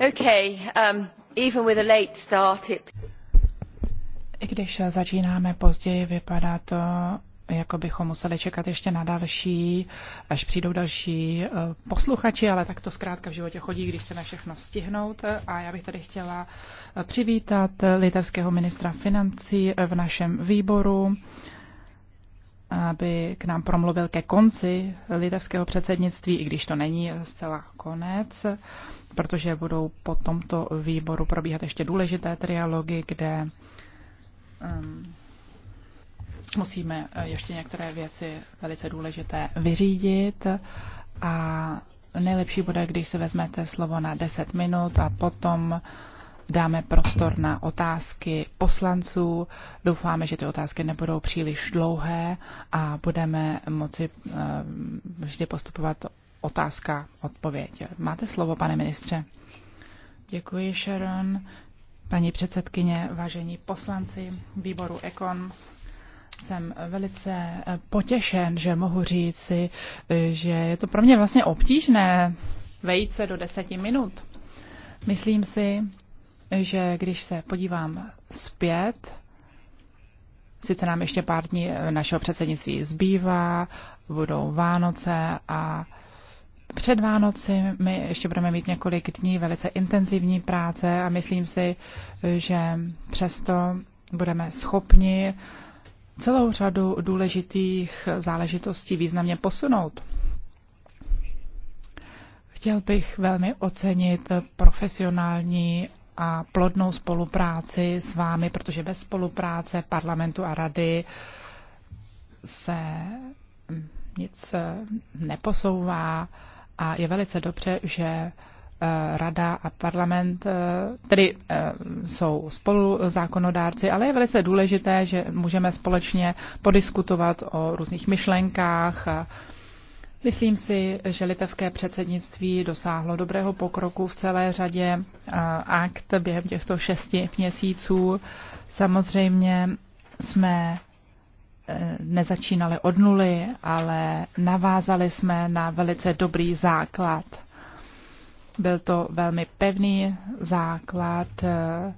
Um, I když začínáme později, vypadá to, jako bychom museli čekat ještě na další, až přijdou další eh, posluchači, ale tak to zkrátka v životě chodí, když chceme všechno stihnout. A já bych tady chtěla eh, přivítat litevského ministra financí eh, v našem výboru aby k nám promluvil ke konci litevského předsednictví, i když to není zcela konec, protože budou po tomto výboru probíhat ještě důležité trialogy, kde um, musíme ještě některé věci velice důležité vyřídit a nejlepší bude, když si vezmete slovo na 10 minut a potom uh, dáme prostor na otázky poslanců. Doufáme, že ty otázky nebudou příliš dlouhé a budeme moci eh, vždy postupovat otázka, odpověď. Máte slovo, pane ministře. Děkuji, Sharon. Paní předsedkyně, vážení poslanci výboru Ekon, jsem velice eh, potěšen, že mohu říci, eh, že je to pro mě vlastně obtížné vejít se do deseti minut. Myslím si, že když se podívám zpět, sice nám ještě pár dní eh, našeho předsednictví zbývá, budou Vánoce a před Vánoci my ještě budeme mít několik dní velice intenzivní práce a myslím si, že přesto budeme schopni celou řadu důležitých záležitostí významně posunout. Chtěl bych velmi ocenit profesionální a plodnou spolupráci s vámi, protože bez spolupráce parlamentu a rady se hm, nic eh, neposouvá a je velice dobře, že eh, rada a parlament, eh, tedy jsou spolu zákonodárci, ale je velice důležité, že můžeme společně podiskutovat o různých myšlenkách, Myslím si, že litevské předsednictví dosáhlo dobrého pokroku v celé řadě eh, akt během těchto šesti měsíců. Samozřejmě jsme eh, nezačínali od nuly, ale navázali jsme na velice dobrý základ. Byl to velmi pevný základ, eh,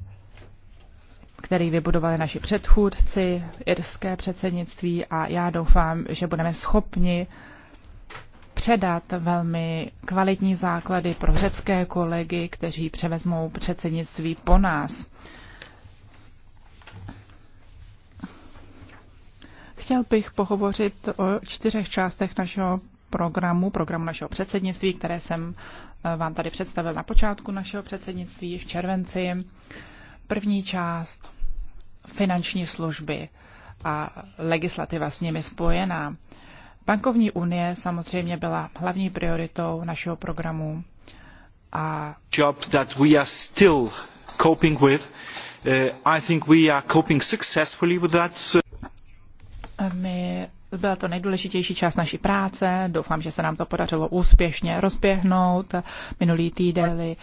který vybudovali naši předchůdci, irské předsednictví a já doufám, že budeme schopni předat velmi kvalitní základy pro řecké kolegy, kteří převezmou předsednictví po nás. Chtěl bych pohovořit o čtyřech částech našeho programu, programu našeho předsednictví, které jsem eh, vám tady představil na počátku našeho předsednictví v červenci. První část finanční služby a legislativa s nimi spojená. Bankovní unie samozřejmě byla hlavní prioritou našeho programu a job that we are still coping with. Uh, I think we are coping successfully with that. My byla to nejdůležitější část naší práce. Doufám, že se nám to podařilo úspěšně rozběhnout. Minulý týden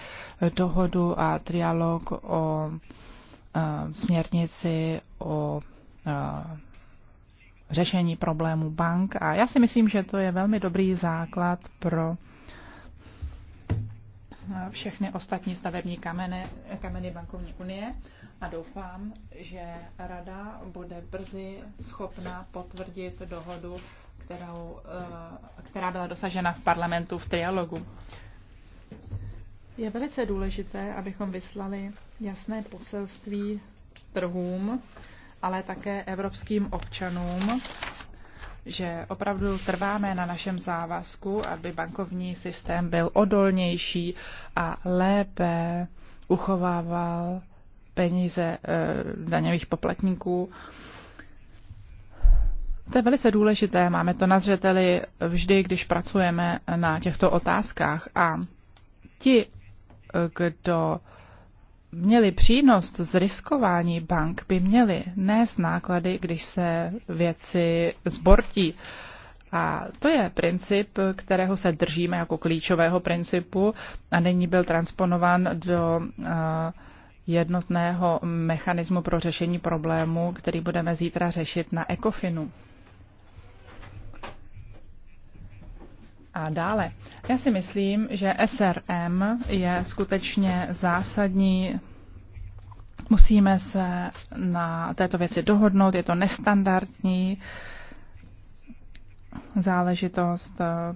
dohodu a trialog o eh, směrnici o eh, řešení problémů bank a já si myslím, že to je velmi dobrý základ pro všechny ostatní stavební kameny, kameny bankovní unie a doufám, že Rada bude brzy schopna potvrdit dohodu, kterou, eh, která byla dosažena v parlamentu v trialogu. Je velice důležité, abychom vyslali jasné poselství trhům ale také evropským občanům, že opravdu trváme na našem závazku, aby bankovní systém byl odolnější a lépe uchovával peníze eh, daňových poplatníků. To je velice důležité, máme to na zřeteli vždy, když pracujeme na těchto otázkách. A ti, eh, kdo měli přínos z riskování bank, by měli nést náklady, když se věci zbortí. A to je princip, kterého se držíme jako klíčového principu a nyní byl transponován do eh, jednotného mechanismu pro řešení problému, který budeme zítra řešit na ECOFINu. a dále. Já si myslím, že SRM je skutečně zásadní. Musíme se na této věci dohodnout, je to nestandardní záležitost,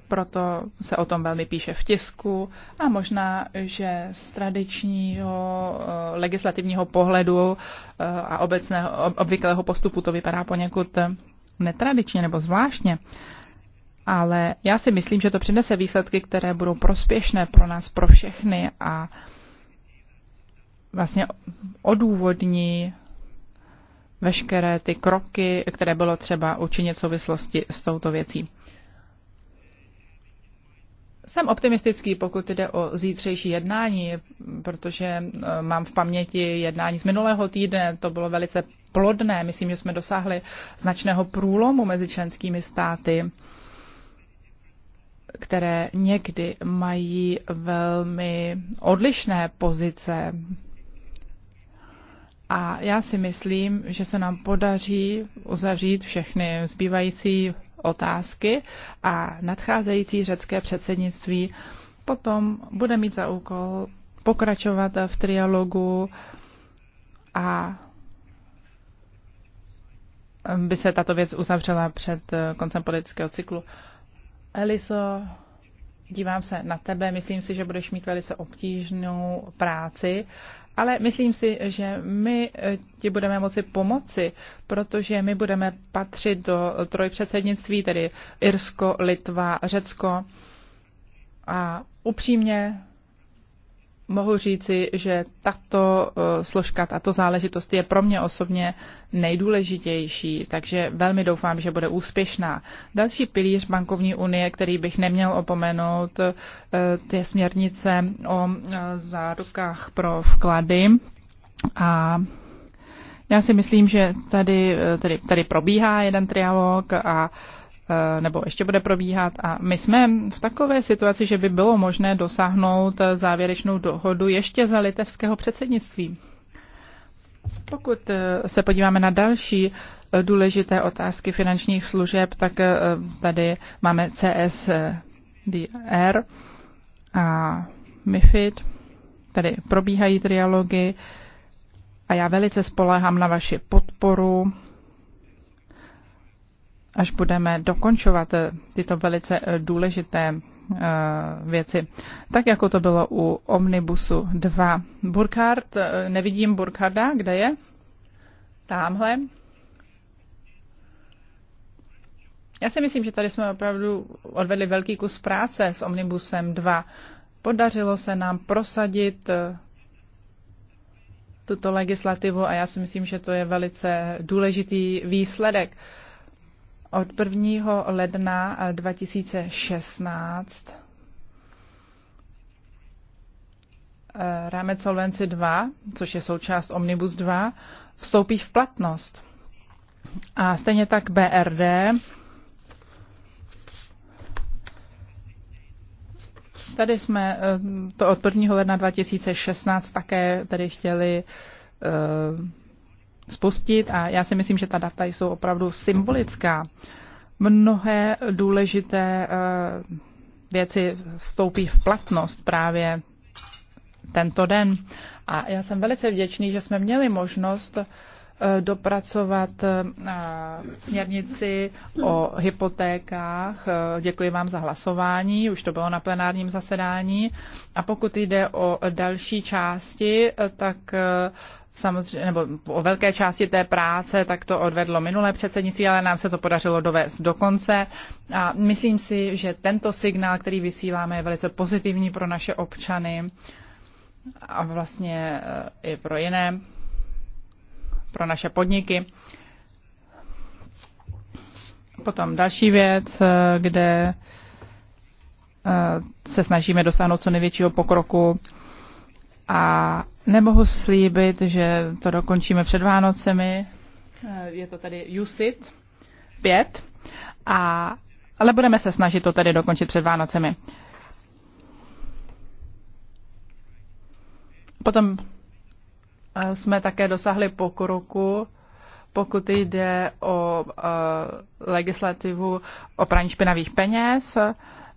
proto se o tom velmi píše v tisku a možná, že z tradičního eh, legislativního pohledu eh, a obecného obvyklého postupu to vypadá poněkud netradičně nebo zvláštně ale já si myslím, že to přinese výsledky, které budou prospěšné pro nás, pro všechny a vlastně odůvodní veškeré ty kroky, které bylo třeba učinit v souvislosti s touto věcí. Jsem optimistický, pokud jde o zítřejší jednání, protože e, mám v paměti jednání z minulého týdne. To bylo velice plodné. Myslím, že jsme dosáhli značného průlomu mezi členskými státy které někdy mají velmi odlišné pozice. A já si myslím, že se nám podaří uzavřít všechny zbývající otázky a nadcházející řecké předsednictví potom bude mít za úkol pokračovat v trialogu a by se tato věc uzavřela před koncem politického cyklu. Eliso, dívám se na tebe, myslím si, že budeš mít velice obtížnou práci, ale myslím si, že my eh, ti budeme moci pomoci, protože my budeme patřit do trojpředsednictví, tedy Irsko, Litva, Řecko. A upřímně mohu říci, že tato eh, složka, tato záležitost je pro mě osobně nejdůležitější, takže velmi doufám, že bude úspěšná. Další pilíř bankovní unie, který bych neměl opomenout, eh, je směrnice o eh, zárukách pro vklady. A já si myslím, že tady, tady, tady probíhá jeden trialog a uh, Eh, nebo ještě bude probíhat. A my jsme v takové situaci, že by bylo možné dosáhnout eh, závěrečnou dohodu ještě za litevského předsednictví. Pokud eh, se podíváme na další důležité otázky finančních služeb, tak tady máme CSDR a MIFID. Tady probíhají trialogy a já velice spolehám na vaši podporu až budeme dokončovat eh, tyto velice eh, důležité eh, věci. Tak jako to bylo u Omnibusu 2. Burkhardt, nevidím Burkharda, kde je? Tamhle. Já si myslím, že tady jsme opravdu odvedli velký kus práce s Omnibusem 2. Podařilo se nám prosadit tuto legislativu a já si myslím, že to je velice důležitý výsledek od 1. ledna 2016 eh, eh, rámec Solvenci 2, což je součást Omnibus 2, vstoupí v platnost. A stejně tak BRD Tady jsme eh, to od 1. ledna 2016 také tady chtěli spustit a já si myslím, že ta data jsou opravdu symbolická. Mnohé důležité eh, věci vstoupí v platnost právě tento den. A já jsem velice vděčný, že jsme měli možnost Eh, dopracovat eh, směrnici o hypotékách. Eh, děkuji vám za hlasování, už to bylo na plenárním zasedání. A pokud jde o další části, tak samozřejmě, nebo o velké části té práce, tak to odvedlo minulé předsednictví, ale nám se to podařilo dovést do konce. A myslím si, že tento signál, který vysíláme, je velice pozitivní pro naše občany a vlastně i pro jiné pro naše podniky. Potom další věc, eh, kde eh, se snažíme dosáhnout co největšího pokroku a nemohu slíbit, že to dokončíme před Vánocemi. Eh, je to tady USIT 5, a, ale budeme se snažit to tady dokončit před Vánocemi. Potom jsme také dosahli pokroku, pokud jde o eh, legislativu o praní špinavých peněz.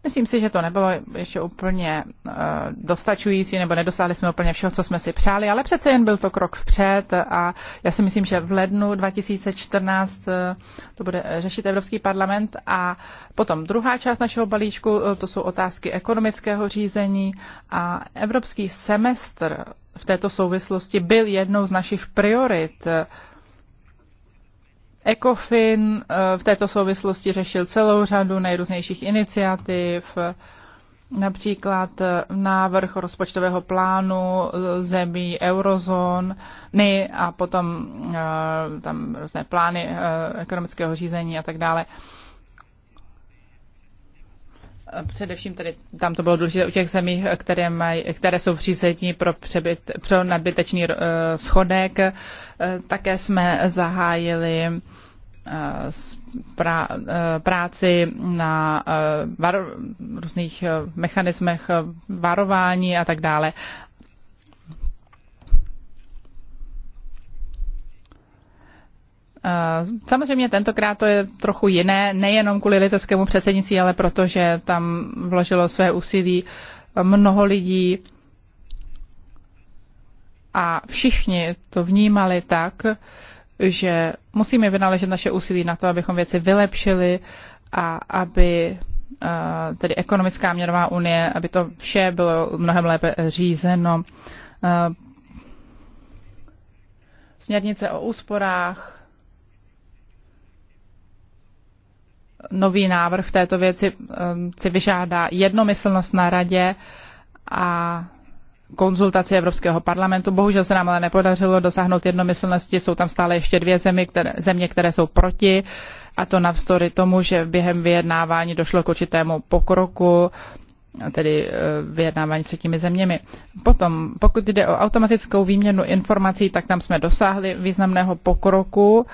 Myslím si, že to nebylo ještě úplně uh, dostačující, nebo nedosáhli jsme úplně všeho, co jsme si přáli, ale přece jen byl to krok vpřed a já si myslím, že v lednu 2014 uh, eh, to bude eh, řešit Evropský parlament a potom druhá část našeho balíčku, uh, to jsou otázky ekonomického řízení a Evropský semestr v této souvislosti byl jednou z našich priorit. Uh, ECOFIN eh, v této souvislosti řešil celou řadu nejrůznějších iniciativ, například eh, návrh rozpočtového plánu eh, zemí eurozóny a potom tam různé plány ekonomického řízení a tak dále. Především tady, tam to bylo důležité u těch zemí, které, maj, které jsou přízetní pro, přebyt, pro nadbytečný uh, schodek. Uh, také jsme zahájili uh, eh, pra, práci na var, různých mechanismech varování a tak dále. Eh, samozřejmě tentokrát to je trochu jiné, nejenom kvůli litevskému předsednictví, ale protože tam vložilo své úsilí mnoho lidí a všichni to vnímali tak, že musíme vynaležet naše úsilí na to, abychom věci vylepšili a aby eh, tedy ekonomická měnová unie, aby to vše bylo mnohem lépe řízeno. Eh, směrnice o úsporách, nový návrh v této věci eh, si vyžádá jednomyslnost na radě a konzultaci Evropského parlamentu. Bohužel se nám ale nepodařilo dosáhnout jednomyslnosti. Jsou tam stále ještě dvě zemi, které, země, které jsou proti. A to navzdory tomu, že během vyjednávání došlo k určitému pokroku, tedy eh, vyjednávání s těmi zeměmi. Potom, pokud jde o automatickou výměnu informací, tak tam jsme dosáhli významného pokroku.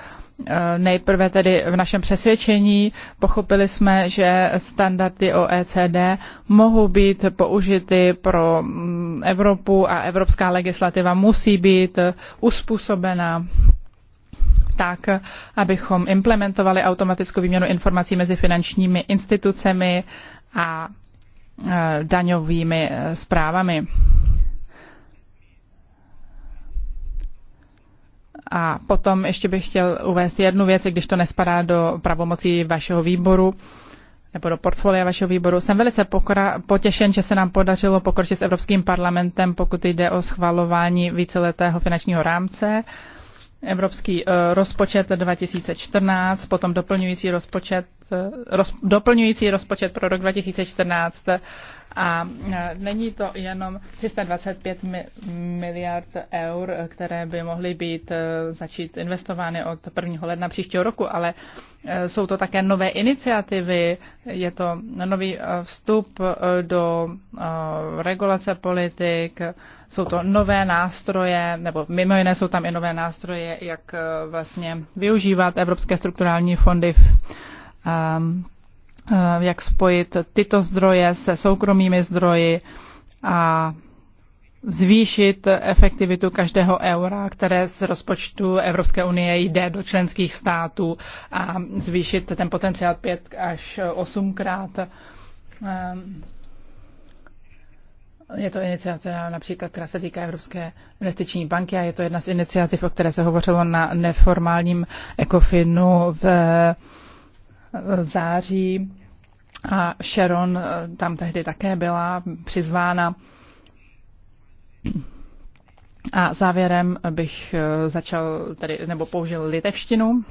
Eh, nejprve tedy v našem přesvědčení pochopili jsme, že standardy OECD mohou být použity pro mm, Evropu a evropská legislativa musí být uspůsobena tak, abychom implementovali automatickou výměnu informací mezi finančními institucemi a eh, daňovými zprávami. Eh, A potom ještě bych chtěl uvést jednu věc, když to nespadá do pravomocí vašeho výboru nebo do portfolia vašeho výboru. Jsem velice pokra- potěšen, že se nám podařilo pokročit s Evropským parlamentem, pokud jde o schvalování víceletého finančního rámce. Evropský eh, rozpočet 2014, potom doplňující rozpočet, eh, roz, doplňující rozpočet pro rok 2014 a e, není to jenom 325 miliard eur, které by mohly být e, začít investovány od 1. ledna příštího roku, ale e, jsou to také nové iniciativy, je to nový vstup do regulace politik, jsou to nové nástroje, nebo mimo jiné jsou tam i nové nástroje, jak vlastně využívat evropské strukturální fondy Eh, jak spojit tyto zdroje se soukromými zdroji a zvýšit efektivitu každého eura, které z rozpočtu Evropské unie jde do členských států a zvýšit ten potenciál pět až osmkrát. Eh, je to iniciativa například, která se týká Evropské investiční banky a je to jedna z iniciativ, o které se hovořilo na neformálním ECOFINu v v září a Sharon eh, tam tehdy také byla přizvána. A závěrem bych eh, začal tady nebo použil litevštinu.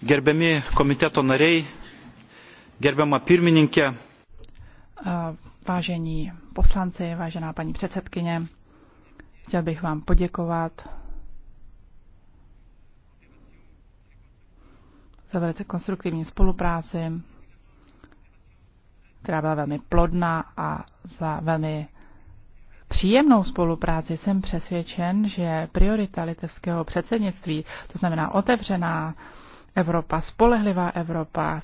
Gerbiami komiteto nariai, gerbiama pirmininkė. Eh, vážení poslanci, vážená paní předsedkyně, chtěl bych vám poděkovat za velice konstruktivní spolupráci, která byla velmi plodná a za velmi příjemnou spolupráci jsem přesvědčen, že priorita litevského předsednictví, to znamená otevřená Evropa, spolehlivá Evropa,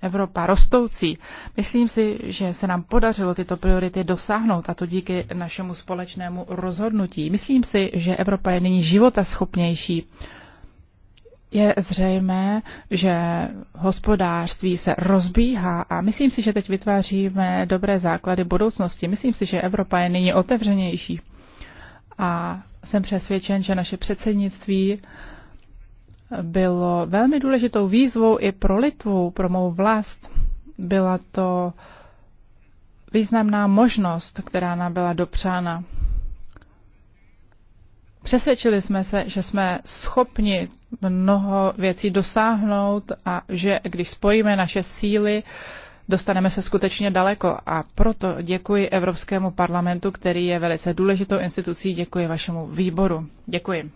Evropa rostoucí. Myslím si, že se nám podařilo tyto priority dosáhnout a to díky našemu společnému rozhodnutí. Myslím si, že Evropa je nyní života schopnější je zřejmé, že hospodářství se rozbíhá a myslím si, že teď vytváříme dobré základy budoucnosti. Myslím si, že Evropa je nyní otevřenější. A jsem přesvědčen, že naše předsednictví bylo velmi důležitou výzvou i pro Litvu, pro mou vlast. Byla to významná možnost, která nám byla dopřána. Přesvědčili jsme se, že jsme schopni mnoho věcí dosáhnout a že když spojíme naše síly, dostaneme se skutečně daleko. A proto děkuji Evropskému parlamentu, který je velice důležitou institucí, děkuji vašemu výboru. Děkuji.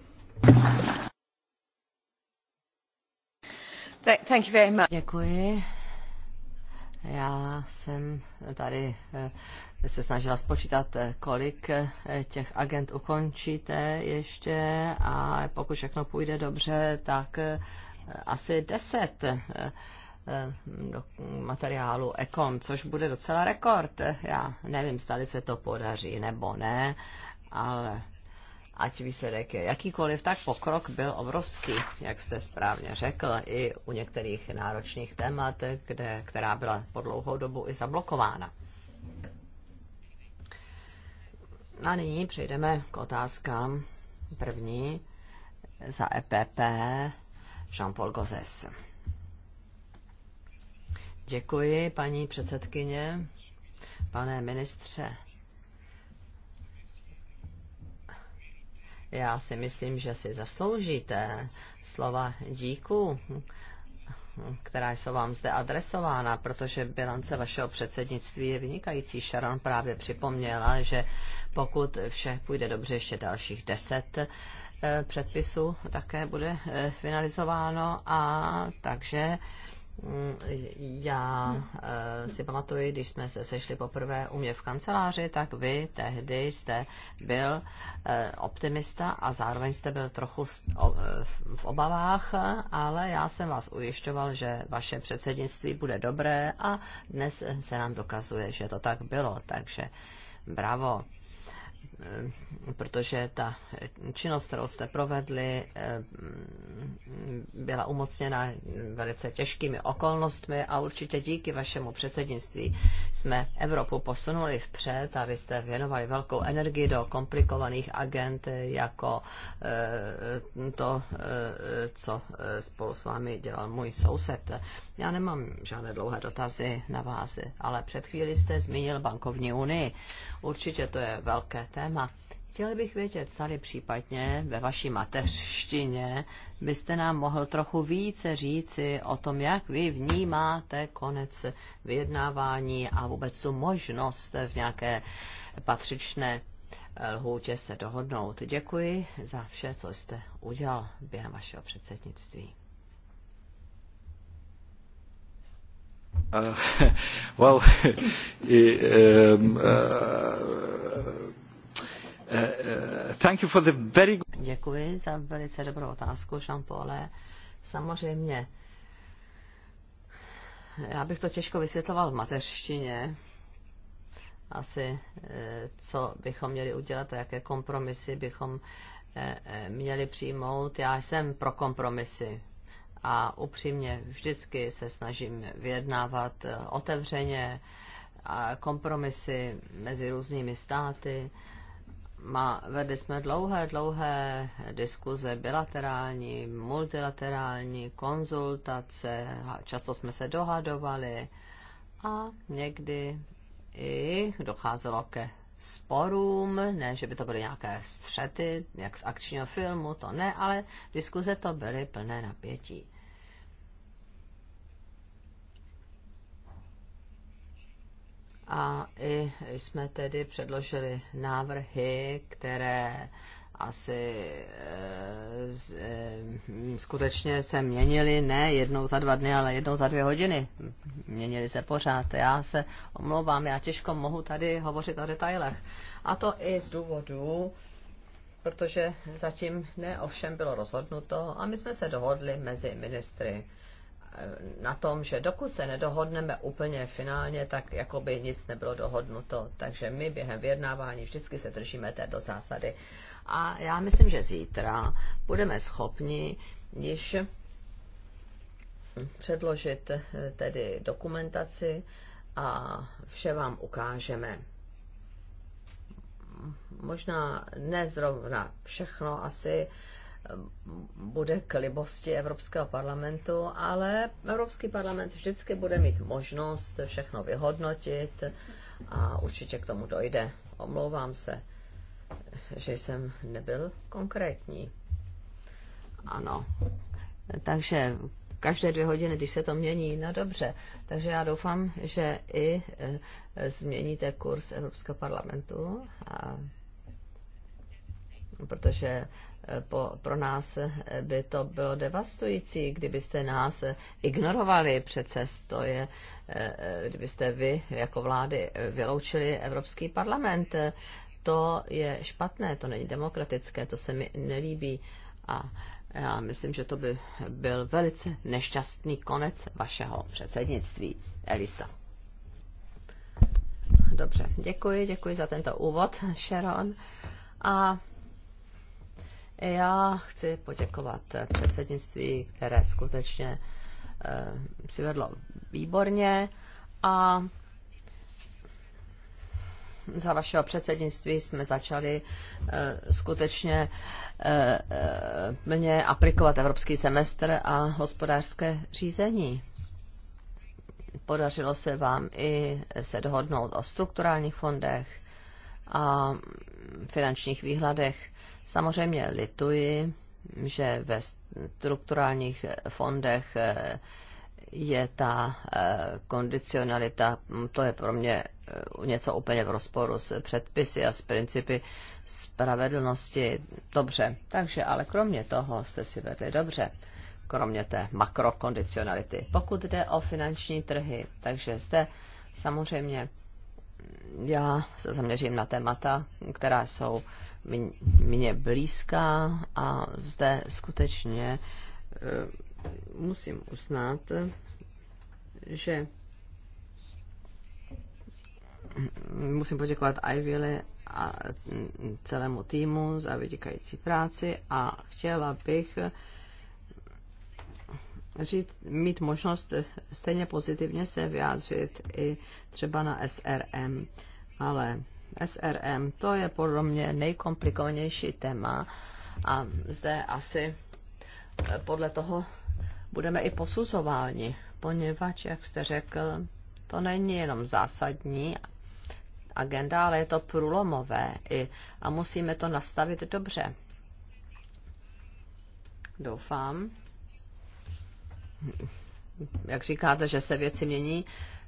Thank you very much. Děkuji. Já jsem tady eh, se snažila spočítat, eh, kolik eh, těch agent ukončíte ještě a pokud všechno půjde dobře, tak eh, asi deset do materiálu Econ, což bude docela rekord. Já nevím, stali se to podaří nebo ne, ale ať výsledek je jakýkoliv, tak pokrok byl obrovský, jak jste správně řekl, i u některých náročných témat, kde, která byla po dlouhou dobu i zablokována. A nyní přejdeme k otázkám. První za EPP Jean-Paul Gozes. Děkuji, paní předsedkyně, pane ministře. Já si myslím, že si zasloužíte slova díku, která jsou vám zde adresována, protože bilance vašeho předsednictví je vynikající. Sharon právě připomněla, že pokud vše půjde dobře, ještě dalších deset eh, předpisů také bude eh, finalizováno a takže mm, já eh, si pamatuju, když jsme se sešli poprvé u mě v kanceláři, tak vy tehdy jste byl optimista a zároveň jste byl trochu v obavách, ale já jsem vás ujišťoval, že vaše předsednictví bude dobré a dnes se nám dokazuje, že to tak bylo, takže bravo. Eh, protože ta činnost, kterou jste provedli, eh, byla umocněna velice těžkými okolnostmi a určitě díky vašemu předsednictví jsme Evropu posunuli vpřed a vy jste věnovali velkou energii do komplikovaných agent, jako eh, to, co spolu s vámi dělal můj soused. Já nemám žádné dlouhé dotazy na vás, ale před chvíli jste zmínil bankovní unii. Určitě to je velké téma téma. Chtěl bych vědět, tady případně ve vaší mateřštině byste nám mohl trochu více říci o tom, jak vy vnímáte konec vyjednávání a vůbec tu možnost v nějaké patřičné eh, lhůtě se dohodnout. Děkuji za vše, co jste udělal během vašeho předsednictví. Uh, well, um, uh, Děkuji za velice dobrou otázku, jean -Paule. Samozřejmě, já bych to těžko vysvětloval v mateřštině, asi eh, co bychom měli udělat a jaké kompromisy bychom eh, eh, měli přijmout. Já jsem pro kompromisy a upřímně vždycky se snažím vyjednávat otevřeně kompromisy mezi různými státy má, vedli jsme dlouhé, dlouhé diskuze, bilaterální, multilaterální, konzultace, často jsme se dohadovali a někdy i docházelo ke sporům, ne, že by to byly nějaké střety, jak z akčního filmu, to ne, ale diskuze to byly plné napětí. a i jsme tedy předložili návrhy, které asi e, e, skutečně se měnili, ne jednou za dva dny, ale jednou za dvě hodiny. Měnili se pořád. Já se omlouvám, já těžko mohu tady hovořit o detailech. A to i z důvodu, protože zatím ne ovšem bylo rozhodnuto a my jsme se dohodli mezi ministry Eh, na tom, že dokud se nedohodneme úplně finálně, tak jako by nic nebylo dohodnuto. Takže my během vyjednávání vždycky se držíme této zásady. A já myslím, že zítra budeme schopni již předložit eh, tedy dokumentaci a vše vám ukážeme. Možná ne zrovna všechno asi, bude k libosti Evropského parlamentu, ale Evropský parlament vždycky bude mít možnost všechno vyhodnotit a určitě k tomu dojde. Omlouvám se, že jsem nebyl konkrétní. Ano. Takže každé dvě hodiny, když se to mění, no dobře. Takže já doufám, že i e, změníte kurz Evropského parlamentu, a, protože po, pro nás by to bylo devastující, kdybyste nás ignorovali. Přece to je, eh, kdybyste vy jako vlády vyloučili Evropský parlament. To je špatné, to není demokratické, to se mi nelíbí. A já myslím, že to by byl velice nešťastný konec vašeho předsednictví, Elisa. Dobře, děkuji, děkuji za tento úvod, Sharon. A já chci poděkovat předsednictví, které skutečně eh, si vedlo výborně a za vašeho předsednictví jsme začali eh, skutečně eh, plně aplikovat evropský semestr a hospodářské řízení. Podařilo se vám i se dohodnout o strukturálních fondech a finančních výhledech. Samozřejmě lituji, že ve strukturálních fondech eh, je ta eh, kondicionalita, mm, to je pro mě eh, něco úplně v rozporu s předpisy a s principy spravedlnosti. Dobře, takže ale kromě toho jste si vedli dobře, kromě té makrokondicionality. Pokud jde o finanční trhy, takže zde samozřejmě mm, já se zaměřím na témata, která jsou uh, mě blízká a zde skutečně e, musím uznat, že musím poděkovat Ivyli a celému týmu za vydikající práci a chtěla bych říct, mít možnost stejně pozitivně se vyjádřit i třeba na SRM, ale SRM, to je podle mě nejkomplikovanější téma a zde asi eh, podle toho budeme i posuzováni, poněvadž, jak jste řekl, to není jenom zásadní agenda, ale je to průlomové i, a musíme to nastavit dobře. Doufám. Jak říkáte, že se věci mění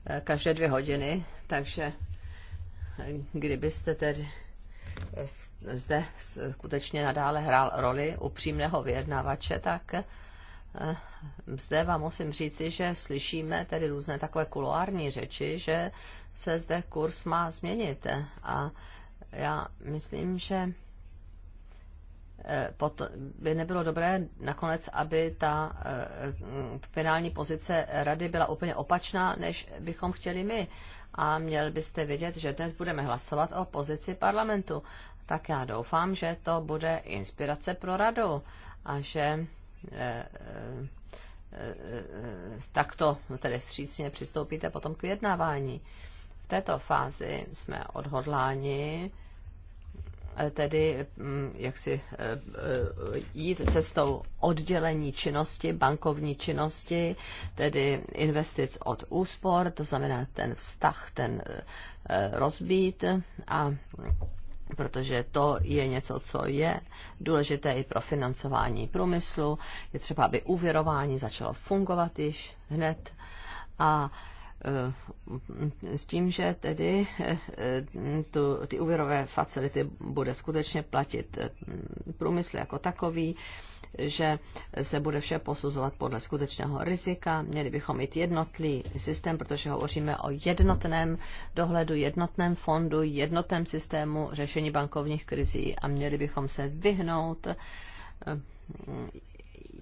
eh, každé dvě hodiny, takže kdybyste tedy zde skutečně nadále hrál roli upřímného vyjednavače, tak eh, zde vám musím říci, že slyšíme tedy různé takové kuloární řeči, že se zde kurz má změnit. A já myslím, že eh, by nebylo dobré nakonec, aby ta eh, finální pozice rady byla úplně opačná, než bychom chtěli my a měl byste vědět, že dnes budeme hlasovat o pozici parlamentu. Tak já doufám, že to bude inspirace pro radu a že e, e, takto tedy vstřícně přistoupíte potom k vyjednávání. V této fázi jsme odhodláni Eh, tedy mm, jak si eh, eh, jít cestou oddělení činnosti, bankovní činnosti, tedy investic od úspor, to znamená ten vztah, ten rozbít a protože to je něco, co je důležité i pro financování průmyslu. Je třeba, aby úvěrování začalo fungovat již hned a Eh, s tím, že tedy eh, tu, ty úvěrové facility bude skutečně platit eh, průmysl jako takový, že se bude vše posuzovat podle skutečného rizika. Měli bychom mít jednotný systém, protože hovoříme o jednotném dohledu, jednotném fondu, jednotném systému řešení bankovních krizí a měli bychom se vyhnout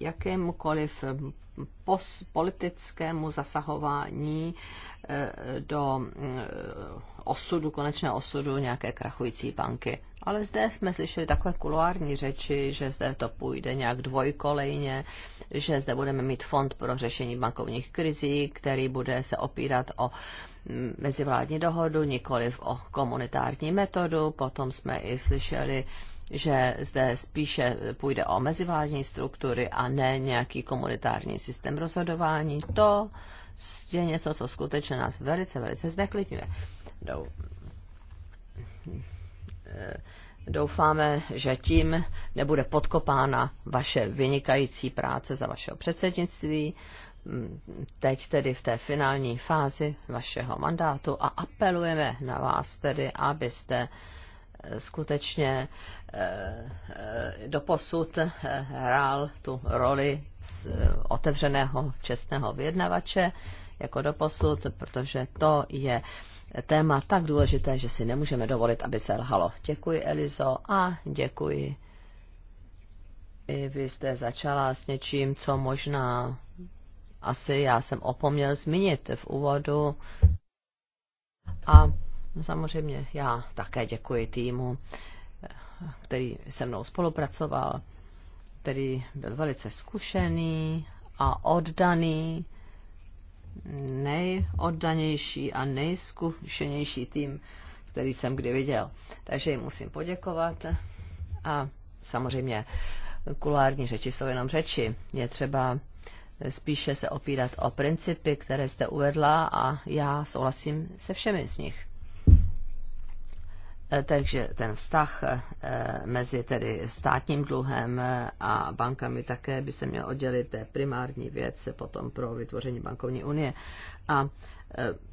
jakémukoliv eh, politickému zasahování eh, do eh, osudu, konečné osudu nějaké krachující banky. Ale zde jsme slyšeli takové kuloární řeči, že zde to půjde nějak dvojkolejně, že zde budeme mít fond pro řešení bankovních krizí, který bude se opírat o mm, mezivládní dohodu, nikoliv o komunitární metodu. Potom jsme i slyšeli, že zde spíše půjde o mezivládní struktury a ne nějaký komunitární systém rozhodování. To je něco, co skutečně nás velice, velice zneklidňuje. Doufáme, že tím nebude podkopána vaše vynikající práce za vašeho předsednictví, teď tedy v té finální fázi vašeho mandátu a apelujeme na vás tedy, abyste skutečně Eh, doposud eh, hrál tu roli z eh, otevřeného čestného vyjednavače jako doposud, protože to je téma tak důležité, že si nemůžeme dovolit, aby se lhalo. Děkuji, Elizo, a děkuji. I vy jste začala s něčím, co možná asi já jsem opomněl zmínit v úvodu. A samozřejmě já také děkuji týmu který se mnou spolupracoval, který byl velice zkušený a oddaný, nejoddanější a nejzkušenější tým, který jsem kdy viděl. Takže jim musím poděkovat a samozřejmě kulární řeči jsou jenom řeči. Je třeba spíše se opírat o principy, které jste uvedla a já souhlasím se všemi z nich. Eh, takže ten vztah eh, mezi tedy státním dluhem eh, a bankami také by se měl oddělit, to je primární věc potom pro vytvoření bankovní unie. A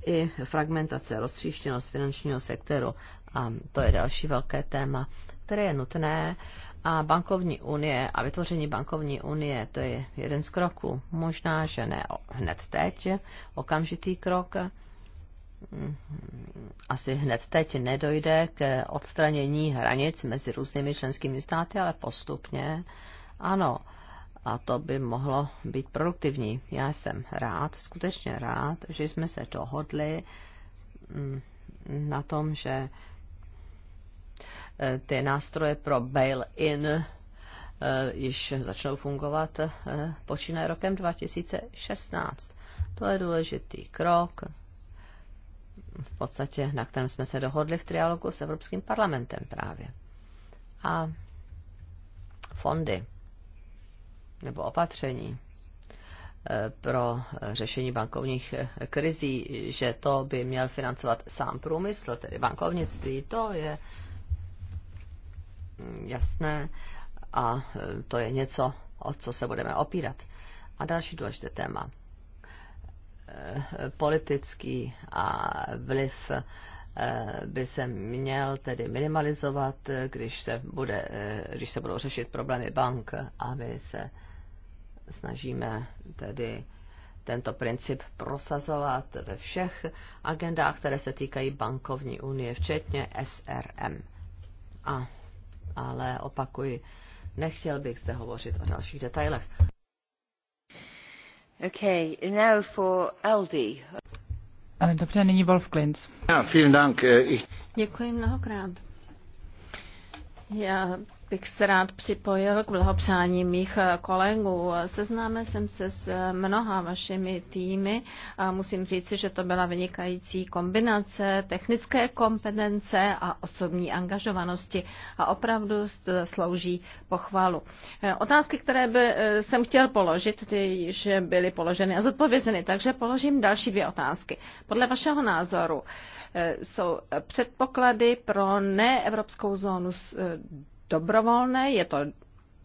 i fragmentace, roztříštěnost finančního sektoru, a to je další velké téma, které je nutné. A bankovní unie a vytvoření bankovní unie, to je jeden z kroků. Možná, že ne hned teď, okamžitý krok, asi hned teď nedojde k odstranění hranic mezi různými členskými státy, ale postupně ano. A to by mohlo být produktivní. Já jsem rád, skutečně rád, že jsme se dohodli mm, na tom, že eh, ty nástroje pro bail-in eh, již začnou fungovat eh, počínaje rokem 2016. To je důležitý krok, v podstatě, na kterém jsme se dohodli v trialogu s Evropským parlamentem právě. A fondy nebo opatření eh, pro řešení bankovních krizí, že to by měl financovat sám průmysl, tedy bankovnictví, to je jasné a eh, to je něco, o co se budeme opírat. A další důležité téma politický a vliv eh, by se měl tedy minimalizovat, když se, bude, eh, když se budou řešit problémy bank a my se snažíme tedy tento princip prosazovat ve všech agendách, které se týkají bankovní unie, včetně SRM. A, ale opakuji, nechtěl bych zde hovořit o dalších detailech. E, dobře, nyní Wolf Klintz. Eh, Děkuji mnohokrát. Já bych se rád připojil k blahopřání mých eh, kolegů. Seznámil jsem se s eh, mnoha vašimi týmy a musím říci, že to byla vynikající kombinace technické kompetence a osobní angažovanosti a opravdu to pochvalu. Eh, otázky, které by jsem chtěl položit, ty již byly položeny a zodpovězeny, takže položím další dvě otázky. Podle vašeho názoru jsou předpoklady pro neevropskou zónu dobrovolné, je to,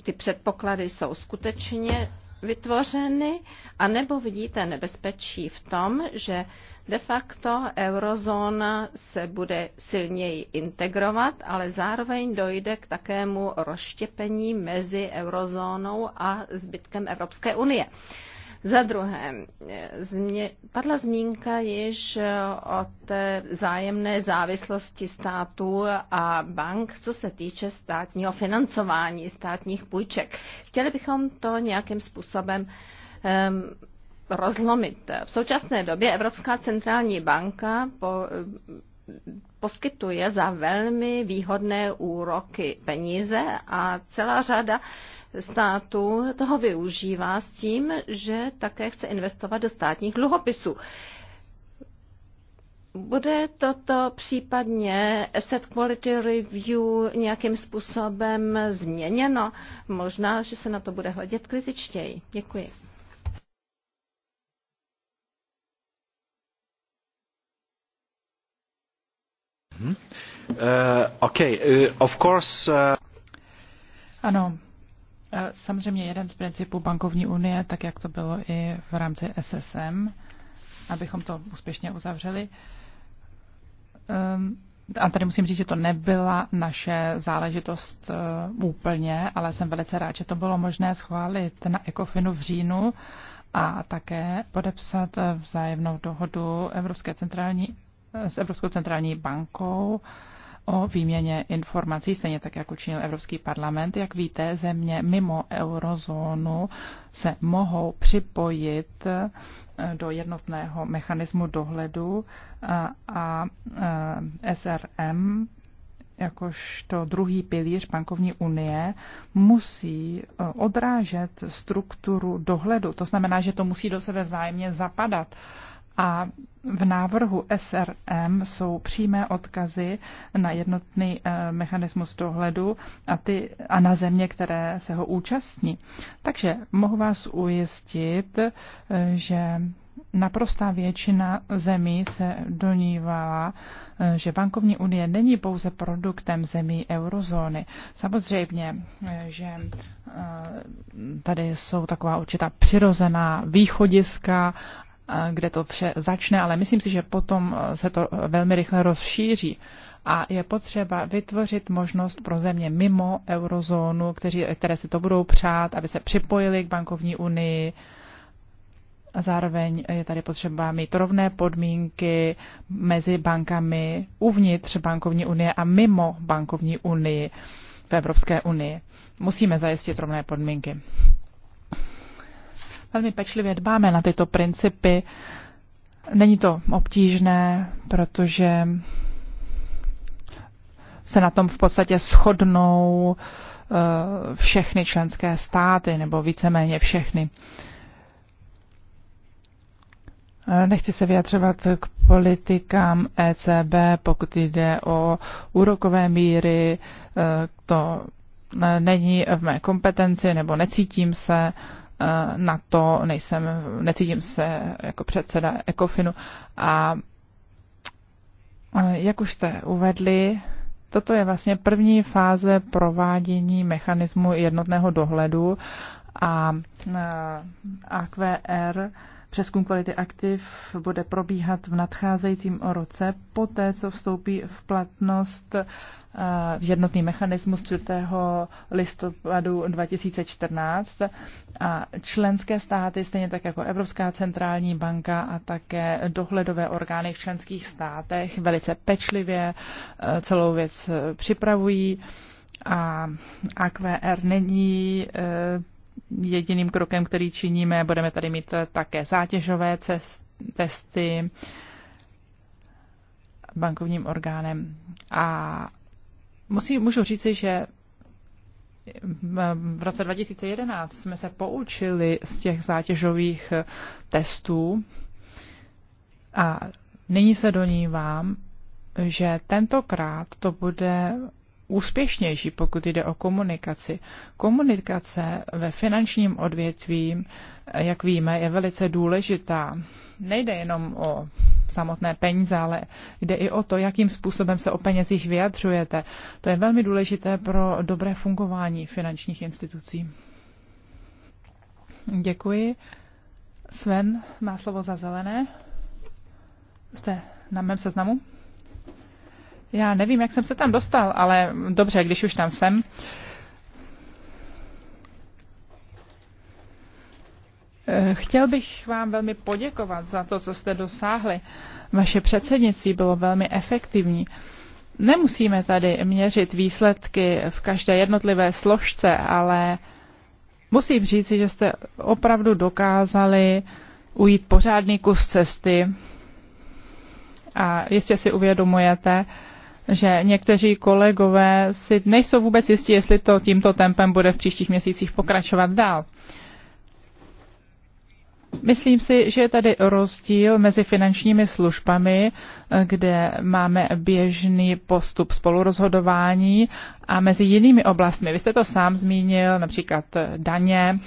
ty předpoklady jsou skutečně vytvořeny, anebo vidíte nebezpečí v tom, že de facto eurozóna se bude silněji integrovat, ale zároveň dojde k takému rozštěpení mezi eurozónou a zbytkem Evropské unie. Za druhé, e, změ, padla zmínka již e, o té zájemné závislosti států a bank, co se týče státního financování, státních půjček. Chtěli bychom to nějakým způsobem um, rozlomit. V současné době Evropská centrální banka po, poskytuje za velmi výhodné úroky peníze a celá řada Státu toho využívá s tím, že také chce investovat do státních dluhopisů. Bude toto případně asset quality review nějakým způsobem změněno? Možná, že se na to bude hledět kritičtěji. Děkuji. Hmm. Uh, okay. uh, of course, uh... Ano, Eh, samozřejmě jeden z principů bankovní unie, tak jak to bylo i v rámci SSM, abychom to úspěšně uzavřeli. Ehm, a tady musím říct, že to nebyla naše záležitost eh, úplně, ale jsem velice rád, že to bylo možné schválit na ECOFINu v říjnu a také podepsat eh, vzájemnou dohodu Evropské centrální, s Evropskou centrální bankou o výměně informací, stejně tak, jak učinil Evropský parlament. Jak víte, země mimo eurozónu se mohou připojit eh, do jednotného mechanismu dohledu eh, a eh, SRM jakožto druhý pilíř bankovní unie musí odrážet strukturu dohledu. To znamená, že to musí do sebe vzájemně zapadat. A v návrhu SRM jsou přímé odkazy na jednotný eh, mechanismus dohledu a, ty, a na země, které se ho účastní. Takže mohu vás ujistit, eh, že naprostá většina zemí se donívala, eh, že bankovní unie není pouze produktem zemí eurozóny. Samozřejmě, že tady jsou taková určitá přirozená východiska kde to vše začne, ale myslím si, že potom eh, se to eh, velmi rychle rozšíří. A je potřeba vytvořit možnost pro země mimo eurozónu, kteří, eh, které si to budou přát, aby se připojili k bankovní unii. A zároveň je tady potřeba mít rovné podmínky mezi bankami uvnitř bankovní unie a mimo bankovní unii v Evropské unii. Musíme zajistit rovné podmínky velmi pečlivě dbáme na tyto principy. Není to obtížné, protože se na tom v podstatě shodnou eh, všechny členské státy, nebo víceméně všechny. Eh, nechci se vyjadřovat k politikám ECB, pokud jde o úrokové míry, eh, to není v mé kompetenci nebo necítím se Eh, na to, nejsem, necítím se jako předseda Ekofinu a eh, jak už jste uvedli, toto je vlastně první fáze provádění mechanismu jednotného dohledu a eh, AQR Přeskum kvality aktiv bude probíhat v nadcházejícím roce, poté co vstoupí v platnost eh, v jednotný mechanismus 4. listopadu 2014 a členské státy, stejně tak jako Evropská centrální banka a také dohledové orgány v členských státech velice pečlivě eh, celou věc eh, připravují a AQR není jediným krokem, který činíme. Budeme tady mít také zátěžové testy bankovním orgánem. A musím, můžu říci, že v roce 2011 jsme se poučili z těch zátěžových testů a nyní se donívám, že tentokrát to bude úspěšnější, pokud jde o komunikaci. Komunikace ve finančním odvětví, jak víme, je velice důležitá. Nejde jenom o samotné peníze, ale jde i o to, jakým způsobem se o penězích vyjadřujete. To je velmi důležité pro dobré fungování finančních institucí. Děkuji. Sven má slovo za zelené. Jste na mém seznamu? Já nevím, jak jsem se tam dostal, ale dobře, když už tam jsem. Eh, chtěl bych vám velmi poděkovat za to, co jste dosáhli. Vaše předsednictví bylo velmi efektivní. Nemusíme tady měřit výsledky v každé jednotlivé složce, ale musím říci, že jste opravdu dokázali ujít pořádný kus cesty a jistě si uvědomujete, že někteří kolegové si nejsou vůbec jistí, jestli to tímto tempem bude v příštích měsících pokračovat dál. Myslím si, že je tady rozdíl mezi finančními službami, kde máme běžný postup spolurozhodování a mezi jinými oblastmi. Vy jste to sám zmínil, například daně,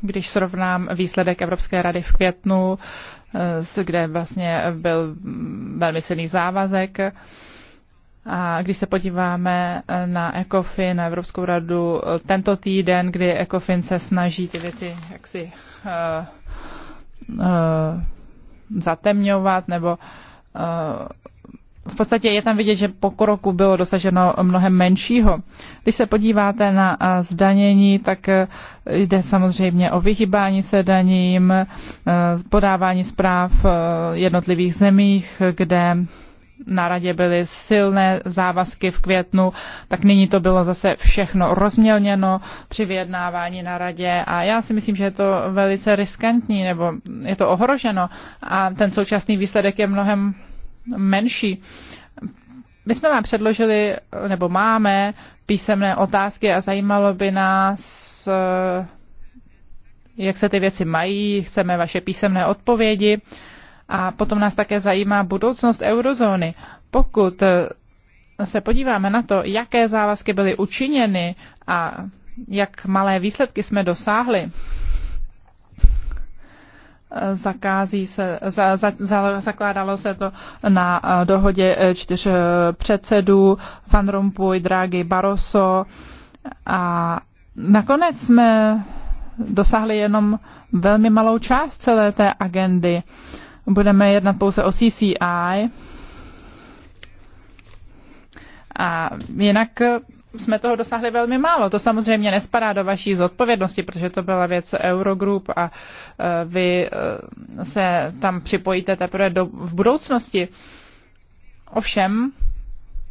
když srovnám výsledek Evropské rady v květnu, eh, kde vlastně byl velmi silný závazek a když se podíváme eh, na ECOFIN, na Evropskou radu eh, tento týden, kdy ECOFIN se snaží ty věci jaksi uh, uh, zatemňovat, nebo uh, v podstatě je tam vidět, že po kroku bylo dosaženo mnohem menšího. Když se podíváte na zdanění, tak jde samozřejmě o vyhybání se daním, podávání zpráv jednotlivých zemích, kde na radě byly silné závazky v květnu, tak nyní to bylo zase všechno rozmělněno při vyjednávání na radě a já si myslím, že je to velice riskantní nebo je to ohroženo a ten současný výsledek je mnohem menší. My jsme vám předložili, nebo máme písemné otázky a zajímalo by nás, eh, jak se ty věci mají, chceme vaše písemné odpovědi. A potom nás také zajímá budoucnost eurozóny. Pokud eh, se podíváme na to, jaké závazky byly učiněny a jak malé výsledky jsme dosáhli, eh, zakází se, za, za, za, zakládalo se to na eh, dohodě čtyř předsedů, Van Rompuy, Draghi, Barroso a nakonec jsme dosáhli jenom velmi malou část celé té agendy. Uh, budeme jednat pouze o CCI. A jinak eh, jsme toho dosáhli velmi málo. To samozřejmě nespadá do vaší zodpovědnosti, protože to byla věc Eurogroup a eh, vy eh, se tam připojíte teprve do, v budoucnosti. Ovšem,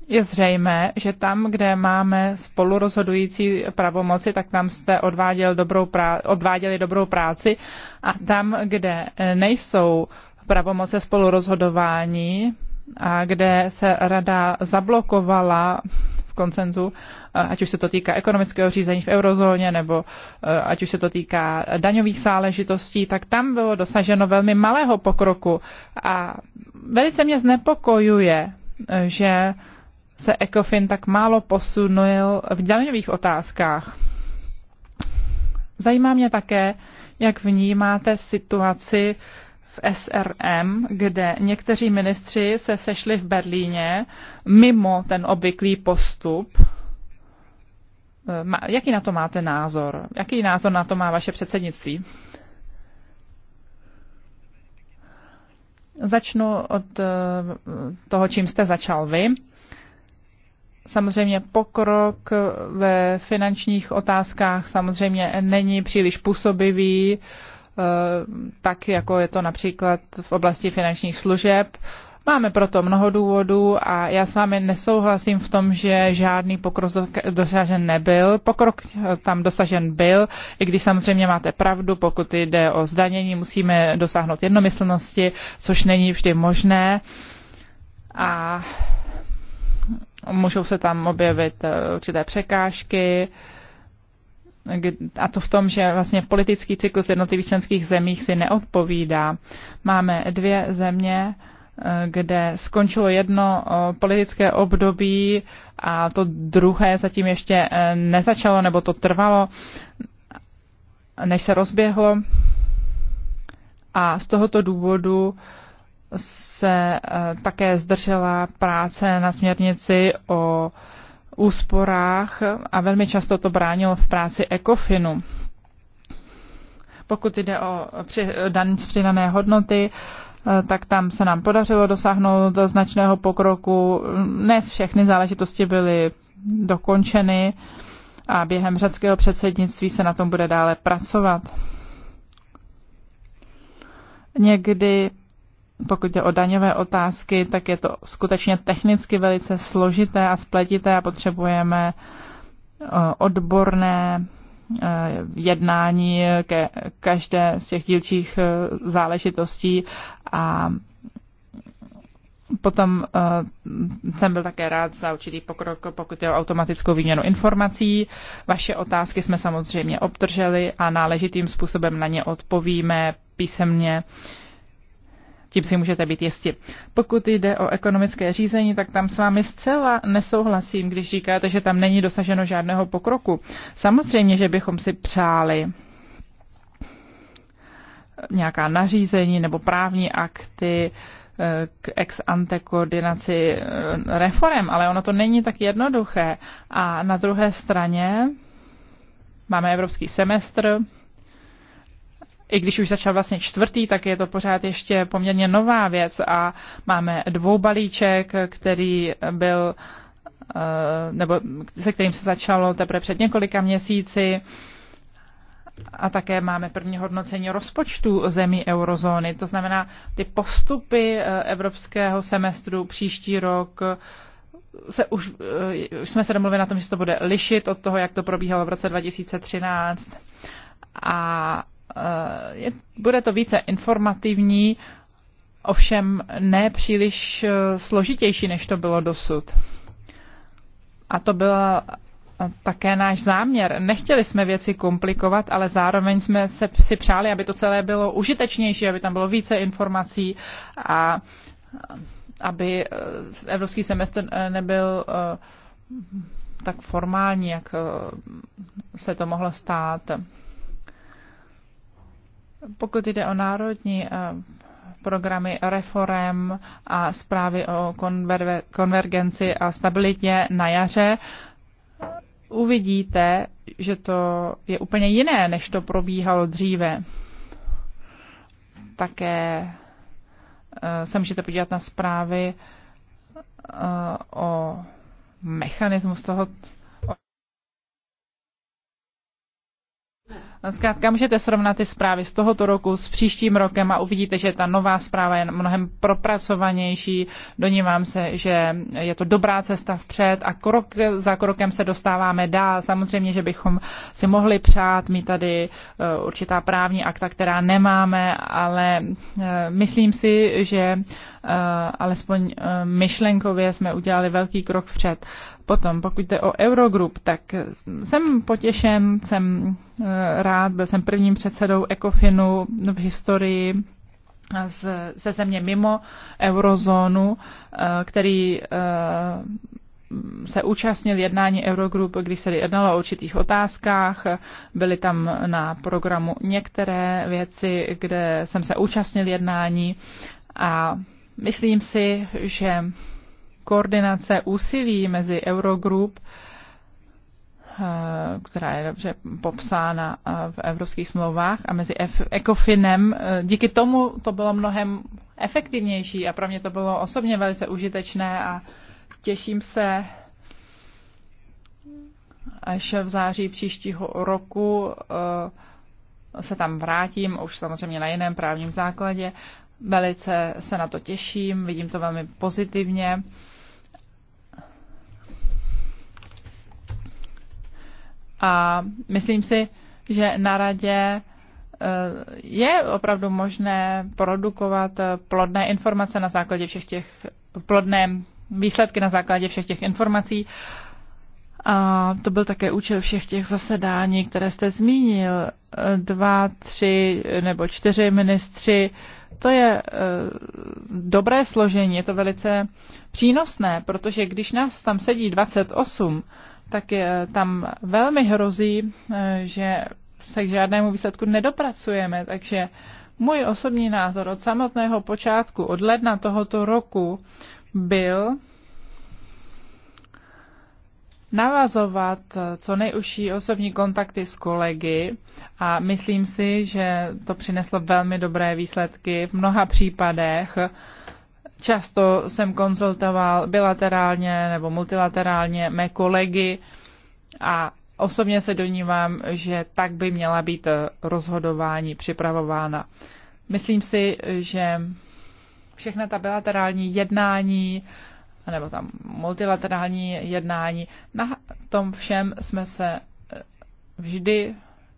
je zřejmé, že tam, kde máme spolurozhodující pravomoci, tak tam jste odváděl dobrou prá- odváděli dobrou práci a tam, kde nejsou pravomoce spolurozhodování, a kde se rada zablokovala v koncenzu, eh, ať už se to týká ekonomického řízení v eurozóně, nebo eh, ať už se to týká daňových záležitostí, tak tam bylo dosaženo velmi malého pokroku. A velice mě znepokojuje, eh, že se ECOFIN tak málo posunul v daňových otázkách. Zajímá mě také, jak vnímáte situaci v SRM, kde někteří ministři se sešli v Berlíně mimo ten obvyklý postup. Jaký na to máte názor? Jaký názor na to má vaše předsednictví? Začnu od eh, toho, čím jste začal vy. Samozřejmě pokrok ve finančních otázkách samozřejmě není příliš působivý. Uh, Eh, tak jako je to například v oblasti finančních služeb. Máme proto mnoho důvodů a já s vámi nesouhlasím v tom, že žádný pokrok dosažen nebyl. Pokrok eh, tam dosažen byl, i když samozřejmě máte pravdu, pokud jde o zdanění, musíme dosáhnout jednomyslnosti, což není vždy možné. A můžou se tam objevit eh, určité překážky, a to v tom, že vlastně politický cyklus jednotlivých členských zemích si neodpovídá. Máme dvě země, eh, kde skončilo jedno eh, politické období a to druhé zatím ještě eh, nezačalo, nebo to trvalo, než se rozběhlo. A z tohoto důvodu se také zdržela práce na směrnici o úsporách a velmi často to bránilo v práci ECOFINu. Pokud jde o daň z přidané hodnoty, eh, tak tam se nám podařilo dosáhnout do značného pokroku. Ne všechny záležitosti byly dokončeny a během řeckého předsednictví se na tom bude dále pracovat. Někdy pokud jde o daňové otázky, tak je to skutečně technicky velice složité a spletité a potřebujeme eh, odborné eh, jednání ke každé z těch dílčích eh, záležitostí a Potom uh, jsem byl také rád za určitý pokrok, pokud je o automatickou výměnu informací. Vaše otázky jsme samozřejmě obdrželi a náležitým způsobem na ně odpovíme písemně uh, tím si můžete být jisti. Pokud jde o ekonomické řízení, tak tam s vámi zcela nesouhlasím, když říkáte, že tam není dosaženo žádného pokroku. Samozřejmě, že bychom si přáli nějaká nařízení nebo právní akty, eh, k ex ante koordinaci eh, reform, ale ono to není tak jednoduché. A na druhé straně máme evropský semestr, i když už začal vlastně čtvrtý, tak je to pořád ještě poměrně nová věc a máme dvou balíček, který byl eh, nebo se kterým se začalo teprve před několika měsíci. A také máme první hodnocení rozpočtu zemí eurozóny. To znamená, ty postupy eh, evropského semestru příští rok eh, se už, už jsme se domluvili na tom, že se to bude lišit od toho, jak to probíhalo v roce 2013. A Eh, je, bude to více informativní, ovšem ne příliš eh, složitější, než to bylo dosud. A to byl eh, také náš záměr. Nechtěli jsme věci komplikovat, ale zároveň jsme se si přáli, aby to celé bylo užitečnější, aby tam bylo více informací a aby evropský semestr nebyl tak formální, jak se to mohlo stát. Pokud jde o národní eh, programy reform a zprávy o konver- konvergenci a stabilitě na jaře, uvidíte, že to je úplně jiné, než to probíhalo dříve. Také eh, se můžete podívat na zprávy eh, o mechanismus toho Zkrátka můžete srovnat ty zprávy z tohoto roku s příštím rokem a uvidíte, že ta nová zpráva je mnohem propracovanější. Donívám se, že je to dobrá cesta vpřed a krok za krokem se dostáváme dál. Samozřejmě, že bychom si mohli přát mít tady e, určitá právní akta, která nemáme, ale e, myslím si, že Eh, alespoň eh, myšlenkově jsme udělali velký krok vpřed. Potom, pokud jde o Eurogroup, tak jsem potěšen, jsem eh, rád, byl jsem prvním předsedou Ecofinu v historii ze země mimo eurozónu, který se účastnil jednání Eurogroup, kdy se jednalo o určitých otázkách. Byly tam na programu některé věci, kde jsem se účastnil jednání a Myslím si, že koordinace úsilí mezi Eurogroup, eh, která je dobře popsána eh, v evropských smlouvách, a mezi ECOFINem, eh, díky tomu to bylo mnohem efektivnější a pro mě to bylo osobně velice užitečné a těším se, až v září příštího roku se tam vrátím, už samozřejmě na jiném právním základě, Velice se na to těším, vidím to velmi pozitivně. A myslím si, že na radě e, je opravdu možné produkovat e, plodné informace na základě všech těch plodné výsledky na základě všech těch informací. A to byl také účel všech těch zasedání, které jste zmínil. E, dva, tři nebo čtyři ministři to je eh, dobré složení, je to velice přínosné, protože když nás tam sedí 28, tak je, eh, tam velmi hrozí, eh, že se k žádnému výsledku nedopracujeme. Takže můj osobní názor od samotného počátku, od ledna tohoto roku, byl, navazovat eh, co nejužší osobní kontakty s kolegy a myslím si, že to přineslo velmi dobré výsledky v mnoha případech. Často jsem konzultoval bilaterálně nebo multilaterálně mé kolegy a osobně se donívám, že tak by měla být eh, rozhodování připravována. Myslím si, že všechna ta bilaterální jednání nebo tam multilaterální jednání. Na tom všem jsme se eh, vždy,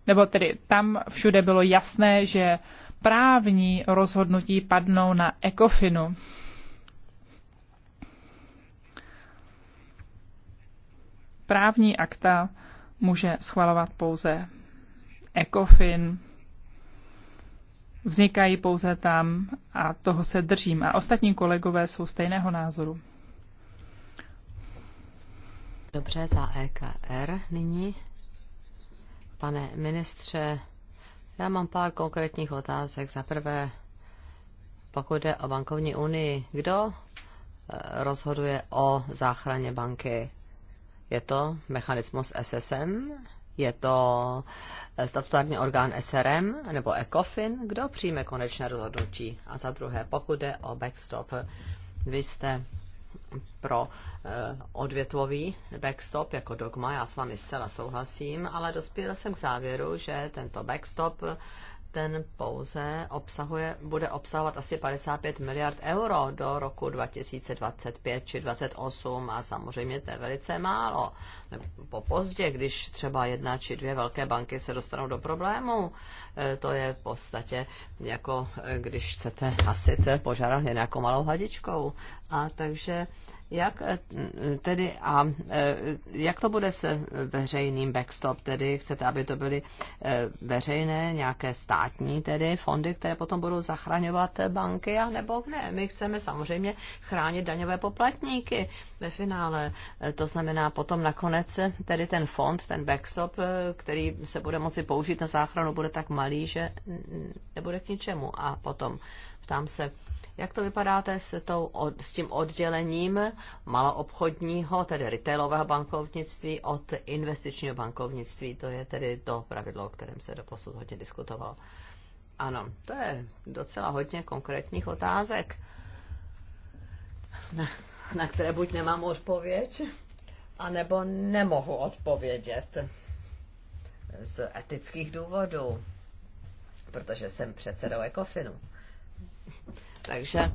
nebo tedy tam všude bylo jasné, že právní rozhodnutí padnou na ECOFINu. Právní akta může schvalovat pouze ECOFIN, vznikají pouze tam a toho se držím. A ostatní kolegové jsou stejného názoru. Dobře, za EKR nyní. Pane ministře, já mám pár konkrétních otázek. Za prvé, pokud jde o bankovní unii, kdo e, rozhoduje o záchraně banky? Je to mechanismus SSM? Je to e, statutární orgán SRM nebo ECOFIN? Kdo přijme konečné rozhodnutí? A za druhé, pokud jde o backstop, vy jste pro eh, odvětvový backstop jako dogma, já s vámi zcela souhlasím, ale dospěl jsem k závěru, že tento backstop ten pouze obsahuje, bude obsahovat asi 55 miliard euro do roku 2025 či 2028 a samozřejmě to je velice málo. Po pozdě, když třeba jedna či dvě velké banky se dostanou do problému, eh, to je v podstatě jako eh, když chcete hasit požár nějakou malou hadičkou. A takže jak eh, tedy a eh, jak to bude s veřejným backstop? Tedy chcete, aby to byly eh, veřejné, nějaké státní tedy fondy, které potom budou zachraňovat banky, a nebo ne? My chceme samozřejmě chránit daňové poplatníky ve finále. To znamená potom nakonec tedy ten fond, ten backstop, který se bude moci použít na záchranu, bude tak malý, že nebude k ničemu. A potom ptám se, jak to vypadáte s, tou, s tím oddělením maloobchodního, tedy retailového bankovnictví od investičního bankovnictví? To je tedy to pravidlo, o kterém se doposud hodně diskutovalo. Ano, to je docela hodně konkrétních otázek, na, na které buď nemám odpověď, anebo nemohu odpovědět z etických důvodů, protože jsem předsedou Ekofinu takže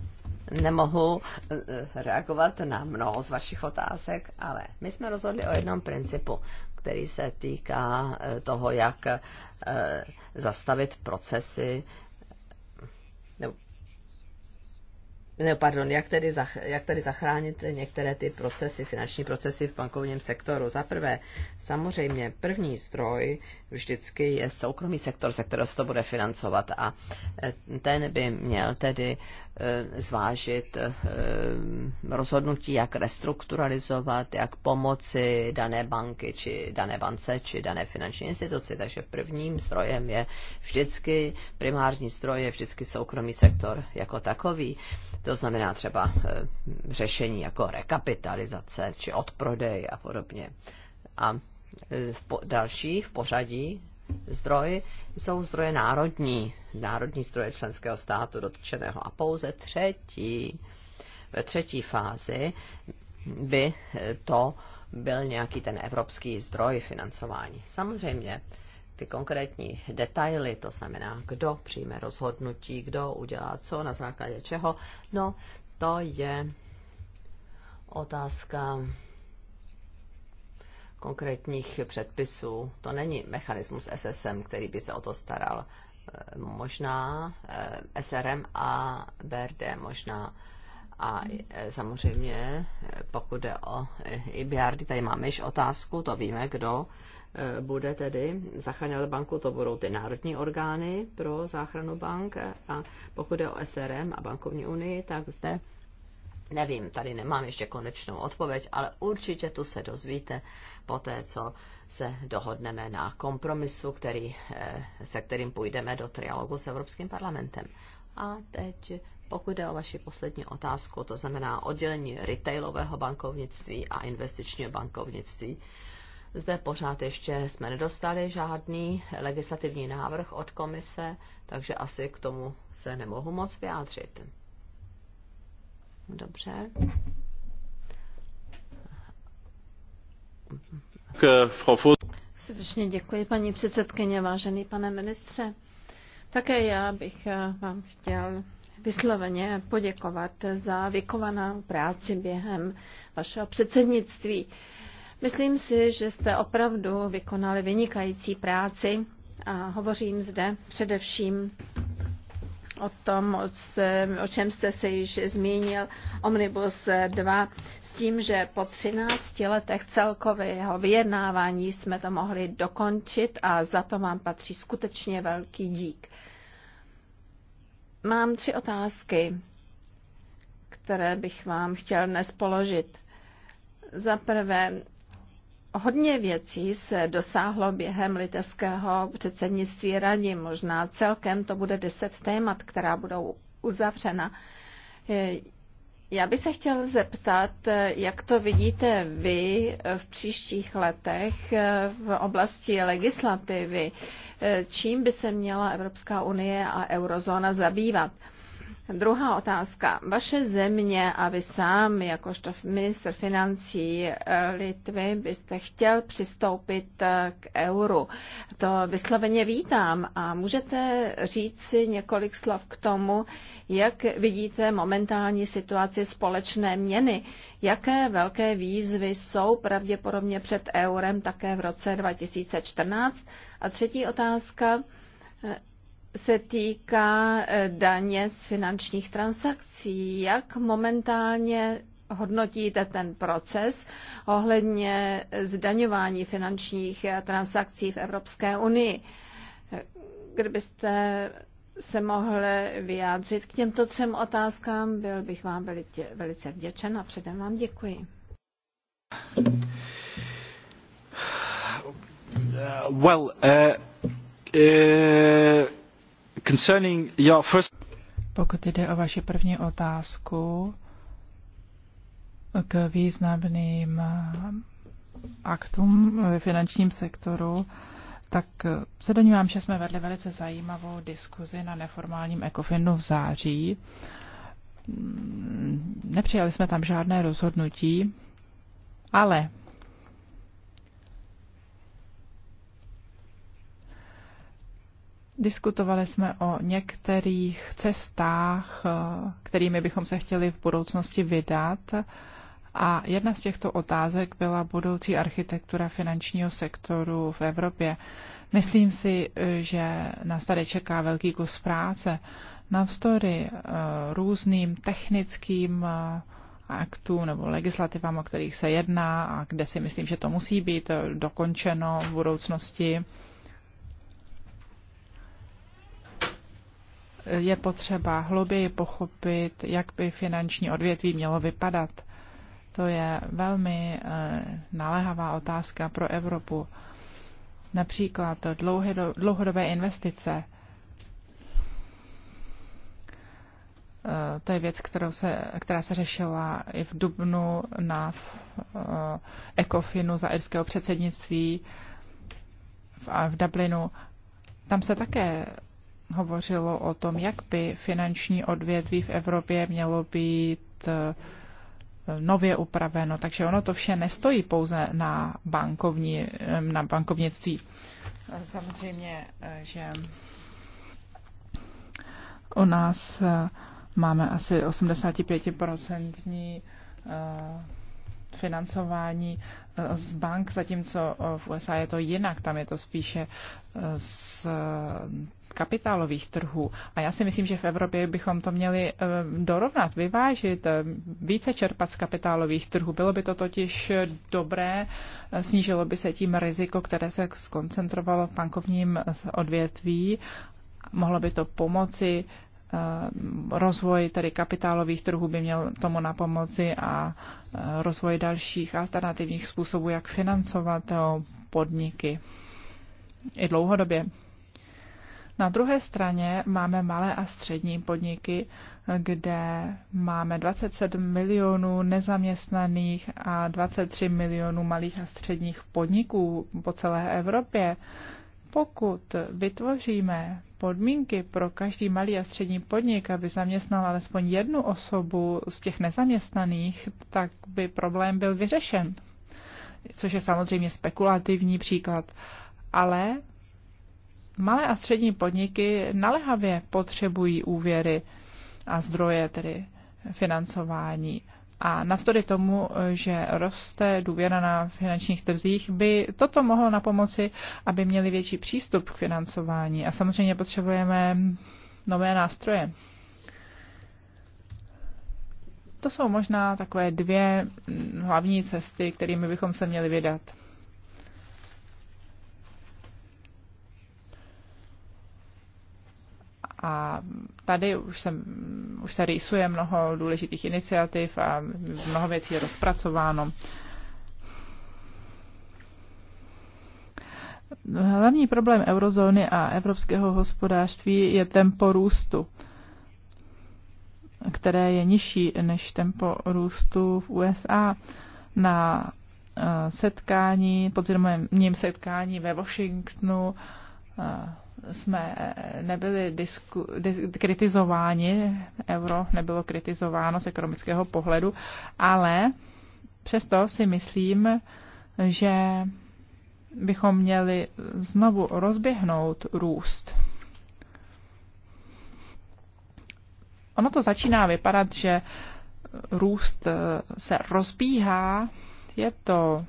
nemohu eh, reagovat na mnoho z vašich otázek, ale my jsme rozhodli o jednom principu, který se týká eh, toho, jak eh, zastavit procesy ne, pardon, jak tedy, zach, jak tedy zachránit některé ty procesy, finanční procesy v bankovním sektoru. Za prvé, samozřejmě první zdroj vždycky je soukromý sektor, ze kterého se to bude financovat a ten by měl tedy Eh, zvážit eh, rozhodnutí, jak restrukturalizovat, jak pomoci dané banky, či dané bance, či dané finanční instituci. Takže prvním zdrojem je vždycky, primární zdroj je vždycky soukromý sektor jako takový. To znamená třeba eh, řešení jako rekapitalizace, či odprodej a podobně. A v po, další v pořadí zdroj jsou zdroje národní, národní zdroje členského státu dotčeného a pouze třetí, ve třetí fázi by to byl nějaký ten evropský zdroj financování. Samozřejmě ty konkrétní detaily, to znamená, kdo přijme rozhodnutí, kdo udělá co, na základě čeho, no to je otázka konkrétních předpisů. To není mechanismus SSM, který by se o to staral. Eh, možná eh, SRM a BRD, možná a eh, samozřejmě, pokud jde o IBRD, tady máme již otázku, to víme, kdo bude tedy zachraňovat banku, to budou ty národní orgány pro záchranu bank. A pokud jde o SRM a bankovní unii, tak zde Nevím, tady nemám ještě konečnou odpověď, ale určitě tu se dozvíte po té, co se dohodneme na kompromisu, který, eh, se kterým půjdeme do trialogu s Evropským parlamentem. A teď, pokud jde o vaši poslední otázku, to znamená oddělení retailového bankovnictví a investičního bankovnictví, zde pořád ještě jsme nedostali žádný legislativní návrh od komise, takže asi k tomu se nemohu moc vyjádřit. Dobře. K, Frau Srdečně děkuji, paní předsedkyně, vážený pane ministře. Také já bych eh, vám chtěl vysloveně poděkovat za vykovanou práci během vašeho předsednictví. Myslím si, že jste opravdu vykonali vynikající práci a hovořím zde především o tom, o čem jste se již zmínil, Omnibus 2, s tím, že po 13 letech celkového vyjednávání jsme to mohli dokončit a za to vám patří skutečně velký dík. Mám tři otázky, které bych vám chtěl dnes položit. Za prvé, Hodně věcí se dosáhlo během litevského předsednictví radě. Možná celkem to bude deset témat, která budou uzavřena. Já bych se chtěl zeptat, jak to vidíte vy v příštích letech v oblasti legislativy. Čím by se měla Evropská unie a eurozóna zabývat? Druhá otázka. Vaše země a vy sám, jakožto minister financí eh, Litvy, byste chtěl přistoupit eh, k euru. To vysloveně vítám a můžete říct si několik slov k tomu, jak vidíte momentální situaci společné měny. Jaké velké výzvy jsou pravděpodobně před eurem také v roce 2014? A třetí otázka se týká eh, daně z finančních transakcí. Jak momentálně hodnotíte ten proces ohledně zdaňování finančních eh, transakcí v Evropské unii? Kdybyste se mohl vyjádřit k těmto třem otázkám, byl bych vám velice, velice vděčen a předem vám děkuji. Well, uh, uh... Pokud jde o vaši první otázku k významným eh, aktům ve finančním sektoru, tak eh, se domnívám, že jsme vedli velice zajímavou diskuzi na neformálním ECOFINu v září. Mm, nepřijali jsme tam žádné rozhodnutí, ale Diskutovali jsme o některých cestách, eh, kterými bychom se chtěli v budoucnosti vydat. A jedna z těchto otázek byla budoucí architektura finančního sektoru v Evropě. Myslím si, eh, že nás tady čeká velký kus práce. Navzdory eh, různým technickým aktů nebo legislativám, o kterých se jedná a kde si myslím, že to musí být dokončeno v budoucnosti, je potřeba hlouběji pochopit, jak by finanční odvětví mělo vypadat. To je velmi eh, naléhavá otázka pro Evropu. Například dlouhodobé investice. Eh, to je věc, kterou se, která se řešila i v Dubnu na eh, ECOFINu za irského předsednictví v, v Dublinu. Tam se také hovořilo o tom, jak by finanční odvětví v Evropě mělo být eh, nově upraveno. Takže ono to vše nestojí pouze na, bankovní, eh, na bankovnictví. Eh, samozřejmě, že u nás máme asi 85% financování z bank, zatímco v USA je to jinak, tam je to spíše z kapitálových trhů. A já si myslím, že v Evropě bychom to měli eh, dorovnat, vyvážit, eh, více čerpat z kapitálových trhů. Bylo by to totiž dobré, eh, snížilo by se tím riziko, které se skoncentrovalo v bankovním odvětví. Mohlo by to pomoci rozvoj tedy kapitálových trhů by měl tomu na pomoci a rozvoj dalších alternativních způsobů, jak financovat podniky i dlouhodobě. Na druhé straně máme malé a střední podniky, kde máme 27 milionů nezaměstnaných a 23 milionů malých a středních podniků po celé Evropě. Pokud vytvoříme podmínky pro každý malý a střední podnik, aby zaměstnal alespoň jednu osobu z těch nezaměstnaných, tak by problém byl vyřešen. Což je samozřejmě spekulativní příklad. Ale Malé a střední podniky nalehavě potřebují úvěry a zdroje, tedy financování. A navzdory tomu, že roste důvěra na finančních trzích, by toto mohlo na pomoci, aby měli větší přístup k financování. A samozřejmě potřebujeme nové nástroje. To jsou možná takové dvě hlavní cesty, kterými bychom se měli vydat. A tady už, se, už se rýsuje mnoho důležitých iniciativ a mnoho věcí je rozpracováno. Hlavní problém eurozóny a evropského hospodářství je tempo růstu, které je nižší než tempo růstu v USA. Na eh, setkání, podzimovém setkání ve Washingtonu eh, jsme eh, nebyli disku, dis, kritizováni, euro nebylo kritizováno z ekonomického pohledu, ale přesto si myslím, že bychom měli znovu rozběhnout růst. Ono to začíná vypadat, že růst eh, se rozbíhá, je to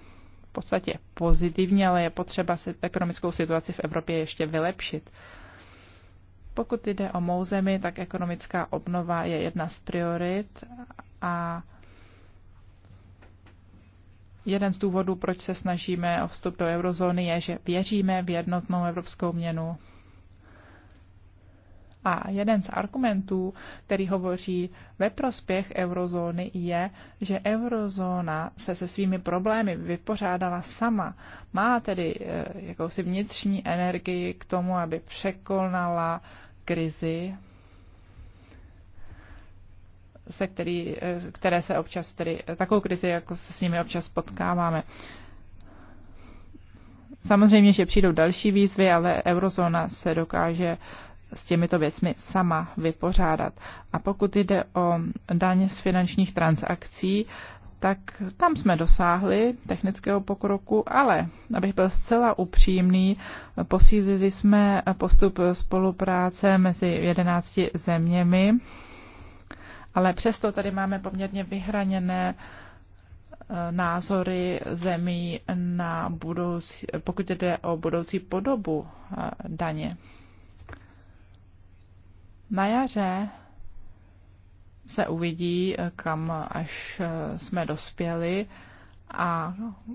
v podstatě pozitivní, ale je potřeba si ekonomickou situaci v Evropě ještě vylepšit. Pokud jde o mou zemi, tak ekonomická obnova je jedna z priorit a jeden z důvodů, proč se snažíme o vstup do eurozóny, je, že věříme v jednotnou evropskou měnu, a jeden z argumentů, který hovoří ve prospěch eurozóny, je, že eurozóna se se svými problémy vypořádala sama. Má tedy eh, jakousi vnitřní energii k tomu, aby překonala krizi, se který, eh, které se občas tedy, takovou krizi, jako se s nimi občas potkáváme. Samozřejmě, že přijdou další výzvy, ale eurozóna se dokáže s těmito věcmi sama vypořádat. A pokud jde o daň z finančních transakcí, tak tam jsme dosáhli technického pokroku, ale abych byl zcela upřímný, posílili jsme postup spolupráce mezi 11 zeměmi, ale přesto tady máme poměrně vyhraněné eh, názory zemí na budoucí, pokud jde o budoucí podobu eh, daně. Na jaře se uvidí, kam až eh, jsme dospěli a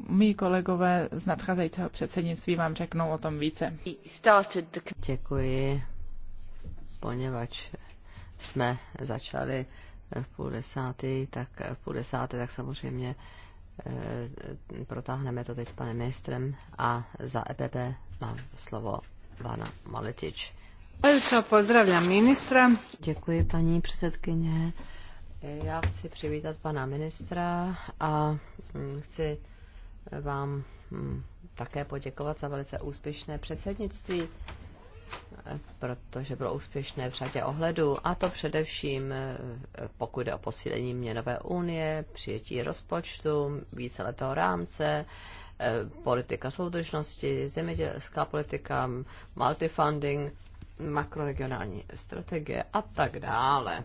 mý kolegové z nadcházejícího předsednictví vám řeknou o tom více. Děkuji, poněvadž jsme začali v půl desátý, tak v půl desáté, tak samozřejmě e, protáhneme to teď s panem ministrem a za EPP má slovo Vana Maletič ministra. Děkuji, paní předsedkyně. Já chci přivítat pana ministra a mm, chci vám mm, také poděkovat za velice úspěšné předsednictví, protože bylo úspěšné v řadě ohledů, a to především e, pokud jde o posílení měnové unie, přijetí rozpočtu, víceletého rámce, e, politika soudržnosti, zemědělská politika, multifunding makroregionální strategie a tak dále.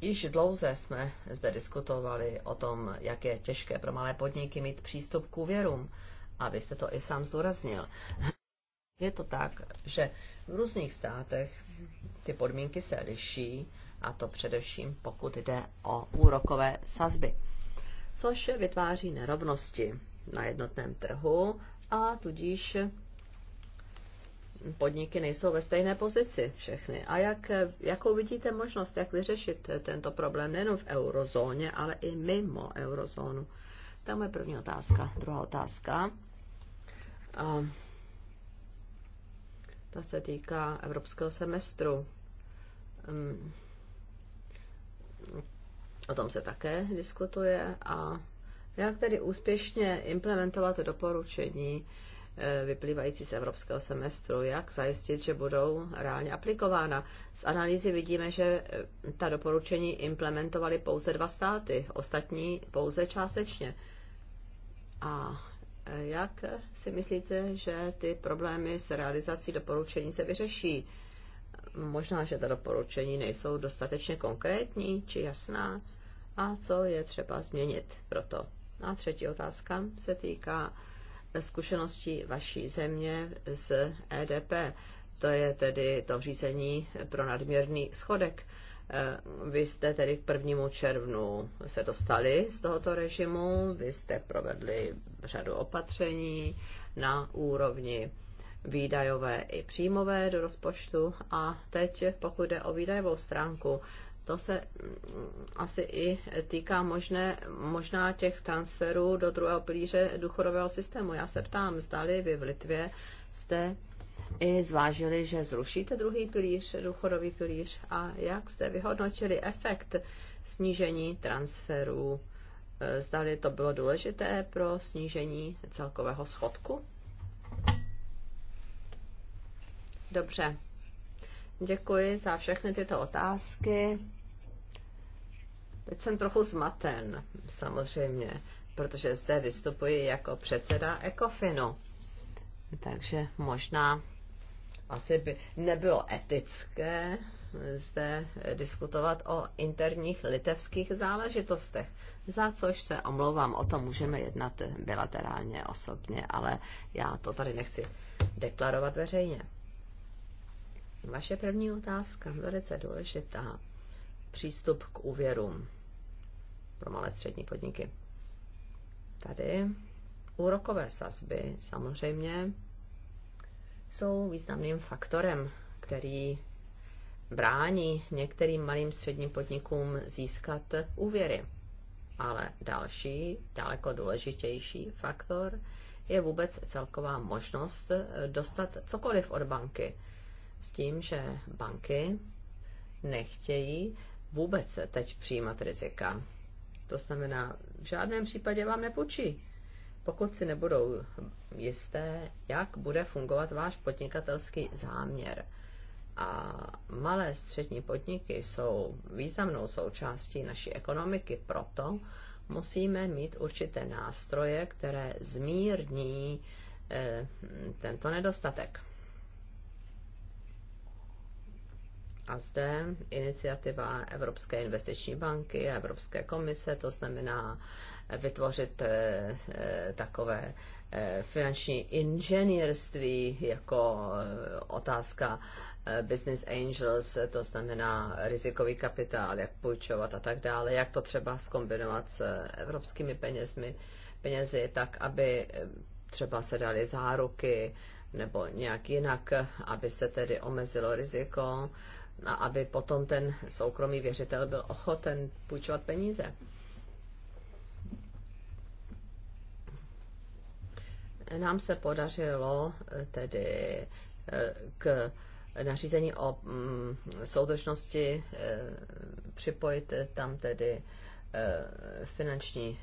Již dlouze jsme zde diskutovali o tom, jak je těžké pro malé podniky mít přístup k úvěrům. A vy jste to i sám zdůraznil. Je to tak, že v různých státech ty podmínky se liší, a to především pokud jde o úrokové sazby, což vytváří nerovnosti na jednotném trhu a tudíž podniky nejsou ve stejné pozici všechny. A jak, jakou vidíte možnost, jak vyřešit tento problém nejen v eurozóně, ale i mimo eurozónu? To je moje první otázka. Druhá otázka. A ta se týká evropského semestru. Um, o tom se také diskutuje. A jak tedy úspěšně implementovat doporučení uh, Eh, vyplývající z evropského semestru, jak zajistit, že budou reálně aplikována. Z analýzy vidíme, že eh, ta doporučení implementovaly pouze dva státy, ostatní pouze částečně. A eh, jak si myslíte, že ty problémy s realizací doporučení se vyřeší? Možná, že ta doporučení nejsou dostatečně konkrétní či jasná. A co je třeba změnit proto? A třetí otázka se týká zkušenosti vaší země z EDP. To je tedy to řízení pro nadměrný schodek. Eh, vy jste tedy k prvnímu červnu se dostali z tohoto režimu, vy jste provedli řadu opatření na úrovni výdajové i příjmové do rozpočtu a teď pokud jde o výdajovou stránku, to se mm, asi i týká možné, možná těch transferů do druhého pilíře důchodového systému. Já se ptám, zdali vy v Litvě jste i zvážili, že zrušíte druhý pilíř, důchodový pilíř a jak jste vyhodnotili efekt snížení transferů? E, zdali to bylo důležité pro snížení celkového schodku? Dobře. Děkuji za všechny tyto otázky. Teď jsem trochu zmaten, samozřejmě, protože zde vystupuji jako předseda Ekofinu. Takže možná asi by nebylo etické zde diskutovat o interních litevských záležitostech, za což se omlouvám, o tom můžeme jednat bilaterálně, osobně, ale já to tady nechci deklarovat veřejně. Vaše první otázka, velice důležitá. Přístup k úvěrům pro malé střední podniky. Tady úrokové sazby samozřejmě jsou významným faktorem, který brání některým malým středním podnikům získat úvěry. Ale další, daleko důležitější faktor je vůbec celková možnost dostat cokoliv od banky. S tím, že banky nechtějí vůbec teď přijímat rizika. To znamená, v žádném případě vám nepůjčí, pokud si nebudou jisté, jak bude fungovat váš podnikatelský záměr. A malé střední podniky jsou významnou součástí naší ekonomiky, proto musíme mít určité nástroje, které zmírní eh, tento nedostatek. A zde iniciativa Evropské investiční banky a Evropské komise, to znamená vytvořit eh, eh, takové eh, finanční inženýrství jako otázka business angels, to znamená rizikový kapitál, jak půjčovat a tak dále, jak to třeba skombinovat s evropskými penězmi, penězi, tak aby třeba se dali záruky nebo nějak jinak, aby se tedy omezilo riziko a aby potom ten soukromý věřitel byl ochoten půjčovat peníze. Nám se podařilo eh, tedy eh, k nařízení o mm, soudržnosti eh, připojit tam tedy finanční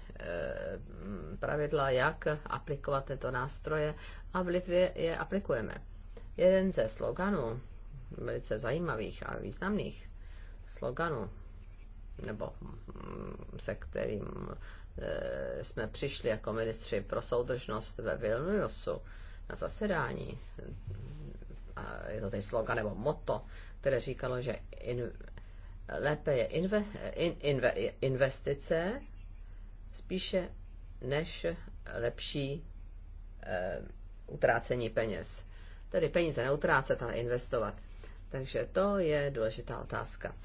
pravidla, jak aplikovat tyto nástroje a v Litvě je aplikujeme. Jeden ze sloganů velice zajímavých a významných sloganů, nebo mm, se kterým e, jsme přišli jako ministři pro soudržnost ve Vilniusu na zasedání. A je to ten slogan nebo moto, které říkalo, že in, lépe je inve, in, inve, investice spíše než lepší e, utrácení peněz. Tedy peníze neutrácet, ale investovat. Takže to je důležitá otázka.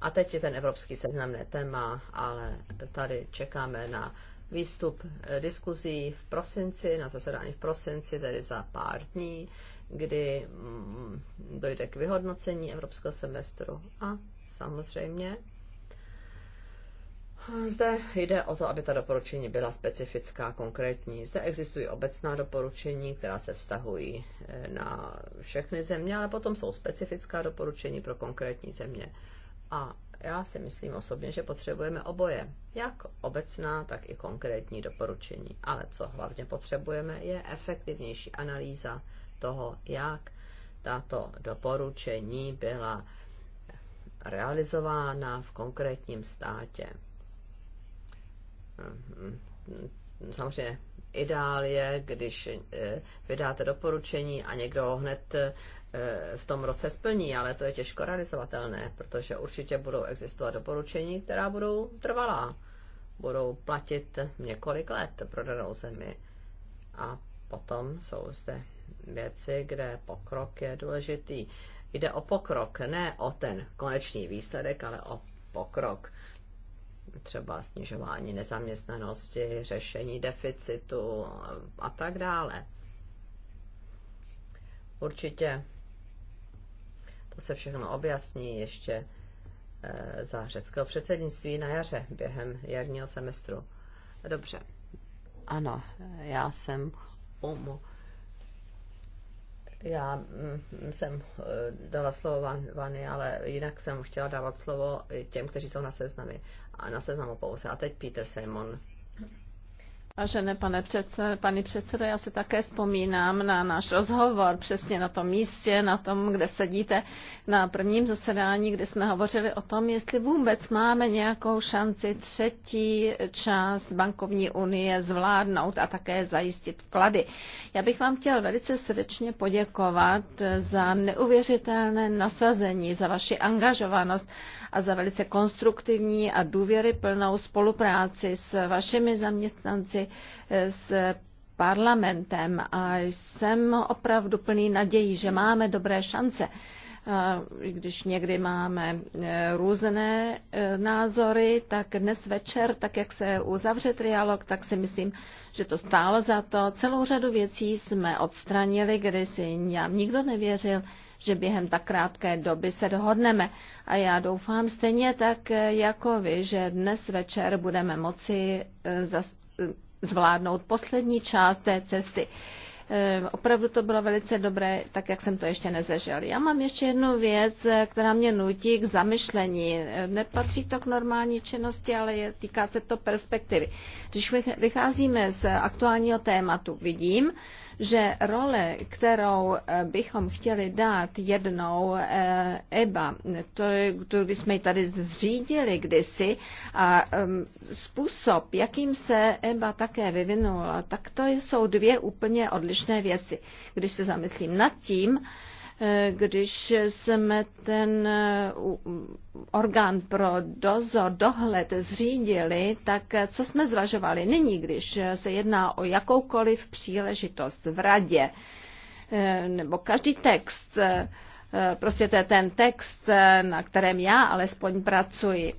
A teď je ten evropský seznamné téma, ale tady čekáme na výstup eh, diskuzí v prosinci, na zasedání v prosinci, tedy za pár dní, kdy mm, dojde k vyhodnocení evropského semestru a samozřejmě zde jde o to, aby ta doporučení byla specifická, konkrétní. Zde existují obecná doporučení, která se vztahují eh, na všechny země, ale potom jsou specifická doporučení pro konkrétní země. A já si myslím osobně, že potřebujeme oboje, jak obecná, tak i konkrétní doporučení. Ale co hlavně potřebujeme, je efektivnější analýza toho, jak tato doporučení byla realizována v konkrétním státě. Eh, samozřejmě ideál je, když eh, vydáte doporučení a někdo ho hned eh, v tom roce splní, ale to je těžko realizovatelné, protože určitě budou existovat doporučení, která budou trvalá. Budou platit několik let pro danou zemi. A potom jsou zde věci, kde pokrok je důležitý. Jde o pokrok, ne o ten konečný výsledek, ale o pokrok třeba snižování nezaměstnanosti, řešení deficitu a tak dále. Určitě to se všechno objasní ještě eh, za řeckého předsednictví na jaře, během jarního semestru. Dobře. Ano, já jsem um, já mm, jsem eh, dala slovo Vany, ale jinak jsem chtěla dávat slovo těm, kteří jsou na seznamy. A na seznamu pouze. A teď Peter Simon. Vážené pane předsedo, paní předsedo, já si také vzpomínám na náš rozhovor přesně na tom místě, na tom, kde sedíte na prvním zasedání, kde jsme hovořili o tom, jestli vůbec máme nějakou šanci třetí část bankovní unie zvládnout a také zajistit vklady. Já bych vám chtěl velice srdečně poděkovat za neuvěřitelné nasazení, za vaši angažovanost a za velice konstruktivní a důvěryplnou spolupráci s vašimi zaměstnanci s parlamentem a jsem opravdu plný naději, že máme dobré šance. Když někdy máme e, různé e, názory, tak dnes večer, tak jak se uzavře trialog, tak si myslím, že to stálo za to. Celou řadu věcí jsme odstranili, kdy si nikdo nevěřil, že během tak krátké doby se dohodneme. A já doufám stejně tak e, jako vy, že dnes večer budeme moci zas zvládnout poslední část té cesty. Ehm, opravdu to bylo velice dobré, tak jak jsem to ještě nezažil. Já mám ještě jednu věc, která mě nutí k zamyšlení. Ehm, nepatří to k normální činnosti, ale je, týká se to perspektivy. Když vycházíme z aktuálního tématu, vidím, že role, kterou eh, bychom chtěli dát jednou eh, EBA, to, to jsme tady zřídili kdysi a způsob, jakým se EBA také vyvinula, tak to jsou dvě úplně odlišné věci. Když se zamyslím nad tím, když jsme ten eh, orgán pro dozor, dohled zřídili, tak co jsme zvažovali nyní, když se jedná o jakoukoliv příležitost v radě, eh, nebo každý text, eh, prostě to je ten text, na kterém já alespoň pracuji,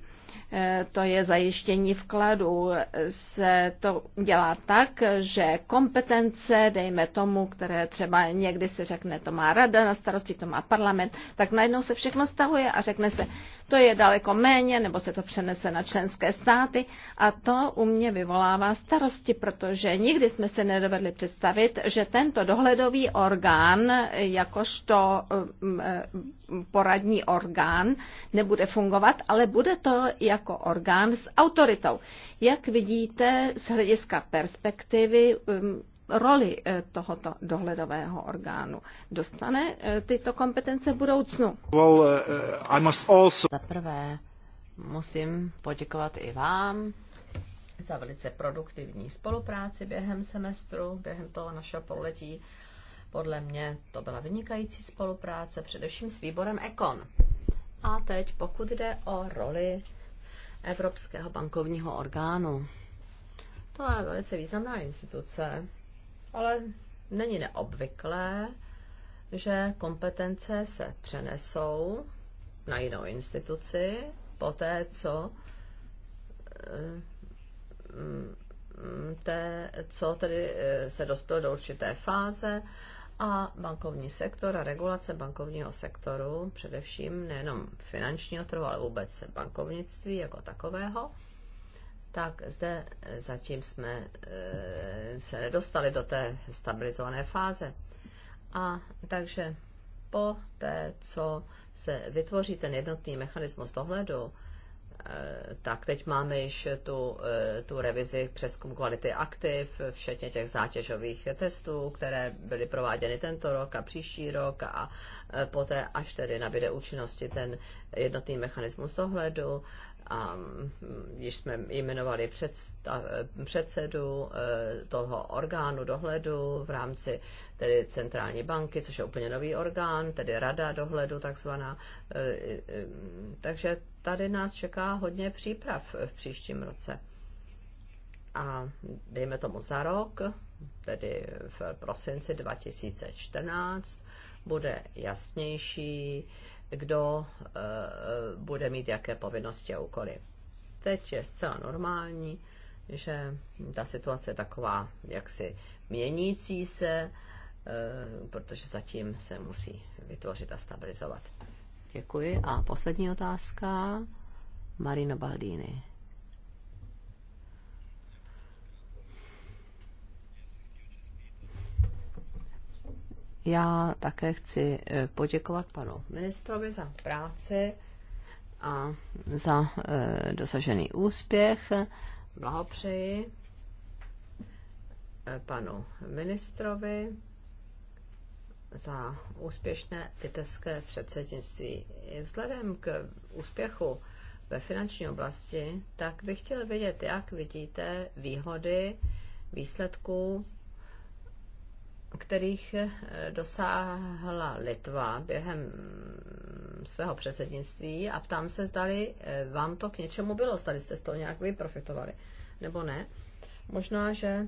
Eh, to je zajištění vkladu, se to dělá tak, že kompetence, dejme tomu, které třeba někdy se řekne, to má rada na starosti, to má parlament, tak najednou se všechno stavuje a řekne se, to je daleko méně, nebo se to přenese na členské státy a to u mě vyvolává starosti, protože nikdy jsme se nedovedli představit, že tento dohledový orgán, jakožto mm, eh, poradní orgán, nebude fungovat, ale bude to jako orgán s autoritou. Jak vidíte z hlediska perspektivy, mm, roli eh, tohoto dohledového orgánu. Dostane eh, tyto kompetence v budoucnu? Well, uh, I must also... Za prvé musím poděkovat i vám za velice produktivní spolupráci během semestru, během toho našeho poletí. Podle mě to byla vynikající spolupráce, především s výborem ECON. A teď, pokud jde o roli Evropského bankovního orgánu. To je velice významná instituce, ale není neobvyklé, že kompetence se přenesou na jinou instituci poté, co eh, té, co tedy eh, se dospělo do určité fáze a bankovní sektor a regulace bankovního sektoru, především nejenom finančního trhu, ale vůbec bankovnictví jako takového, tak zde eh, zatím jsme eh, se nedostali do té stabilizované fáze. A takže po té, co se vytvoří ten jednotný mechanismus dohledu, eh, tak teď máme již tu, tu revizi přeskum kvality aktiv, včetně těch zátěžových testů, které byly prováděny tento rok a příští rok a poté, až tedy nabíde účinnosti ten jednotný mechanismus dohledu, a když mm, jsme jmenovali předsedu e, toho orgánu dohledu v rámci tedy centrální banky, což je úplně nový orgán, tedy rada dohledu takzvaná. E, e, takže tady nás čeká hodně příprav v příštím roce. A dejme tomu za rok, tedy v prosinci 2014, bude jasnější kdo eh, eh, bude mít jaké povinnosti a úkoly. Teď je zcela normální, že ta situace je taková jaksi měnící se, eh, protože zatím se musí vytvořit a stabilizovat. Děkuji. A poslední otázka. Marino Baldini. Já také chci e, poděkovat panu ministrovi za práci a za e, dosažený úspěch. Blahopřeji e, panu ministrovi za úspěšné litevské předsednictví. Vzhledem k úspěchu ve finanční oblasti, tak bych chtěl vědět, jak vidíte výhody výsledků kterých eh, dosáhla Litva během svého předsednictví a ptám se, zdali eh, vám to k něčemu bylo, zdali jste z toho nějak vy profitovali, nebo ne. Možná, že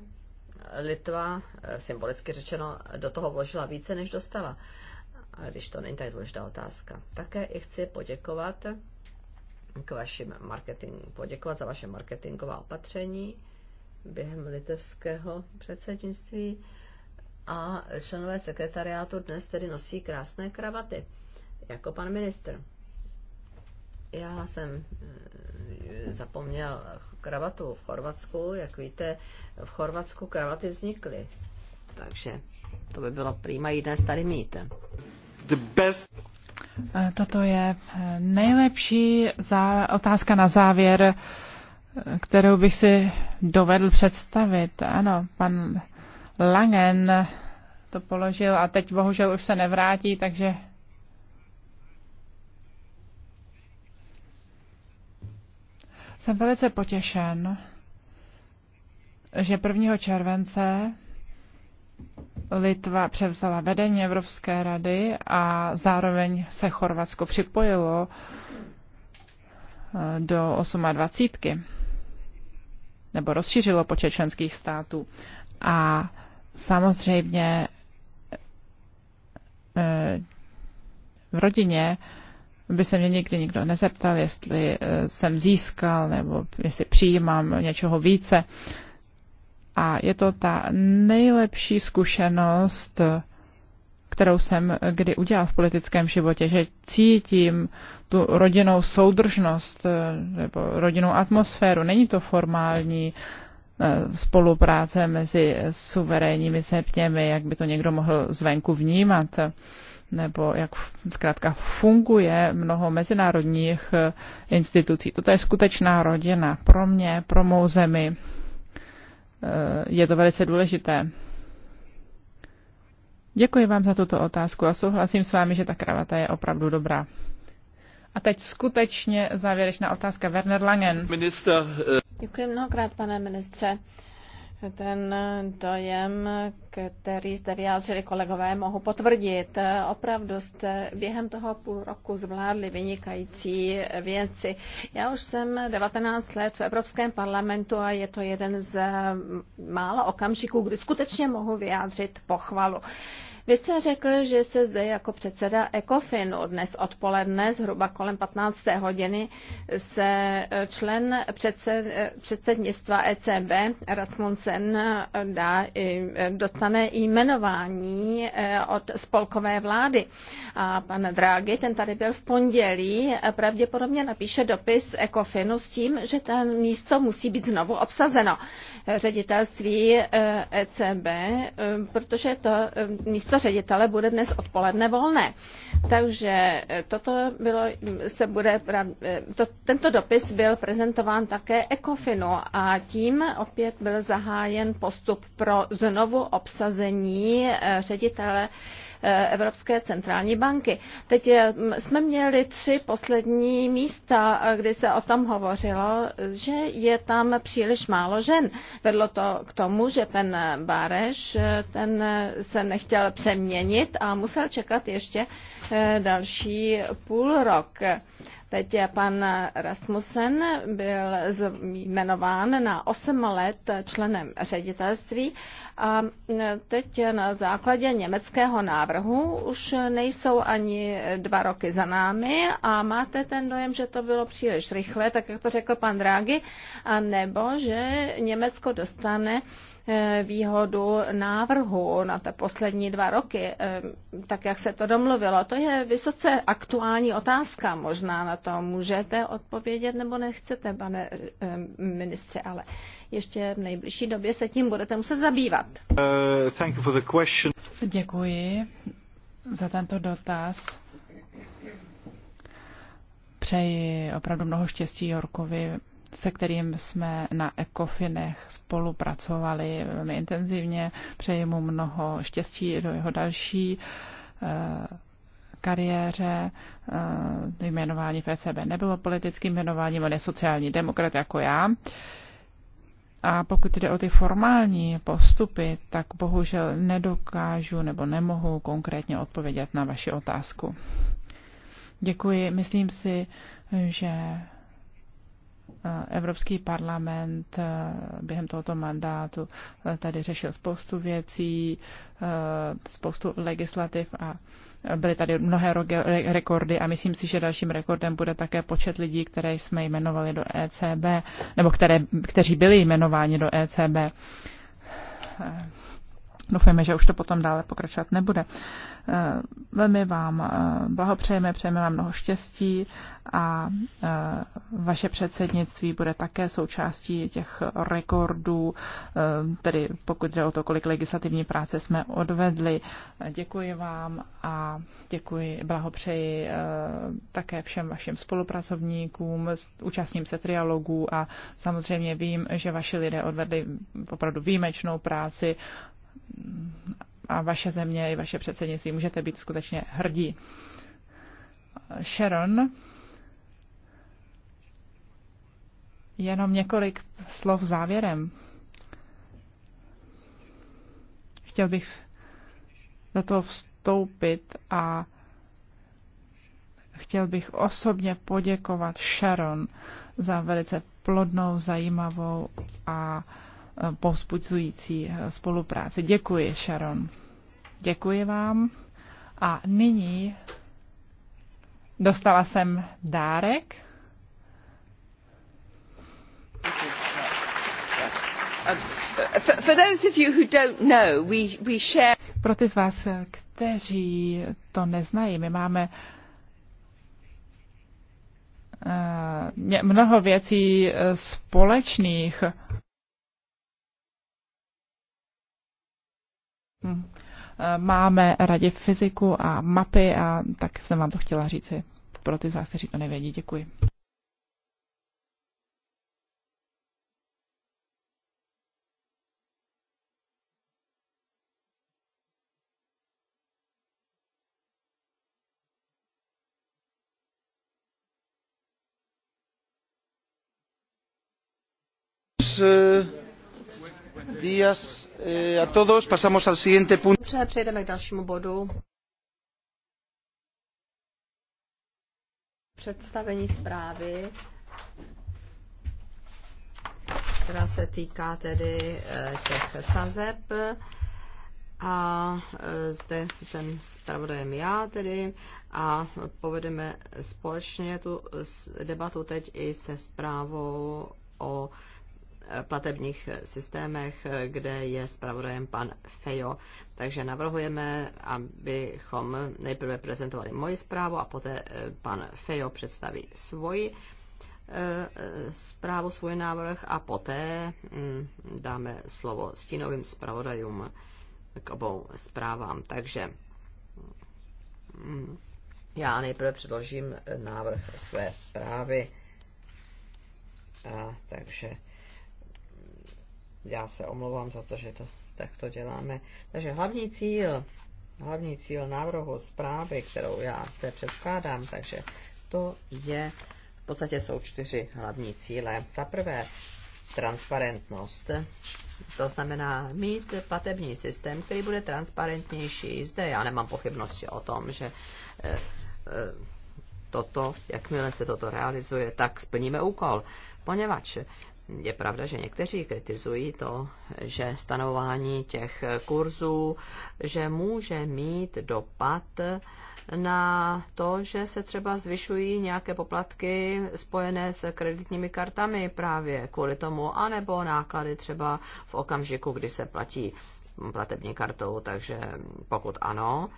Litva, eh, symbolicky řečeno, do toho vložila více, než dostala. A když to není tak důležitá otázka. Také i chci poděkovat k vašim marketing, poděkovat za vaše marketingová opatření během litevského předsednictví a členové sekretariátu dnes tedy nosí krásné kravaty, jako pan ministr. Já jsem eh, zapomněl kravatu v Chorvatsku. Jak víte, v Chorvatsku kravaty vznikly. Takže to by bylo prýma dnes tady mít. The best. Eh, toto je eh, nejlepší zá, otázka na závěr, kterou bych si dovedl představit. Ano, pan Langen to položil a teď bohužel už se nevrátí, takže jsem velice potěšen, že 1. července Litva převzala vedení Evropské rady a zároveň se Chorvatsko připojilo eh, do 28. nebo rozšířilo počet členských států. A samozřejmě eh, v rodině by se mě nikdy nikdo nezeptal, jestli eh, jsem získal nebo jestli přijímám něčeho více. A je to ta nejlepší zkušenost, kterou jsem kdy udělal v politickém životě, že cítím tu rodinnou soudržnost eh, nebo rodinnou atmosféru. Není to formální, E, spolupráce mezi suverénními zeměmi, jak by to někdo mohl zvenku vnímat, nebo jak zkrátka funguje mnoho mezinárodních e, institucí. Toto je skutečná rodina pro mě, pro mou zemi. E, je to velice důležité. Děkuji vám za tuto otázku a souhlasím s vámi, že ta kravata je opravdu dobrá. A teď skutečně závěrečná otázka. Werner Langen. Minister, Děkuji mnohokrát, pane ministře. Ten dojem, který zde vyjádřili kolegové, mohu potvrdit. Opravdu jste během toho půl roku zvládli vynikající věci. Já už jsem 19 let v Evropském parlamentu a je to jeden z mála okamžiků, kdy skutečně mohu vyjádřit pochvalu. Vy jste řekl, že se zde jako předseda ECOFINu dnes odpoledne zhruba kolem 15. hodiny se e, člen předsed, e, předsednictva ECB Rasmussen e, dá, dostane jmenování od spolkové vlády. A pan Draghi, ten tady byl v pondělí, pravděpodobně napíše dopis ECOFINu s tím, že ten místo musí být znovu obsazeno ředitelství ECB, eh, e eh, protože to eh, místo ředitele bude dnes odpoledne volné. Takže toto bylo, mm, se bude, to, tento dopis byl prezentován také ECOFINu a tím opět byl zahájen postup pro znovu obsazení ředitele Eh, Evropské centrální banky. Teď eh, jsme měli tři poslední místa, eh, kdy se o tom hovořilo, že je tam příliš málo žen. Vedlo to k tomu, že ten Báreš ten se nechtěl přeměnit a musel čekat ještě další půl rok. Teď pan Rasmussen byl jmenován na 8 let členem ředitelství a teď na základě německého návrhu už nejsou ani dva roky za námi a máte ten dojem, že to bylo příliš rychle, tak jak to řekl pan Draghi, a nebo že Německo dostane Eh, výhodu návrhu na ty poslední dva roky, eh, tak jak se to domluvilo. To je vysoce aktuální otázka. Možná na to můžete odpovědět nebo nechcete, pane eh, ministře, ale ještě v nejbližší době se tím budete muset zabývat. Uh, thank you for the question. Děkuji za tento dotaz. Přeji opravdu mnoho štěstí Jorkovi se kterým jsme na ECOFINech spolupracovali velmi intenzivně. Přeji mu mnoho štěstí do jeho další eh, kariéře. Eh, jmenování v ECB nebylo politickým jmenováním, ale sociální demokrat jako já. A pokud jde o ty formální postupy, tak bohužel nedokážu nebo nemohu konkrétně odpovědět na vaši otázku. Děkuji. Myslím si, že Eh, Evropský parlament eh, během tohoto mandátu eh, tady řešil spoustu věcí, spoustu legislativ a byly tady mnohé rekordy a myslím si, že dalším rekordem bude také počet lidí, které jsme jmenovali do ECB, nebo které, kteří byli jmenováni do ECB. Doufejme, že už to potom dále pokračovat nebude. Eh, velmi vám eh, blahopřejeme, přejeme vám mnoho štěstí a eh, vaše předsednictví bude také součástí těch rekordů, tedy pokud jde o to, kolik legislativní práce jsme odvedli. Děkuji vám a děkuji, blahopřeji také všem vašim spolupracovníkům, účastním se trialogů a samozřejmě vím, že vaši lidé odvedli opravdu výjimečnou práci a vaše země i vaše předsednictví můžete být skutečně hrdí. Sharon, jenom několik slov závěrem. Chtěl bych do toho vstoupit a chtěl bych osobně poděkovat Sharon za velice plodnou, zajímavou a povzbudzující eh, spolupráci. Děkuji, Sharon. Děkuji vám. A nyní dostala jsem dárek. Pro ty z vás, eh, kteří to neznají, my máme eh, mnoho věcí společných. Hm. Eh, máme radě fyziku a mapy a tak jsem vám to chtěla říci. Pro ty z vás, kteří to nevědí, děkuji. uh, Eh, Dobře, přejdeme k dalšímu bodu. Představení zprávy, která se týká tedy eh, těch sazeb. A eh, zde jsem zpravodajem já tedy a povedeme společně tu debatu teď i se zprávou o platebních systémech, kde je zpravodajem pan Fejo. Takže navrhujeme, abychom nejprve prezentovali moji zprávu a poté eh, pan Fejo představí svoji eh, zprávu, svůj návrh a poté hm, dáme slovo stínovým zpravodajům k obou zprávám. Takže hm, já nejprve předložím návrh své zprávy. A, takže já se omlouvám za to, že to takto děláme. Takže hlavní cíl, hlavní cíl návrhu zprávy, kterou já zde předkládám, takže to je, v podstatě jsou čtyři hlavní cíle. Za prvé, transparentnost. To znamená mít platební systém, který bude transparentnější. Zde já nemám pochybnosti o tom, že eh, eh, toto, jakmile se toto realizuje, tak splníme úkol. Poněvadž je pravda, že někteří kritizují to, že stanování těch kurzů, že může mít dopad na to, že se třeba zvyšují nějaké poplatky spojené s kreditními kartami právě kvůli tomu, anebo náklady třeba v okamžiku, kdy se platí platební kartou, takže pokud ano,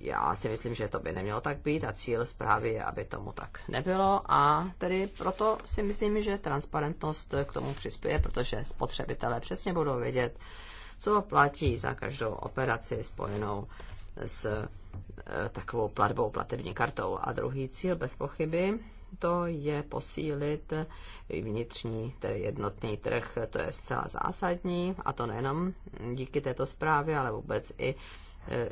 já si myslím, že to by nemělo tak být a cíl zprávy je, aby tomu tak nebylo a tedy proto si myslím, že transparentnost k tomu přispěje, protože spotřebitelé přesně budou vědět, co platí za každou operaci spojenou s eh, takovou platbou, platební kartou. A druhý cíl bez pochyby, to je posílit vnitřní, tedy jednotný trh, to je zcela zásadní a to nejenom díky této zprávě, ale vůbec i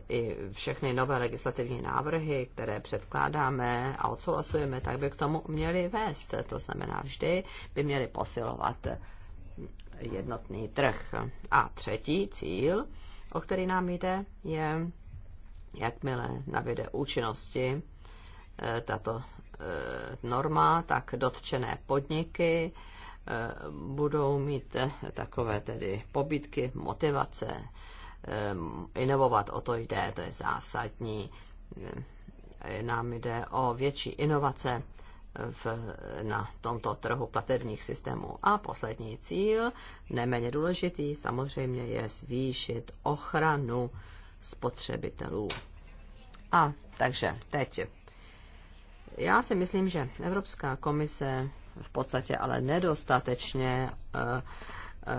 i všechny nové legislativní návrhy, které předkládáme a odsouhlasujeme, tak by k tomu měly vést. To znamená, vždy by měly posilovat jednotný trh. A třetí cíl, o který nám jde, je, jakmile nabíde účinnosti eh, tato eh, norma, tak dotčené podniky eh, budou mít takové tedy pobytky, motivace, Ehm, inovovat, o to jde, to je zásadní. Ehm, nám jde o větší inovace eh, v, na tomto trhu platebních systémů. A poslední cíl, neméně důležitý, samozřejmě je zvýšit ochranu spotřebitelů. A takže teď. Já si myslím, že Evropská komise v podstatě ale nedostatečně uh, Eh,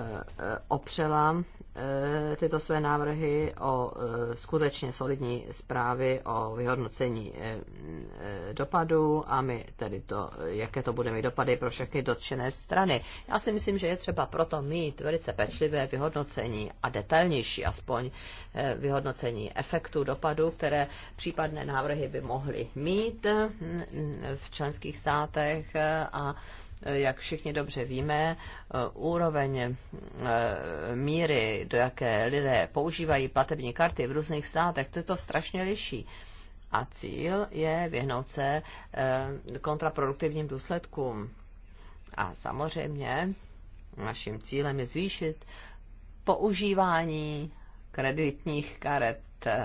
opřela eh, tyto své návrhy o eh, skutečně solidní zprávy o vyhodnocení dopadů a my tedy to, jaké to bude mít dopady pro všechny dotčené strany. Já si myslím, že je třeba proto mít velice pečlivé vyhodnocení a detailnější aspoň vyhodnocení efektů dopadů, které případné návrhy by mohly mít hm, v členských státech a jak všichni dobře víme, eh, úroveň eh, míry, do jaké lidé používají platební karty v různých státech, to, to strašně liší. A cíl je vyhnout se eh, kontraproduktivním důsledkům. A samozřejmě naším cílem je zvýšit používání kreditních karet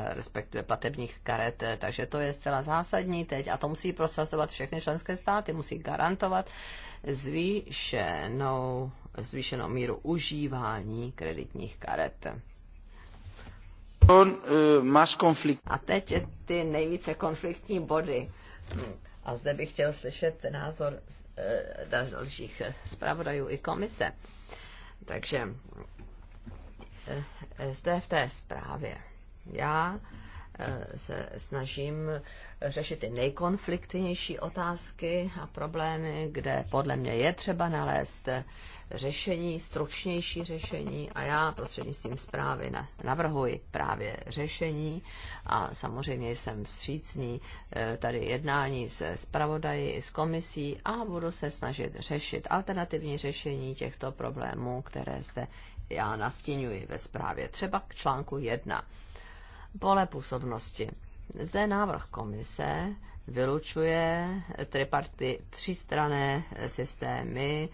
respektive platebních karet. Takže to je zcela zásadní teď a to musí prosazovat všechny členské státy, musí garantovat, zvýšenou, zvýšenou míru užívání kreditních karet. Eh, A teď ty nejvíce konfliktní body. A zde bych chtěl slyšet názor eh, dalších zpravodajů i komise. Takže eh, zde v té zprávě. Já Eh, se snažím řešit ty nejkonfliktnější otázky a problémy, kde podle mě je třeba nalézt řešení, stručnější řešení a já prostřednictvím zprávy navrhuji právě řešení a samozřejmě jsem vstřícný eh, tady jednání se zpravodaji, s komisí a budu se snažit řešit alternativní řešení těchto problémů, které zde já nastínuji ve zprávě, třeba k článku 1 pole působnosti. Zde návrh komise vylučuje triparty třístrané systémy,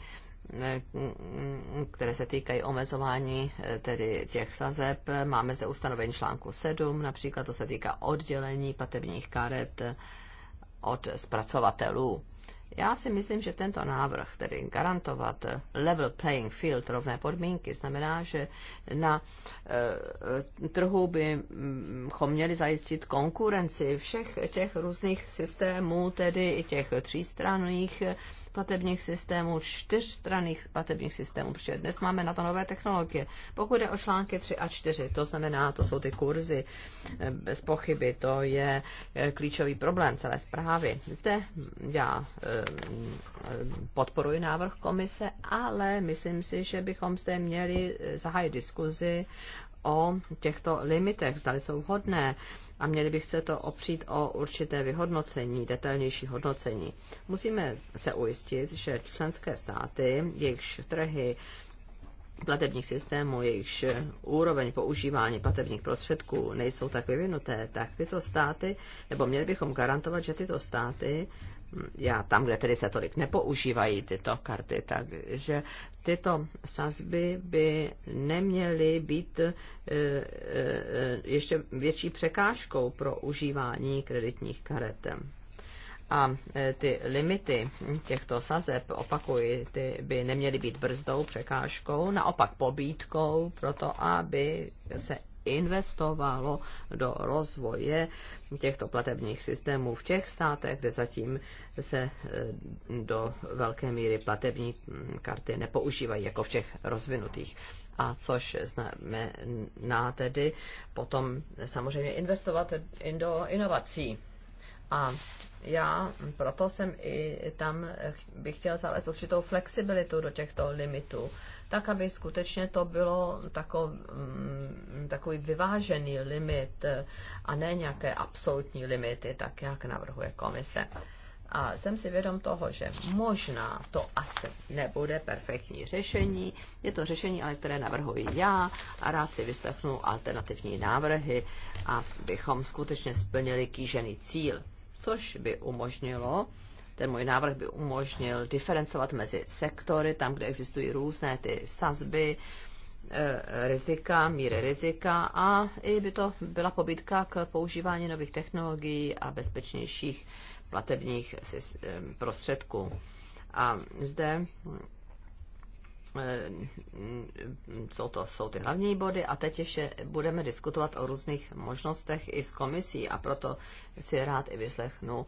mm, které se týkají omezování eh, tedy těch sazeb. Máme zde ustanovení článku 7, například to se týká oddělení platebních karet eh, od zpracovatelů. Já si myslím, že tento návrh, tedy garantovat level playing field, rovné podmínky, znamená, že na e, trhu bychom měli zajistit konkurenci všech těch různých systémů, tedy i těch třístranných platebních systémů, čtyřstranných platebních systémů, protože dnes máme na to nové technologie. Pokud je o články 3 a 4, to znamená, to jsou ty kurzy, eh, bez pochyby, to je eh, klíčový problém celé zprávy. Zde já podporuji návrh komise, ale myslím si, že bychom zde měli zahájit diskuzi o těchto limitech, zdali jsou vhodné a měli bych se to opřít o určité vyhodnocení, detailnější hodnocení. Musíme se ujistit, že členské státy, jejichž trhy platebních systémů, jejichž úroveň používání platebních prostředků nejsou tak vyvinuté, tak tyto státy, nebo měli bychom garantovat, že tyto státy já tam, kde tedy se tolik nepoužívají tyto karty, takže tyto sazby by neměly být e, e, ještě větší překážkou pro užívání kreditních karet. A e, ty limity těchto sazeb, opakuji, ty by neměly být brzdou, překážkou, naopak pobídkou pro to, aby se investovalo do rozvoje těchto platebních systémů v těch státech, kde zatím se eh, do velké míry platební karty nepoužívají jako v těch rozvinutých. A což znamená tedy potom samozřejmě investovat do inovací. A já proto jsem i tam eh, bych chtěl zalézt určitou flexibilitu do těchto limitů tak aby skutečně to bylo mm, takový vyvážený limit eh, a ne nějaké absolutní limity, tak jak navrhuje komise. A jsem si vědom toho, že možná to asi nebude perfektní řešení. Je to řešení, ale které navrhuji já a rád si vyslechnu alternativní návrhy, abychom skutečně splnili kýžený cíl, což by umožnilo ten můj návrh by umožnil diferencovat mezi sektory, tam, kde existují různé ty sazby, e, rizika, míry rizika a i by to byla pobídka k používání nových technologií a bezpečnějších platebních e, prostředků. A zde e, jsou to jsou ty hlavní body a teď ještě budeme diskutovat o různých možnostech i s komisí a proto si rád i vyslechnu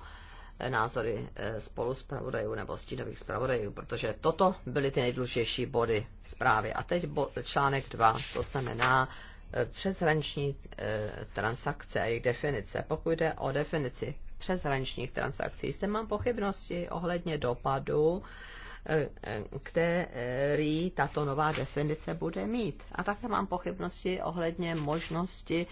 názory eh, spolu pravodajů nebo stínových zpravodajů, protože toto byly ty nejdůležitější body zprávy. A teď bo, článek 2, to znamená eh, přeshraniční e, transakce a jejich definice. Pokud jde o definici přeshraničních transakcí, zde mám pochybnosti ohledně dopadu, e, který tato nová definice bude mít. A také mám pochybnosti ohledně možnosti e,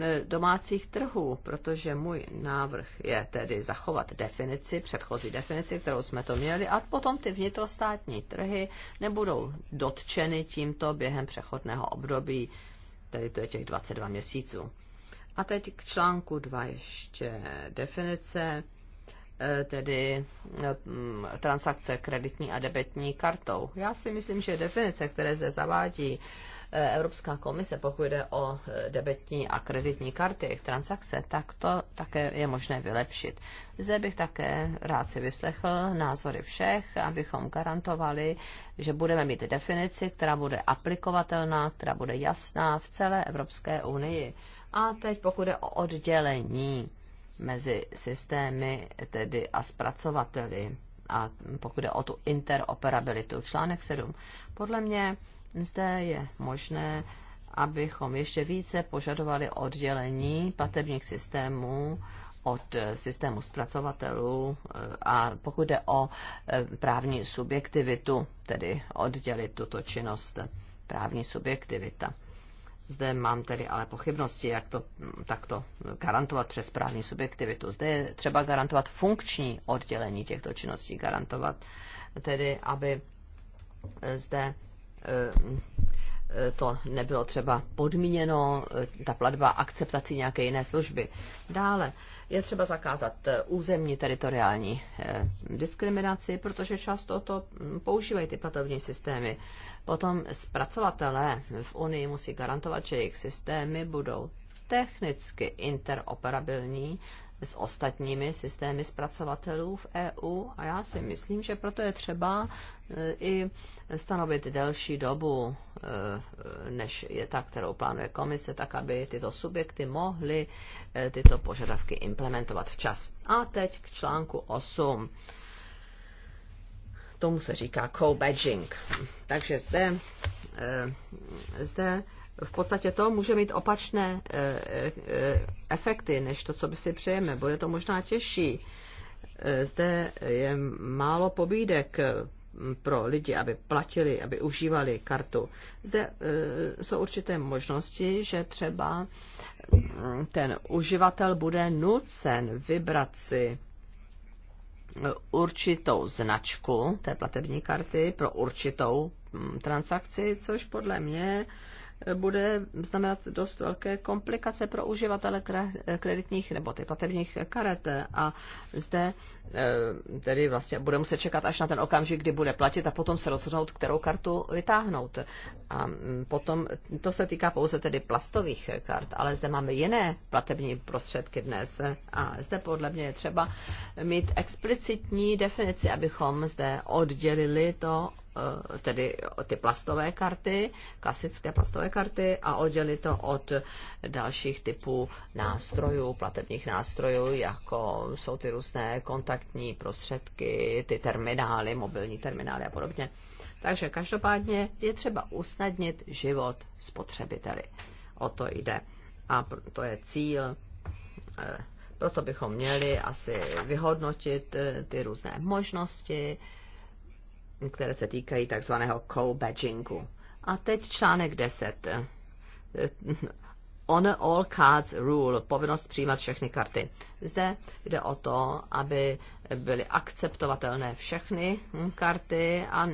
Eh, domácích trhů, protože můj návrh je tedy zachovat definici, předchozí definici, kterou jsme to měli, a potom ty vnitrostátní trhy nebudou dotčeny tímto během přechodného období, tedy to je těch 22 měsíců. A teď k článku 2 ještě definice, eh, tedy eh, transakce kreditní a debetní kartou. Já si myslím, že definice, které zde zavádí, Eh, Evropská komise, pokud jde o eh, debetní a kreditní karty, jejich transakce, tak to také je možné vylepšit. Zde bych také rád si vyslechl názory všech, abychom garantovali, že budeme mít definici, která bude aplikovatelná, která bude jasná v celé Evropské unii. A teď pokud jde o oddělení mezi systémy tedy a zpracovateli a pokud jde o tu interoperabilitu. Článek 7. Podle mě zde je možné, abychom ještě více požadovali oddělení platebních systémů od systému zpracovatelů eh, a pokud jde o eh, právní subjektivitu, tedy oddělit tuto činnost právní subjektivita. Zde mám tedy ale pochybnosti, jak to hm, takto garantovat přes právní subjektivitu. Zde je třeba garantovat funkční oddělení těchto činností, garantovat tedy, aby eh, zde Eh, to nebylo třeba podmíněno, eh, ta platba akceptací nějaké jiné služby. Dále je třeba zakázat eh, územní teritoriální diskriminaci, protože často to hm, používají ty platovní systémy. Potom zpracovatelé v Unii musí garantovat, že jejich systémy budou technicky interoperabilní s ostatními systémy zpracovatelů v EU a já si myslím, že proto je třeba e, i stanovit delší dobu, e, než je ta, kterou plánuje komise, tak aby tyto subjekty mohly e, tyto požadavky implementovat včas. A teď k článku 8. Tomu se říká co-badging. Takže zde, zde v podstatě to může mít opačné eh, eh, efekty, než to, co by si přejeme. Bude to možná těžší. Eh, zde je málo pobídek pro lidi, aby platili, aby užívali kartu. Zde jsou určité možnosti, že třeba mm, ten uživatel bude nucen vybrat si určitou značku té platební karty pro určitou mm, transakci, což podle mě bude znamenat dost velké komplikace pro uživatele kreditních nebo ty platebních karet. A zde eh, tedy vlastně bude muset čekat až na ten okamžik, kdy bude platit a potom se rozhodnout, kterou kartu vytáhnout. A mm, potom to se týká pouze tedy plastových kart, ale zde máme jiné platební prostředky dnes. A zde podle mě je třeba mít explicitní definici, abychom zde oddělili to Eh, tedy ty plastové karty, klasické plastové karty a oddělit to od dalších typů nástrojů, platebních nástrojů, jako jsou ty různé kontaktní prostředky, ty terminály, mobilní terminály a podobně. Takže každopádně je třeba usnadnit život spotřebiteli. O to jde. A to je cíl eh, proto bychom měli asi vyhodnotit eh, ty různé možnosti, které se týkají takzvaného co-badgingu. A teď článek 10. On all cards rule, povinnost přijímat všechny karty. Zde jde o to, aby byly akceptovatelné všechny karty a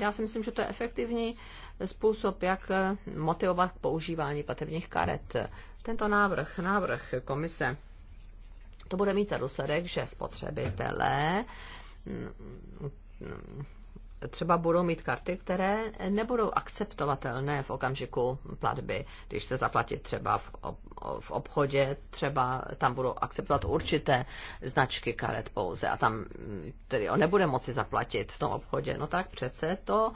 já si myslím, že to je efektivní způsob, jak motivovat k používání platebních karet. Tento návrh, návrh komise, to bude mít za důsledek, že spotřebitelé třeba budou mít karty, které nebudou akceptovatelné v okamžiku platby. Když se zaplatí třeba v, v obchodě, třeba tam budou akceptovat určité značky karet pouze a tam mm, tedy on nebude moci zaplatit v tom obchodě. No tak přece to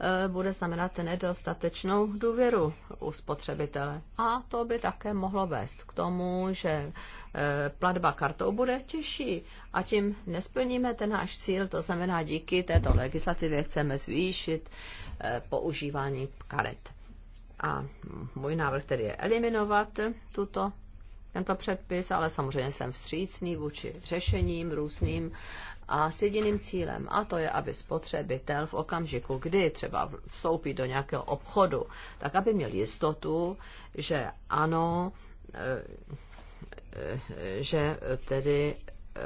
Eh, bude znamenat nedostatečnou důvěru u spotřebitele. A to by také mohlo vést k tomu, že eh, platba kartou bude těžší a tím nesplníme ten náš cíl, to znamená díky této legislativě chceme zvýšit eh, používání karet. A můj návrh tedy je eliminovat tuto tento předpis, ale samozřejmě jsem vstřícný vůči řešením různým a s jediným cílem, a to je, aby spotřebitel v okamžiku, kdy třeba vstoupí do nějakého obchodu, tak aby měl jistotu, že ano, eh, eh, že tedy eh,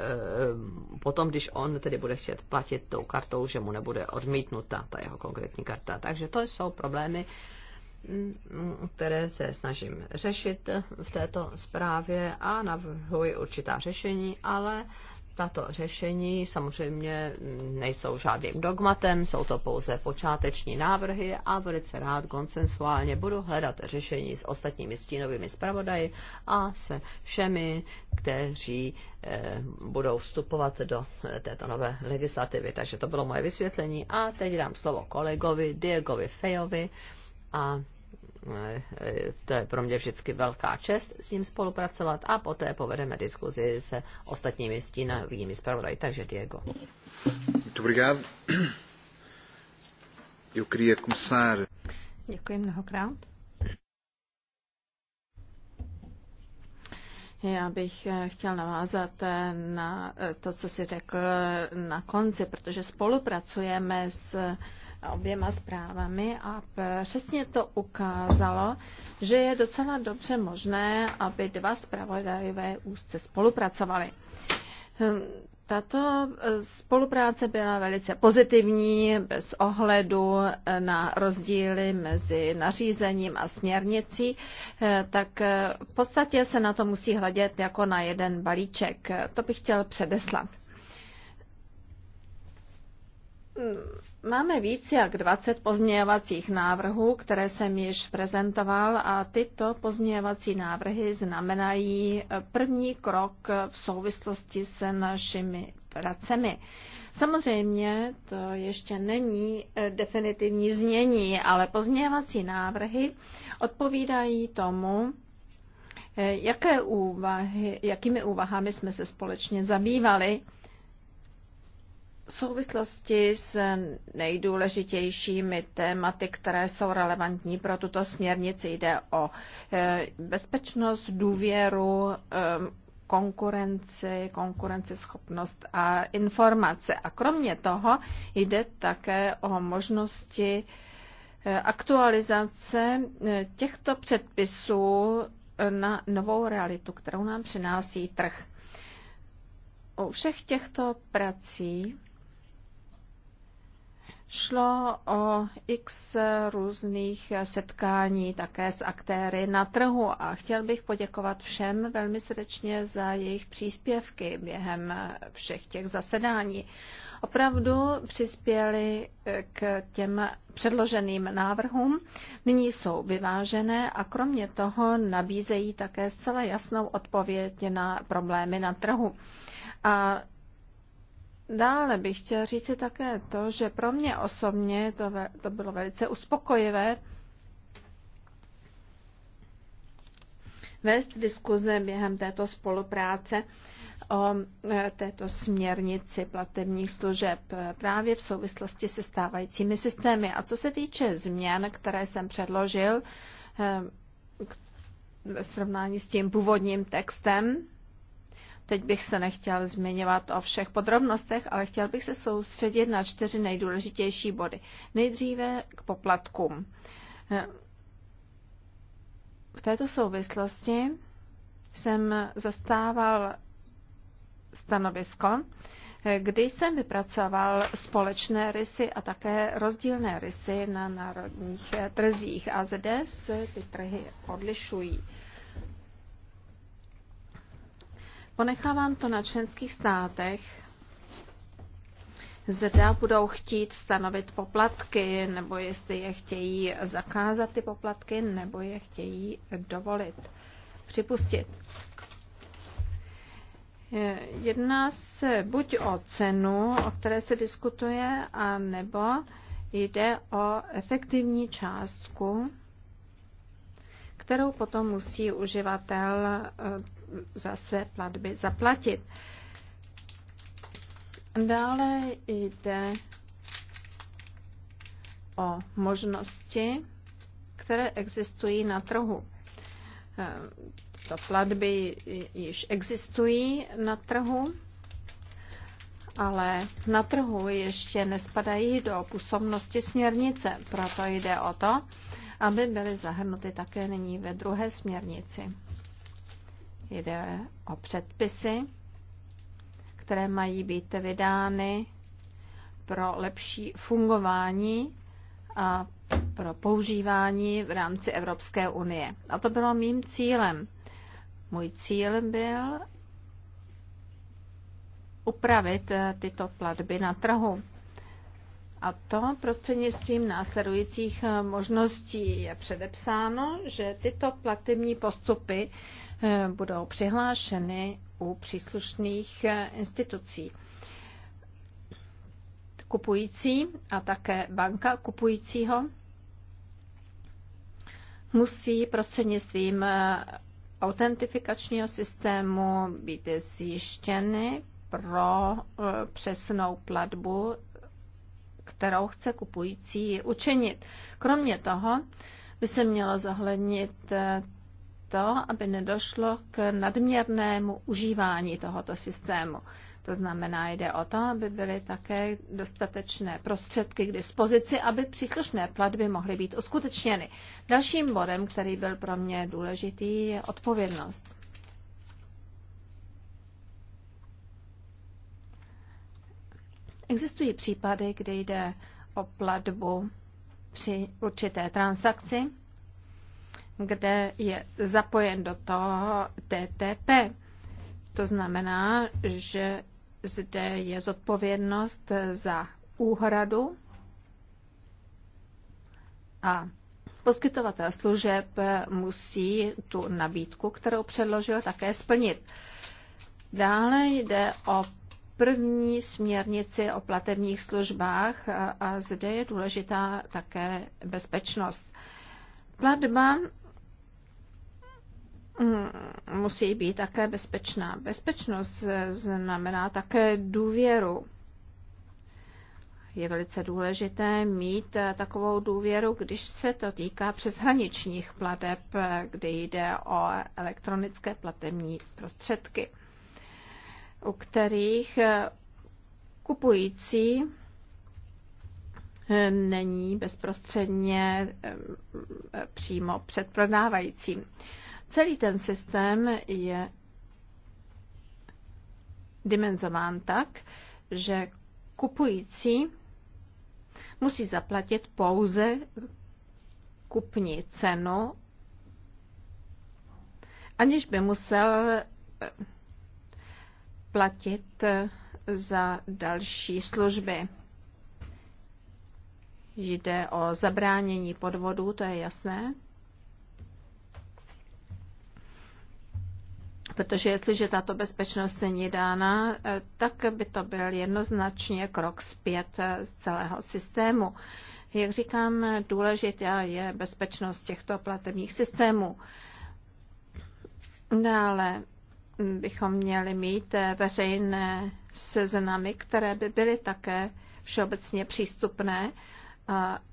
potom, když on tedy bude chtět platit tou kartou, že mu nebude odmítnuta ta jeho konkrétní karta. Takže to jsou problémy, mm, které se snažím řešit v této zprávě a navrhuji určitá řešení, ale tato řešení samozřejmě nejsou žádným dogmatem, jsou to pouze počáteční návrhy a velice rád konsensuálně budu hledat řešení s ostatními stínovými zpravodaji a se všemi, kteří eh, budou vstupovat do eh, této nové legislativy. Takže to bylo moje vysvětlení a teď dám slovo kolegovi Diegovi Fejovi a to je pro mě vždycky velká čest s ním spolupracovat a poté povedeme diskuzi se ostatními stínovými zpravodaji. Takže Diego. Děkuji mnohokrát. Já bych eh, chtěl navázat eh, na eh, to, co si řekl na konci, protože spolupracujeme s oběma zprávami a přesně to ukázalo, že je docela dobře možné, aby dva zpravodajové úzce spolupracovali. Hm, tato eh, spolupráce byla velice pozitivní bez ohledu eh, na rozdíly mezi nařízením a směrnicí, eh, tak v podstatě se na to musí hledět jako na jeden balíček. To bych chtěl předeslat hm, Máme víc jak 20 pozměňovacích návrhů, které jsem již prezentoval a tyto pozměňovací návrhy znamenají eh, první krok v souvislosti se našimi pracemi. Samozřejmě to ještě není eh, definitivní znění, ale pozměňovací návrhy odpovídají tomu, eh, jaké úvahy, jakými úvahami jsme se společně zabývali v souvislosti s nejdůležitějšími tématy, které jsou relevantní pro tuto směrnici, jde o eh, bezpečnost, důvěru, eh, konkurenci, konkurenceschopnost a informace. A kromě toho jde také o možnosti eh, aktualizace těchto předpisů na novou realitu, kterou nám přináší trh. U všech těchto prací Šlo o x různých setkání také s aktéry na trhu a chtěl bych poděkovat všem velmi srdečně za jejich příspěvky během všech těch zasedání. Opravdu přispěli k těm předloženým návrhům. Nyní jsou vyvážené a kromě toho nabízejí také zcela jasnou odpověď na problémy na trhu. A Dále bych chtěl říct také to, že pro mě osobně to, ve, to bylo velice uspokojivé vést diskuze během této spolupráce o e, této směrnici platebních služeb e, právě v souvislosti se stávajícími systémy. A co se týče změn, které jsem předložil e, ve srovnání s tím původním textem, Teď bych se nechtěl zmiňovat o všech podrobnostech, ale chtěl bych se soustředit na čtyři nejdůležitější body. Nejdříve k poplatkům. V této souvislosti jsem zastával stanovisko, když jsem vypracoval společné rysy a také rozdílné rysy na národních trzích. A zde se ty trhy odlišují. Ponechávám to na členských státech, zda budou chtít stanovit poplatky, nebo jestli je chtějí zakázat ty poplatky, nebo je chtějí dovolit, připustit. Jedná se buď o cenu, o které se diskutuje, a nebo jde o efektivní částku, kterou potom musí uživatel eh, za své platby zaplatit. Dále jde o možnosti, které existují na trhu. Ehm, to platby již existují na trhu, ale na trhu ještě nespadají do působnosti směrnice. Proto jde o to, aby byly zahrnuty také nyní ve druhé směrnici. Jde o předpisy, které mají být vydány pro lepší fungování a pro používání v rámci Evropské unie. A to bylo mým cílem. Můj cíl byl upravit eh, tyto platby na trhu. A to prostřednictvím následujících eh, možností je předepsáno, že tyto platební postupy Eh, budou přihlášeny u příslušných eh, institucí. Kupující a také banka kupujícího musí prostřednictvím eh, autentifikačního systému být zjištěny pro přesnou platbu, kterou chce kupující učinit. Kromě toho by se mělo zohlednit to, aby nedošlo k nadměrnému užívání tohoto systému. To znamená, jde o to, aby byly také dostatečné prostředky k dispozici, aby příslušné platby mohly být uskutečněny. Dalším bodem, který byl pro mě důležitý, je odpovědnost. Existují případy, kdy jde o platbu při určité transakci, kde je zapojen do toho TTP. To znamená, že zde je zodpovědnost za úhradu a poskytovatel služeb musí tu nabídku, kterou předložil, také splnit. Dále jde o první směrnici o platebních službách a zde je důležitá také bezpečnost. Platba Mm, musí být také bezpečná. Bezpečnost znamená také důvěru. Je velice důležité mít eh, takovou důvěru, když se to týká přeshraničních plateb, eh, kde jde o elektronické platební prostředky, u kterých eh, kupující není bezprostředně přímo před prodávajícím. Celý ten systém je dimenzován tak, že kupující musí zaplatit pouze kupní cenu, aniž by musel eh, platit eh, za další služby. Jde o zabránění podvodů, to je jasné. Protože jestliže tato bezpečnost není dána, eh, tak by to byl jednoznačně krok zpět eh, z celého systému. Jak říkám, důležitá je bezpečnost těchto platebních systémů. Dále hm, bychom měli mít eh, veřejné seznamy, které by byly také všeobecně přístupné,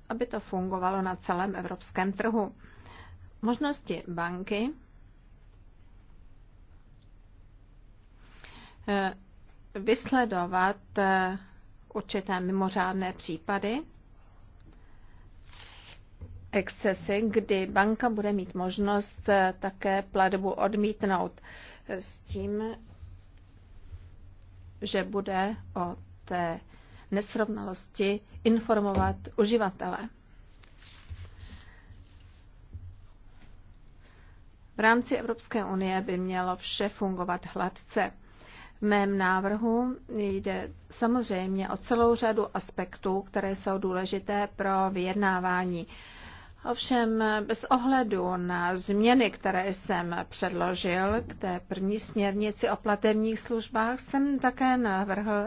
aby to fungovalo na celém evropském trhu. Možnosti banky Eh, vysledovat eh, určité mimořádné případy, excesy, kdy banka bude mít možnost eh, také platbu odmítnout s tím, že bude o té nesrovnalosti informovat uživatele. V rámci Evropské unie by mělo vše fungovat hladce. V mém návrhu jde samozřejmě o celou řadu aspektů, které jsou důležité pro vyjednávání. Ovšem bez ohledu na změny, které jsem předložil k té první směrnici o platebních službách, jsem také navrhl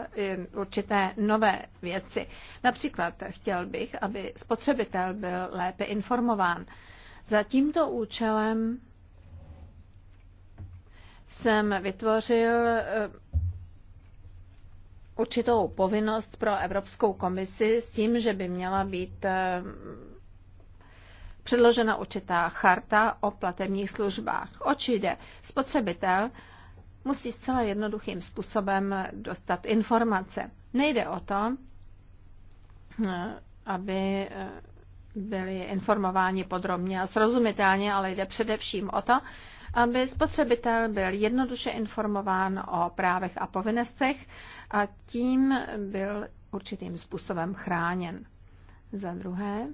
určité nové věci. Například chtěl bych, aby spotřebitel byl lépe informován. Za tímto účelem jsem vytvořil určitou povinnost pro Evropskou komisi s tím, že by měla být eh, předložena určitá charta o platebních službách. či jde? Spotřebitel musí zcela jednoduchým způsobem dostat informace. Nejde o to, eh, aby eh, byli informováni podrobně a srozumitelně, ale jde především o to, aby spotřebitel byl jednoduše informován o právech a povinnostech a tím byl určitým způsobem chráněn. Za druhé,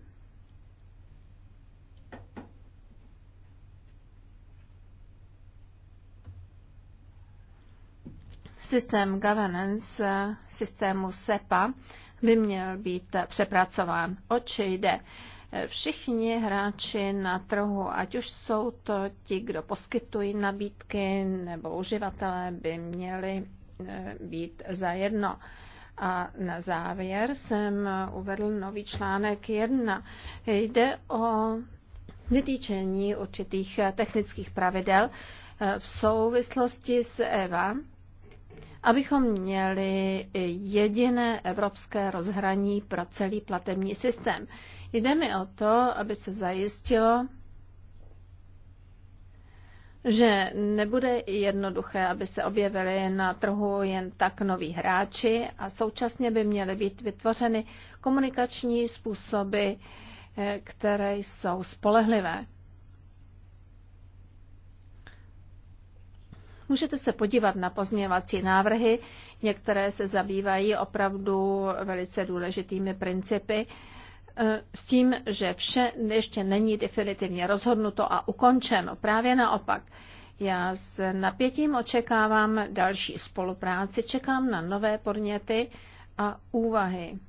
systém governance systému SEPA by měl být přepracován. O čem jde? všichni hráči na trhu, ať už jsou to ti, kdo poskytují nabídky nebo uživatelé, by měli e, být za jedno. A na závěr jsem uvedl nový článek 1. Jde o vytýčení určitých technických pravidel e, v souvislosti s EVA, abychom měli jediné evropské rozhraní pro celý platební systém. Jde mi o to, aby se zajistilo, že nebude jednoduché, aby se objevili na trhu jen tak noví hráči a současně by měly být vytvořeny komunikační způsoby, eh, které jsou spolehlivé. Můžete se podívat na pozměňovací návrhy, některé se zabývají opravdu velice důležitými principy, E, s tím, že vše ještě není definitivně rozhodnuto a ukončeno. Právě naopak. Já s napětím očekávám další spolupráci, čekám na nové podněty a úvahy.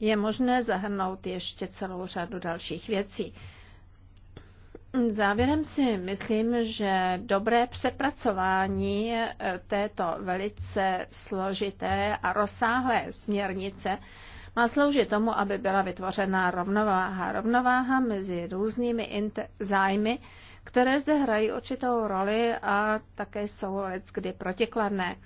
Je možné zahrnout ještě celou řadu dalších věcí. Závěrem si myslím, že dobré přepracování eh, této velice složité a rozsáhlé směrnice má sloužit tomu, aby byla vytvořena rovnováha. Rovnováha mezi různými zájmy, které zde hrají určitou roli a také jsou leckdy protikladné.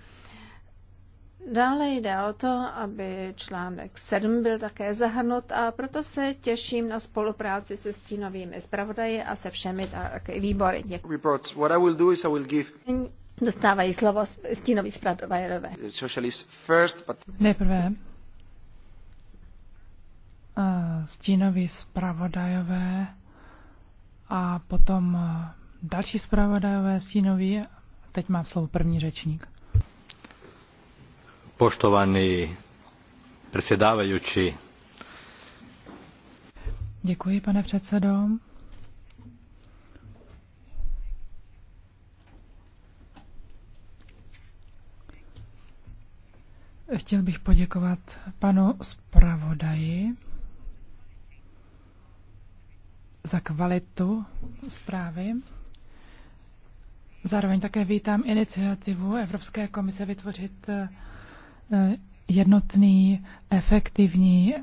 Dále jde o to, aby článek 7 byl také zahrnut a proto se těším na spolupráci se stínovými zpravodaji a se všemi také výbory. Děkuji. Dostávají slovo stínový zpravodajové. Nejprve eh, stínový zpravodajové a potom eh, další zpravodajové stínový. Teď má slovo první řečník. Poštovani predsjedavajući. Děkuji, pane předsedo. Chtěl bych poděkovat panu zpravodaji za kvalitu zprávy. Zároveň také vítám iniciativu Evropské komise vytvořit Eh, jednotný, efektivní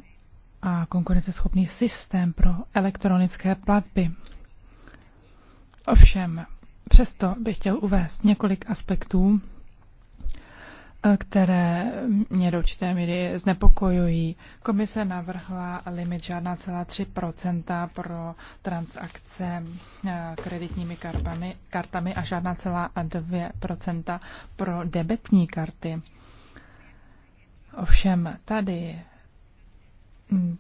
a konkurenceschopný systém pro elektronické platby. Ovšem, přesto bych chtěl uvést několik aspektů, eh, které mě do určité míry znepokojují. Komise navrhla limit žádná celá 3 pro transakce eh, kreditními kartami, kartami a žádná celá 2 pro debetní karty. Ovšem tady mm,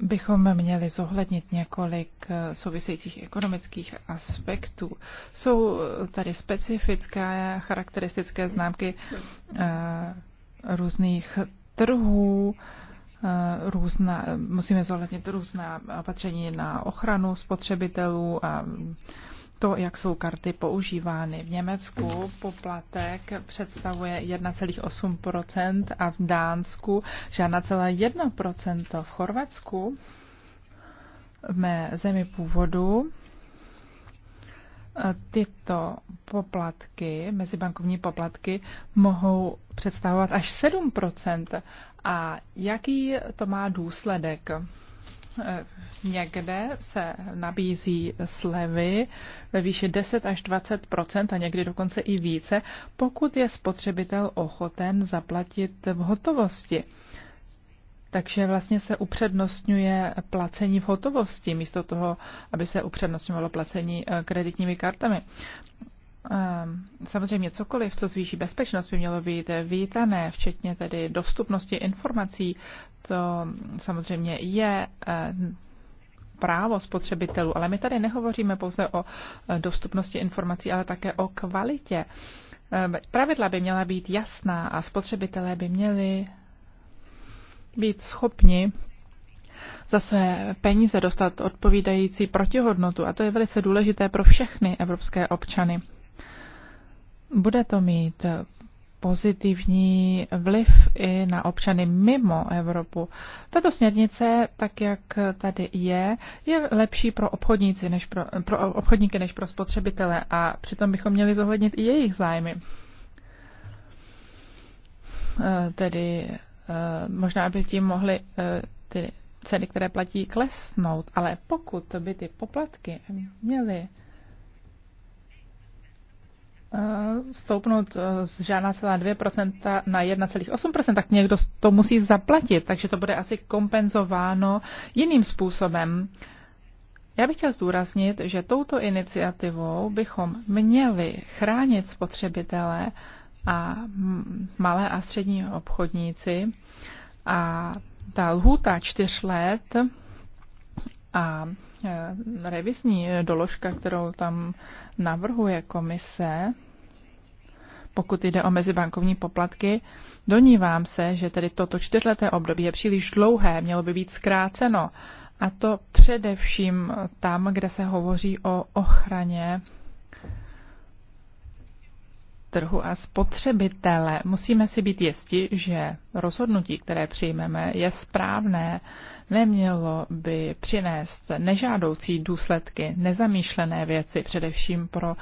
bychom měli zohlednit několik eh, souvisejících ekonomických aspektů. Jsou eh, tady specifické charakteristické známky eh, různých trhů, různá, musíme zohlednit různá opatření na ochranu spotřebitelů a mm, to, jak jsou karty používány. V Německu poplatek představuje 1,8% a v Dánsku 1% V Chorvatsku, v mé zemi původu, tyto poplatky, mezibankovní poplatky, mohou představovat až 7%. A jaký to má důsledek? Eh, někde se nabízí slevy ve výši 10 až 20 a někdy dokonce i více, pokud je spotřebitel ochoten zaplatit v hotovosti. Takže vlastně se upřednostňuje placení v hotovosti, místo toho, aby se upřednostňovalo placení eh, kreditními kartami. Ehm, samozřejmě cokoliv, co zvýší bezpečnost, by mělo být vítané, včetně tedy dostupnosti informací. To samozřejmě je eh, právo spotřebitelů, ale my tady nehovoříme pouze o eh, dostupnosti informací, ale také o kvalitě. Ehm, pravidla by měla být jasná a spotřebitelé by měli být schopni za své peníze dostat odpovídající protihodnotu a to je velice důležité pro všechny evropské občany. Bude to mít pozitivní vliv i na občany mimo Evropu. Tato směrnice, tak jak tady je, je lepší pro, obchodníci než pro, pro obchodníky než pro spotřebitele a přitom bychom měli zohlednit i jejich zájmy. Eh, tedy eh, možná by tím mohly eh, ty ceny, které platí, klesnout, ale pokud by ty poplatky měly Eh, stoupnout eh, z žádná celá 2% na 1,8%, tak někdo to musí zaplatit, takže to bude asi kompenzováno jiným způsobem. Já bych chtěl zdůraznit, že touto iniciativou bychom měli chránit spotřebitele a malé a střední obchodníci a ta lhůta čtyř let a e, revizní doložka, kterou tam navrhuje komise, pokud jde o mezibankovní poplatky, donívám se, že tedy toto čtyřleté období je příliš dlouhé, mělo by být zkráceno. A to především tam, kde se hovoří o ochraně trhu a spotřebitele. Musíme si být jisti, že rozhodnutí, které přijmeme, je správné, nemělo by přinést nežádoucí důsledky, nezamýšlené věci, především pro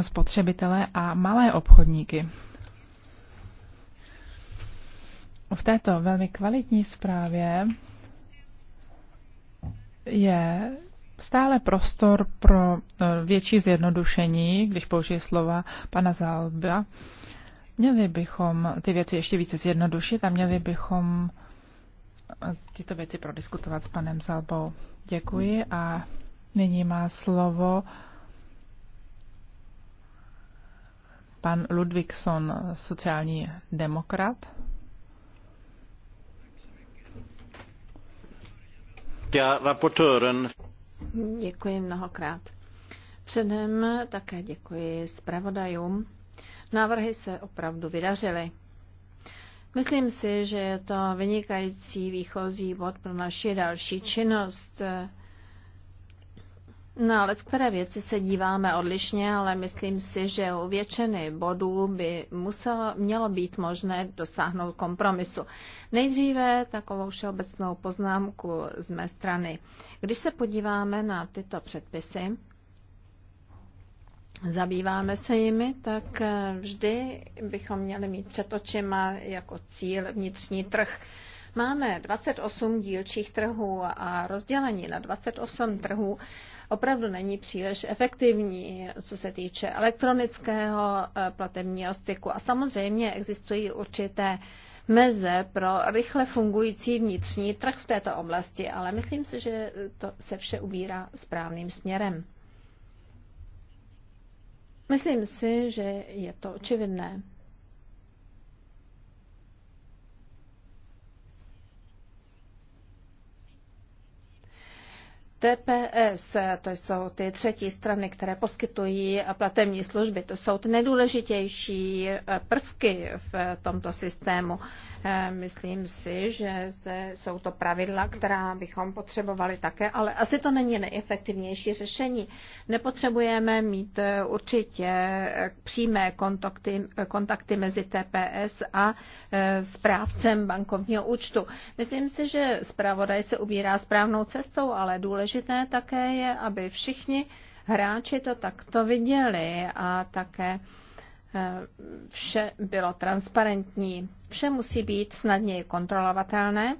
spotřebitele a malé obchodníky. V této velmi kvalitní zprávě je stále prostor pro eh, větší zjednodušení, když použije slova pana Zalba. Měli bychom ty věci ještě více zjednodušit a měli bychom eh, tyto věci prodiskutovat s panem Zalbou. Děkuji a nyní má slovo pan Ludvíkson, sociální demokrat. Já raportören Děkuji mnohokrát. Předem také děkuji zpravodajům. Návrhy se opravdu vydařily. Myslím si, že je to vynikající výchozí bod pro naši další činnost. Na no, které věci se díváme odlišně, ale myslím si, že u většiny bodů by muselo, mělo být možné dosáhnout kompromisu. Nejdříve takovou všeobecnou poznámku z mé strany. Když se podíváme na tyto předpisy, zabýváme se jimi, tak eh, vždy bychom měli mít před očima jako cíl vnitřní trh máme 28 dílčích trhů a rozdělení na 28 trhů opravdu není příliš efektivní, co se týče elektronického eh, platebního styku. A samozřejmě existují určité meze pro rychle fungující vnitřní trh v této oblasti, ale myslím si, že to se vše ubírá správným směrem. Myslím si, že je to očividné. TPS, to jsou ty třetí strany, které poskytují platební služby, to jsou ty nejdůležitější prvky v tomto systému. Eh, myslím si, že zde jsou to pravidla, která bychom potřebovali také, ale asi to není nejefektivnější řešení. Nepotřebujeme mít eh, určitě eh, přímé kontakty, kontakty mezi TPS a správcem bankovního účtu. Myslím si, že zpravodaj se ubírá správnou cestou, ale důležité také je, aby všichni hráči to takto viděli a také Eh, vše bylo transparentní. Vše musí být snadněji kontrolovatelné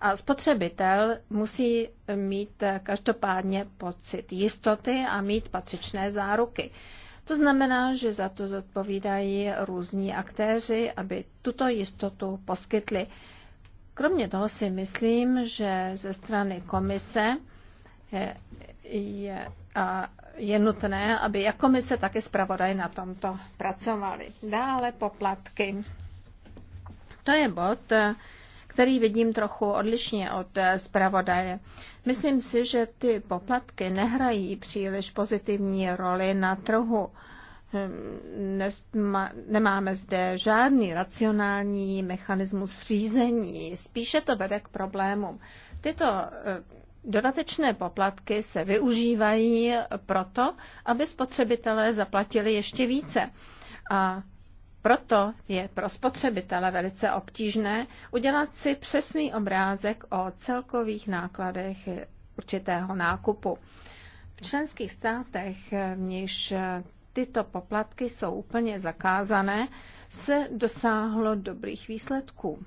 a spotřebitel musí mít eh, každopádně pocit jistoty a mít patřičné záruky. To znamená, že za to zodpovídají různí aktéři, aby tuto jistotu poskytli. Kromě toho si myslím, že ze strany komise je, eh, je a je nutné, aby jak komise, tak i zpravodaj na tomto pracovali. Dále poplatky. To je bod, který vidím trochu odlišně od zpravodaje. Myslím si, že ty poplatky nehrají příliš pozitivní roli na trhu. Nemáme zde žádný racionální mechanismus řízení, spíše to vede k problémům. Tyto eh, Dodatečné poplatky se využívají proto, aby spotřebitelé zaplatili ještě více. A proto je pro spotřebitele velice obtížné udělat si přesný obrázek o celkových nákladech určitého nákupu. V členských státech, v níž tyto poplatky jsou úplně zakázané, se dosáhlo dobrých výsledků.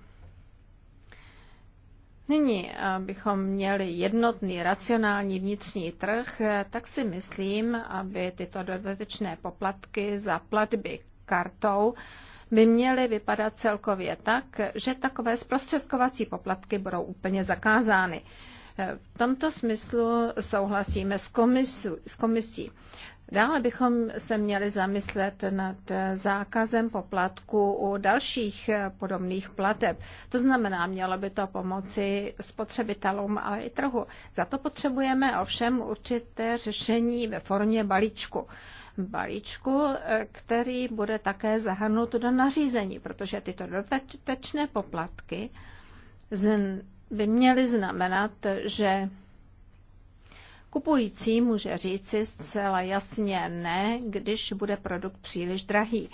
Nyní eh, bychom měli jednotný racionální vnitřní trh, eh, tak si myslím, aby tyto dodatečné poplatky za platby kartou by měly vypadat celkově tak, že takové zprostředkovací poplatky budou úplně zakázány. Eh, v tomto smyslu souhlasíme s, komisu, s komisí. Dále bychom se měli zamyslet nad eh, zákazem poplatku u dalších eh, podobných plateb. To znamená, mělo by to pomoci spotřebitelům, ale i trhu. Za to potřebujeme ovšem určité řešení ve formě balíčku. Balíčku, který bude také zahrnut do nařízení, protože tyto dodatečné poplatky by měly znamenat, že kupující může říci zcela jasně ne, když bude produkt příliš drahý.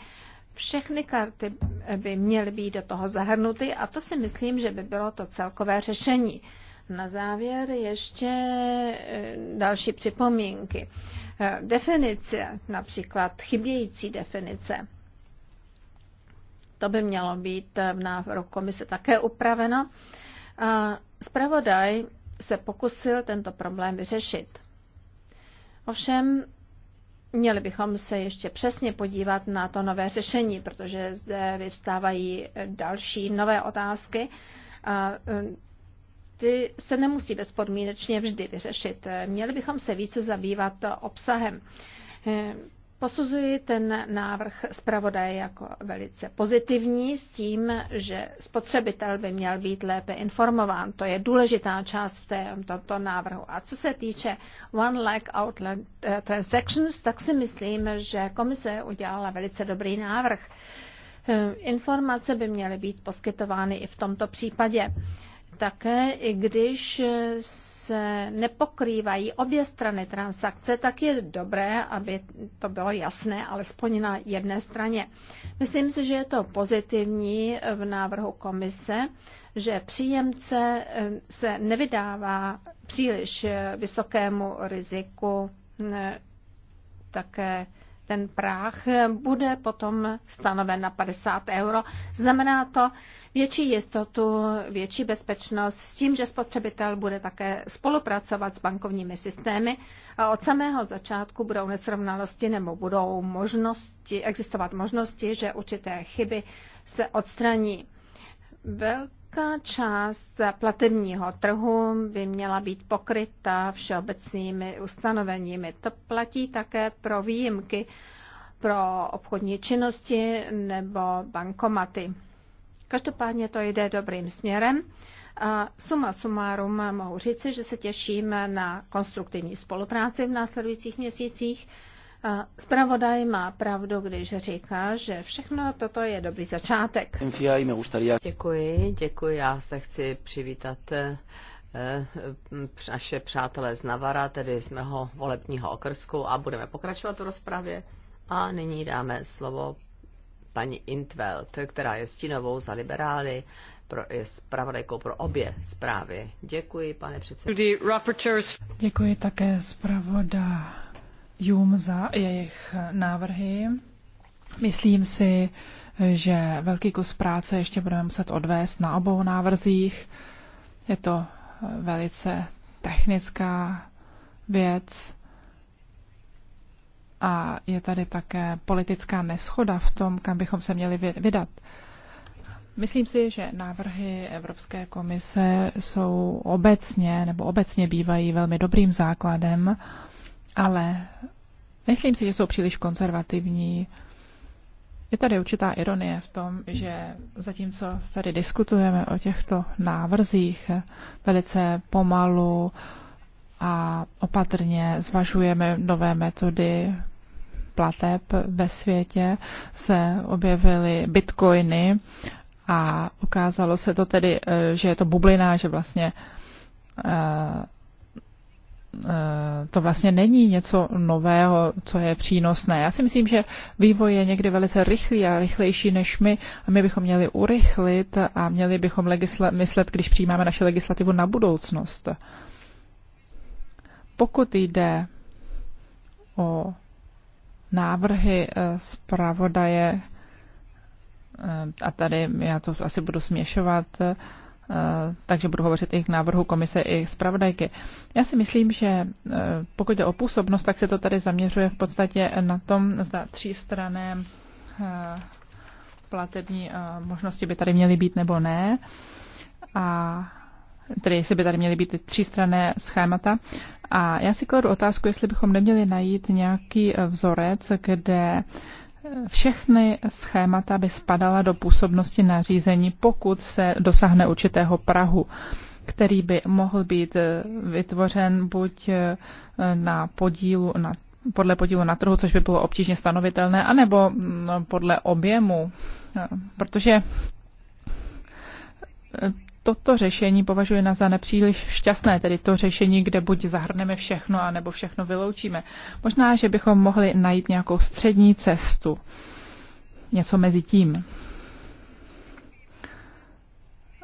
Všechny karty by měly být do toho zahrnuty a to si myslím, že by bylo to celkové řešení. Na závěr ještě eh, další připomínky. Eh, definice, například chybějící definice. To by mělo být v návrhu komise také upraveno. A zpravodaj se pokusil tento problém vyřešit. Ovšem, měli bychom se ještě přesně podívat na to nové řešení, protože zde vyvstávají další nové otázky. A um, ty se nemusí bezpodmínečně vždy vyřešit. Měli bychom se více zabývat obsahem. Posuzuji ten návrh zpravodaje jako velice pozitivní s tím, že spotřebitel by měl být lépe informován. To je důležitá část v tomto návrhu. A co se týče One Like Outlet eh, Transactions, tak si myslím, že komise udělala velice dobrý návrh. Eh, informace by měly být poskytovány i v tomto případě. Také, i když se nepokrývají obě strany transakce, tak je dobré, aby to bylo jasné, alespoň na jedné straně. Myslím si, že je to pozitivní v návrhu komise, že příjemce eh, se nevydává příliš eh, vysokému riziku eh, také ten práh bude potom stanoven na 50 euro. Znamená to větší jistotu, větší bezpečnost s tím, že spotřebitel bude také spolupracovat s bankovními systémy a od samého začátku budou nesrovnalosti nebo budou možnosti, existovat možnosti, že určité chyby se odstraní. Velký Velká část platebního trhu by měla být pokryta všeobecnými ustanoveními. To platí také pro výjimky pro obchodní činnosti nebo bankomaty. Každopádně to jde dobrým směrem. A suma sumárum mohu říci, že se těšíme na konstruktivní spolupráci v následujících měsících Spravodaj má pravdu, když říká, že všechno toto je dobrý začátek. Děkuji, děkuji. Já se chci přivítat eh, eh, naše přátelé z Navara, tedy z mého volebního okrsku a budeme pokračovat v rozpravě. A nyní dáme slovo paní Intveld, která je stínovou za liberály, pro, je zpravodajkou pro obě zprávy. Děkuji, pane předsedo. Děkuji také zpravodaj jům za jejich návrhy. Myslím si, že velký kus práce ještě budeme muset odvést na obou návrzích. Je to eh, velice technická věc a je tady také politická neschoda v tom, kam bychom se měli vydat. Myslím si, že návrhy Evropské komise jsou obecně nebo obecně bývají velmi dobrým základem ale myslím si, že jsou příliš konzervativní. Je tady určitá ironie v tom, že zatímco tady diskutujeme o těchto návrzích velice pomalu a opatrně zvažujeme nové metody plateb ve světě, se objevily bitcoiny a ukázalo se to tedy, eh, že je to bublina, že vlastně eh, Eh, to vlastně není něco nového, co je přínosné. Já si myslím, že vývoj je někdy velice rychlý a rychlejší než my a my bychom měli urychlit a měli bychom legisla- myslet, když přijímáme naše legislativu na budoucnost. Pokud jde o návrhy eh, zpravodaje, eh, a tady já to asi budu směšovat, Eh, takže budu hovořit i k návrhu komise i zpravodajky. Já si myslím, že eh, pokud jde o působnost, tak se to tady zaměřuje v podstatě na tom, zda strané eh, platební možnosti by tady měly být nebo ne. A tedy jestli by tady měly být tři strané schémata. A já si kladu otázku, jestli bychom neměli najít nějaký vzorec, kde všechny schémata by spadala do působnosti nařízení, pokud se dosáhne určitého Prahu který by mohl být vytvořen buď eh, na podílu na podle podílu na trhu, což by bylo obtížně stanovitelné, anebo mm, podle objemu, eh, protože eh, toto řešení považuje na za nepříliš šťastné, tedy to řešení, kde buď zahrneme všechno, anebo všechno vyloučíme. Možná, že bychom mohli najít nějakou střední cestu, něco mezi tím.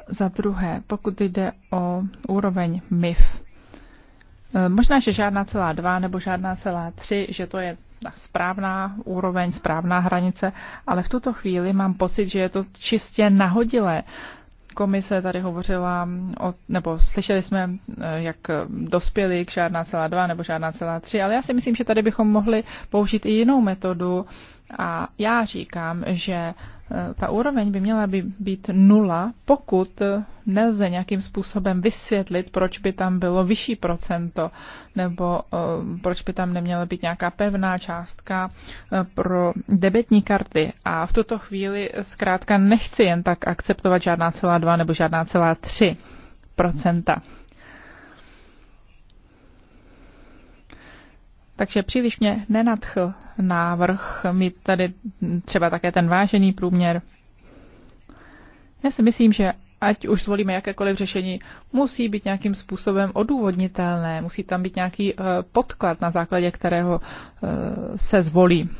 Za druhé, pokud jde o úroveň MIF, e, možná, že žádná celá dva nebo žádná celá tři, že to je správná úroveň, správná hranice, ale v tuto chvíli mám pocit, že je to čistě nahodilé komise tady hovořila, o, nebo slyšeli jsme, eh, jak dospěli k žádná celá dva nebo žádná celá tři, ale já si myslím, že tady bychom mohli použít i jinou metodu a já říkám, že Eh, ta úroveň by měla by být nula, pokud eh, nelze nějakým způsobem vysvětlit, proč by tam bylo vyšší procento, nebo eh, proč by tam neměla být nějaká pevná částka pro debetní karty. A v tuto chvíli zkrátka nechci jen tak akceptovat žádná celá dva nebo žádná celá tři procenta. Takže příliš mě nenadchl návrh mít tady třeba také ten vážený průměr. Já si myslím, že ať už zvolíme jakékoliv řešení, musí být nějakým způsobem odůvodnitelné, musí tam být nějaký eh, podklad, na základě kterého eh, se zvolí.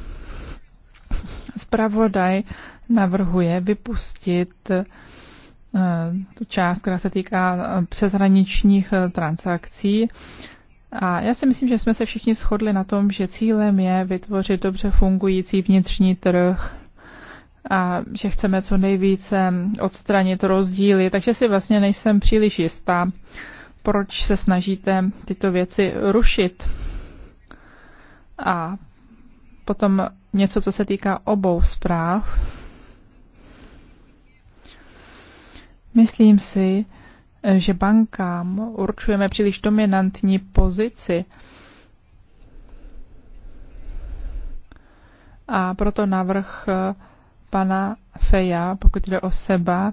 Spravodaj navrhuje vypustit eh, tu část, která se týká přeshraničních transakcí a já si myslím, že jsme se všichni shodli na tom, že cílem je vytvořit dobře fungující vnitřní trh a že chceme co nejvíce odstranit rozdíly, takže si vlastně nejsem příliš jistá, proč se snažíte tyto věci rušit. A potom něco, co se týká obou zpráv. Myslím si, že bankám určujeme příliš dominantní pozici. A proto návrh eh, pana Feja, pokud jde o seba,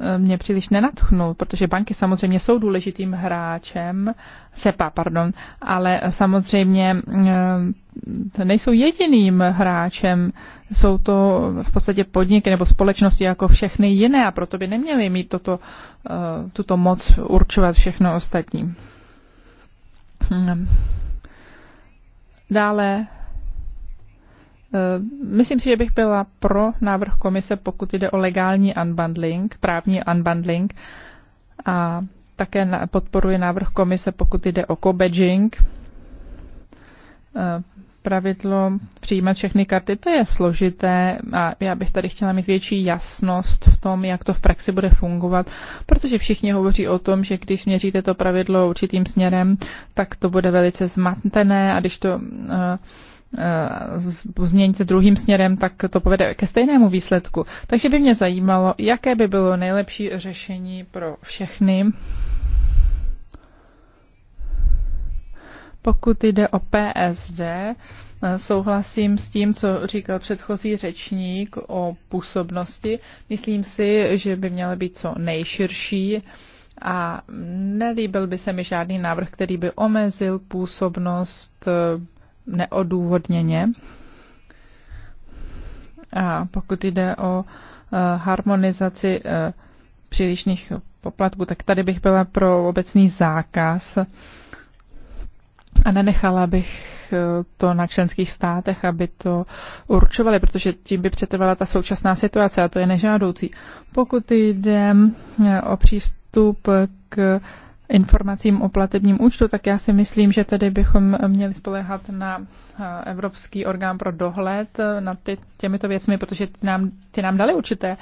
Eh, mě příliš nenatchnul, protože banky samozřejmě jsou důležitým hráčem, SEPA, pardon, ale samozřejmě eh, nejsou jediným hráčem, jsou to v podstatě podniky nebo společnosti jako všechny jiné a proto by neměly mít toto, eh, tuto moc určovat všechno ostatní. Hm. Dále Eh, myslím si, že bych byla pro návrh komise, pokud jde o legální unbundling, právní unbundling a také podporuji návrh komise, pokud jde o co-badging. Eh, pravidlo přijímat všechny karty, to je složité a já bych tady chtěla mít větší jasnost v tom, jak to v praxi bude fungovat, protože všichni hovoří o tom, že když měříte to pravidlo určitým směrem, tak to bude velice zmatené a když to uh, Eh, změníte druhým směrem, tak to povede ke stejnému výsledku. Takže by mě zajímalo, jaké by bylo nejlepší řešení pro všechny, pokud jde o PSD, eh, Souhlasím s tím, co říkal předchozí řečník o působnosti. Myslím si, že by měla být co nejširší a nelíbil by se mi žádný návrh, který by omezil působnost eh, neodůvodněně. A pokud jde o eh, harmonizaci eh, přílišných poplatků, tak tady bych byla pro obecný zákaz a nenechala bych eh, to na členských státech, aby to určovali, protože tím by přetrvala ta současná situace a to je nežádoucí. Pokud jde o přístup k informacím o platebním účtu, tak já si myslím, že tedy bychom měli spolehat na eh, Evropský orgán pro dohled eh, nad ty, těmito věcmi, protože ty nám, ty nám dali určité,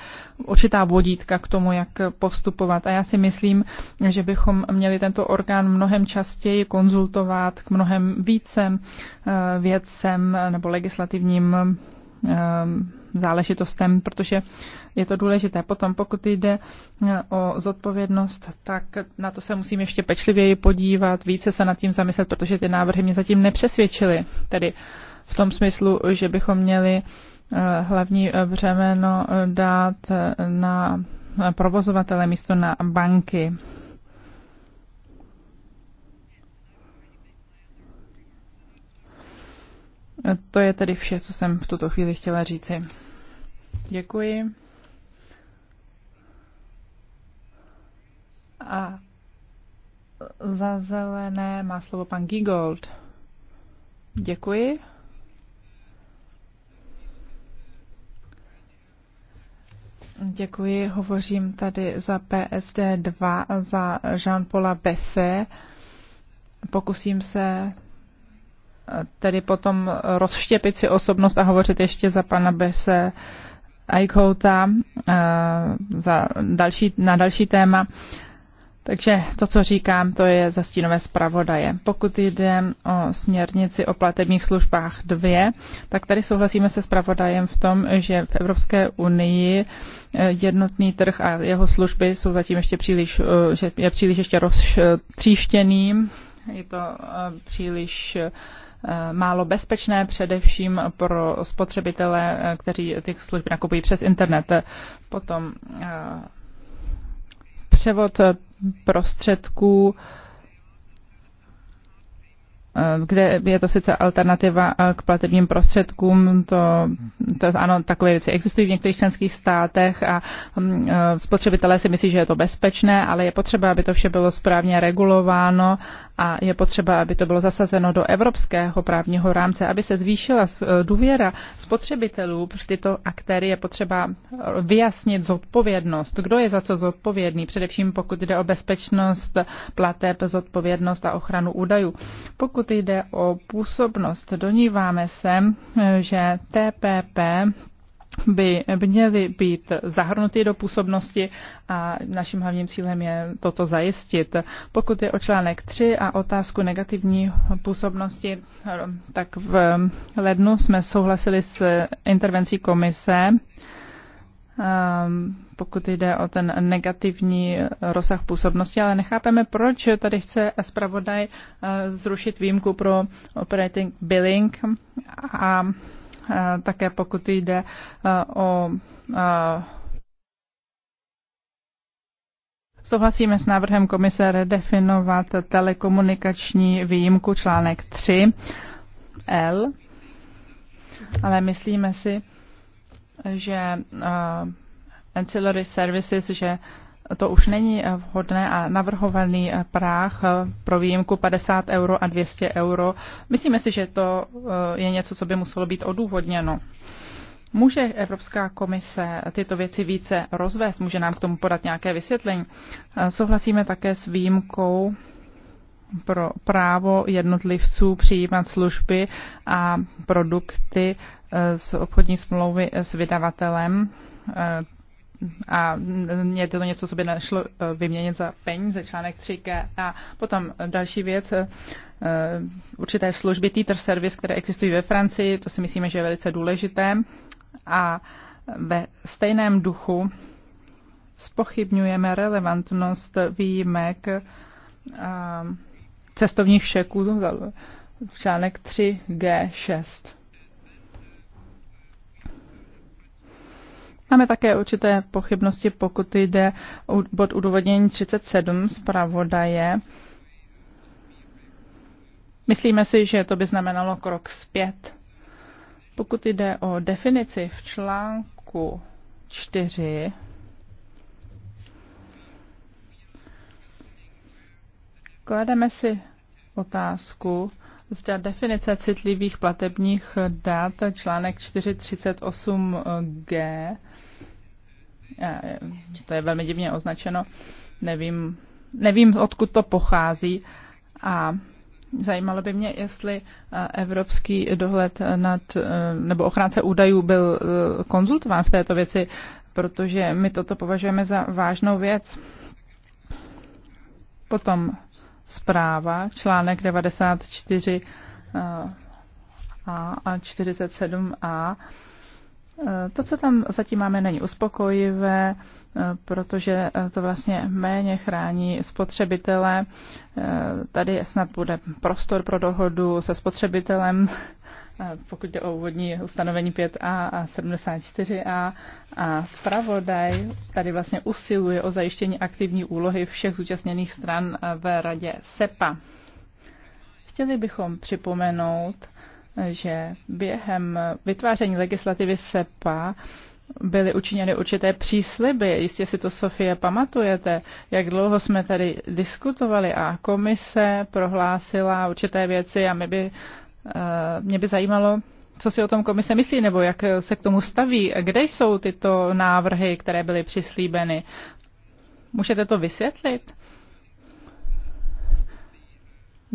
určitá vodítka k tomu, jak postupovat. A já si myslím, že bychom měli tento orgán mnohem častěji konzultovat k mnohem vícem eh, věcem nebo legislativním záležitostem, protože je to důležité. Potom, pokud jde eh, o zodpovědnost, tak na to se musím ještě pečlivěji podívat, více se nad tím zamyslet, protože ty návrhy mě zatím nepřesvědčily. Tedy v tom smyslu, že bychom měli eh, hlavní eh, břemeno dát na provozovatele místo na banky. To je tedy vše, co jsem v tuto chvíli chtěla říci. Děkuji. A za zelené má slovo pan Gigold. Děkuji. Děkuji, hovořím tady za PSD2, za Jean-Paula Besse. Pokusím se tedy potom rozštěpit si osobnost a hovořit ještě za pana Besse Eichhouta eh, za další, na další téma. Takže to, co říkám, to je za stínové zpravodaje. Pokud jde o směrnici o platebních službách 2, tak tady souhlasíme se zpravodajem v tom, že v Evropské unii eh, jednotný trh a jeho služby jsou zatím ještě příliš, eh, že je příliš ještě roztříštěný. Je to příliš Eh, málo bezpečné, především pro spotřebitele, eh, kteří těch služby nakupují přes internet. Potom eh, převod prostředků Eh, kde je to sice alternativa eh, k platebním prostředkům, to, to ano, takové věci existují v některých členských státech a hm, eh, spotřebitelé si myslí, že je to bezpečné, ale je potřeba, aby to vše bylo správně regulováno a je potřeba, aby to bylo zasazeno do evropského právního rámce, aby se zvýšila důvěra spotřebitelů v tyto aktéry, je potřeba vyjasnit zodpovědnost, kdo je za co zodpovědný, především pokud jde o bezpečnost plateb, zodpovědnost a ochranu údajů. Pokud pokud jde o působnost, doníváme se, že TPP by měly být zahrnuty do působnosti a naším hlavním cílem je toto zajistit. Pokud je o článek 3 a otázku negativní působnosti, tak v lednu jsme souhlasili s intervencí komise Ehm, pokud jde o ten negativní rozsah působnosti, ale nechápeme, proč tady chce zpravodaj eh, zrušit výjimku pro operating billing a eh, také pokud jde eh, o Souhlasíme s návrhem komise redefinovat telekomunikační výjimku článek 3 L, ale myslíme si, že eh, ancillary services, že to už není eh, vhodné a navrhovaný eh, práh pro výjimku 50 euro a 200 euro. Myslíme si, že to je něco, co by muselo být odůvodněno. Může Evropská komise tyto věci více rozvést? Může nám k tomu podat nějaké vysvětlení? Souhlasíme také s výjimkou pro právo jednotlivců přijímat služby a produkty eh, z obchodní smlouvy eh, s vydavatelem eh, a mě mm, to něco, co by nešlo vyměnit za peníze, článek 3G. A potom další věc, určité služby Teeter Service, které existují ve Francii, to si myslíme, že je velice důležité. A ve stejném duchu spochybňujeme relevantnost výjimek cestovních šeků, článek 3G6. Máme také určité pochybnosti, pokud jde o bod udůvodnění 37 zpravodaje. Myslíme si, že to by znamenalo krok zpět. Pokud jde o definici v článku 4, Klademe si otázku, zda definice citlivých platebních dat článek 438G, eh, to je velmi divně označeno, nevím, nevím, odkud to pochází a Zajímalo by mě, jestli eh, evropský dohled nad, eh, nebo ochránce údajů byl konzultován v této věci, protože my toto považujeme za vážnou věc. Potom zpráva, článek 94 eh, a 47a to, co tam zatím máme, není uspokojivé, protože to vlastně méně chrání spotřebitele. Tady snad bude prostor pro dohodu se spotřebitelem, pokud jde o úvodní ustanovení 5a a 74a. A zpravodaj tady vlastně usiluje o zajištění aktivní úlohy všech zúčastněných stran ve radě SEPA. Chtěli bychom připomenout, že během vytváření legislativy SEPA byly učiněny určité přísliby. Jistě si to, Sofie, pamatujete, jak dlouho jsme tady diskutovali a komise prohlásila určité věci a mě by, eh, mě by zajímalo, co si o tom komise myslí, nebo jak se k tomu staví, kde jsou tyto návrhy, které byly přislíbeny. Můžete to vysvětlit?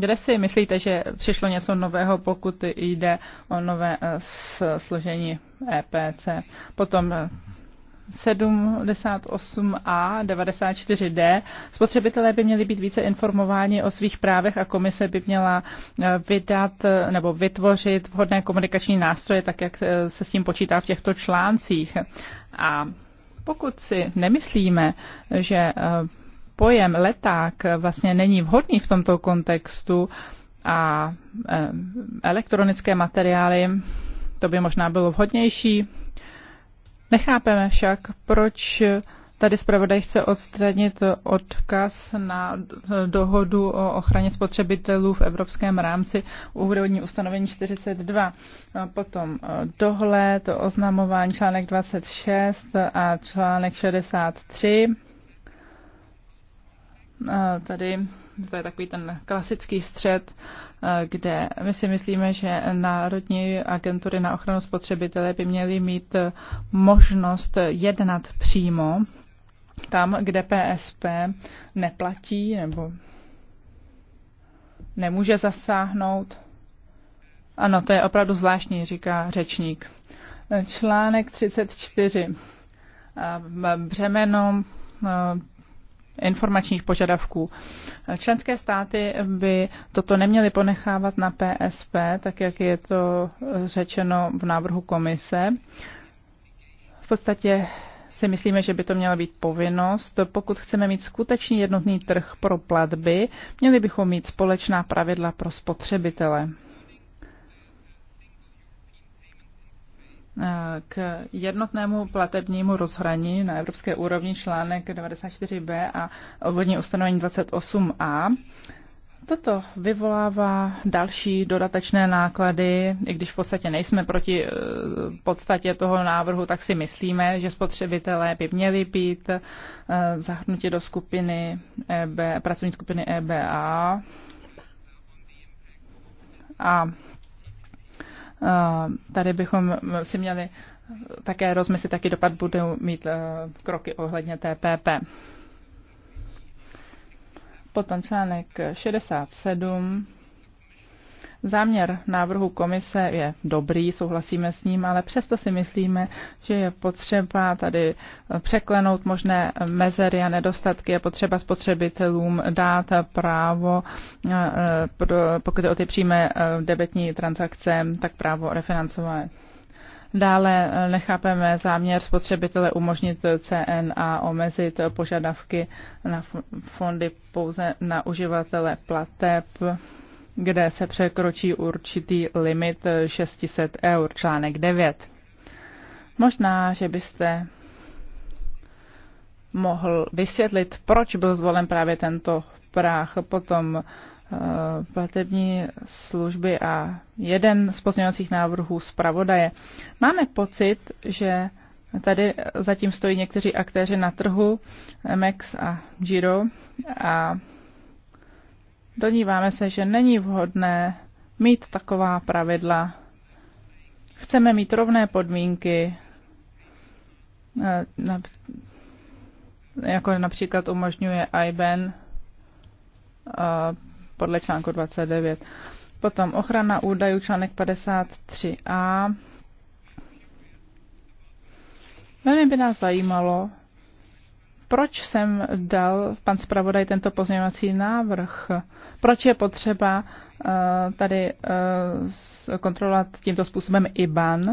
Kde si myslíte, že přišlo něco nového, pokud jde o nové eh, složení EPC? Potom 78a eh, 94d. Spotřebitelé by měli být více informováni o svých právech a komise by měla eh, vydat nebo vytvořit vhodné komunikační nástroje, tak jak se s tím počítá v těchto článcích. A pokud si nemyslíme, že pojem leták vlastně není vhodný v tomto kontextu a eh, elektronické materiály, to by možná bylo vhodnější. Nechápeme však, proč tady zpravodaj chce odstranit odkaz na dohodu o ochraně spotřebitelů v evropském rámci úvodní ustanovení 42. Potom eh, dohled, oznamování článek 26 a článek 63 Eh, tady, to je takový ten klasický střed, eh, kde my si myslíme, že národní agentury na ochranu spotřebitele by měly mít možnost jednat přímo tam, kde PSP neplatí nebo nemůže zasáhnout. Ano, to je opravdu zvláštní, říká řečník. Eh, článek 34. Břemeno informačních požadavků. Členské státy by toto neměly ponechávat na PSP, tak jak je to řečeno v návrhu komise. V podstatě si myslíme, že by to měla být povinnost. Pokud chceme mít skutečný jednotný trh pro platby, měli bychom mít společná pravidla pro spotřebitele. Eh, k jednotnému platebnímu rozhraní na evropské úrovni článek 94b a obvodní ustanovení 28a. Toto vyvolává další dodatečné náklady, i když v podstatě nejsme proti eh, podstatě toho návrhu, tak si myslíme, že spotřebitelé by měli být eh, zahrnuti do skupiny EB, pracovní skupiny EBA. A Tady bychom si měli také rozmyslet, jaký dopad budou mít e, kroky ohledně TPP. Potom článek 67 Záměr návrhu komise je dobrý, souhlasíme s ním, ale přesto si myslíme, že je potřeba tady překlenout možné mezery a nedostatky, je potřeba spotřebitelům dát právo, eh, pokud o ty přímé eh, debetní transakce, tak právo refinancovat. Dále eh, nechápeme záměr spotřebitele umožnit CN a omezit požadavky na fondy pouze na uživatele plateb kde se překročí určitý limit 600 eur, článek 9. Možná, že byste mohl vysvětlit, proč byl zvolen právě tento práh, potom eh, platební služby a jeden z pozměňovacích návrhů zpravodaje. Máme pocit, že tady zatím stojí někteří aktéři na trhu, MX a Giro, a Doníváme se, že není vhodné mít taková pravidla. Chceme mít rovné podmínky, eh, jako například umožňuje IBAN eh, podle článku 29. Potom ochrana údajů článek 53a. Velmi by nás zajímalo, proč jsem dal pan zpravodaj tento pozměňovací návrh? Proč je potřeba eh, tady eh, kontrolovat tímto způsobem IBAN?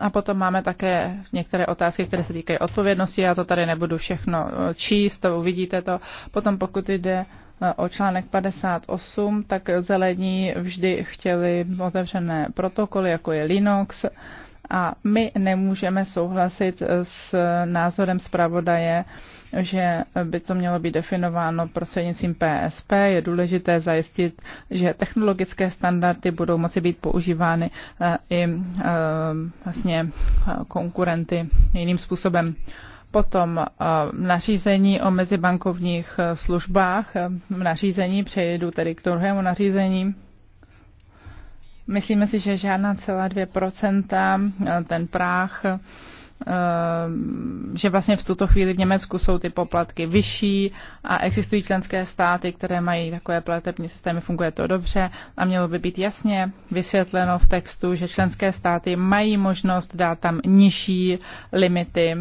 A potom máme také některé otázky, které se týkají odpovědnosti. Já to tady nebudu všechno eh, číst, to uvidíte to. Potom pokud jde o článek 58, tak zelení vždy chtěli otevřené protokoly, jako je Linux. A my nemůžeme souhlasit s názorem zpravodaje, že by to mělo být definováno prostřednictvím PSP. Je důležité zajistit, že technologické standardy budou moci být používány eh, i eh, vlastně eh, konkurenty jiným způsobem. Potom nařízení o mezibankovních službách, nařízení, přejdu tedy k druhému nařízení, Myslíme si, že žádná celá 2% eh, ten práh eh, že vlastně v tuto chvíli v Německu jsou ty poplatky vyšší a existují členské státy, které mají takové platební systémy, funguje to dobře a mělo by být jasně vysvětleno v textu, že členské státy mají možnost dát tam nižší limity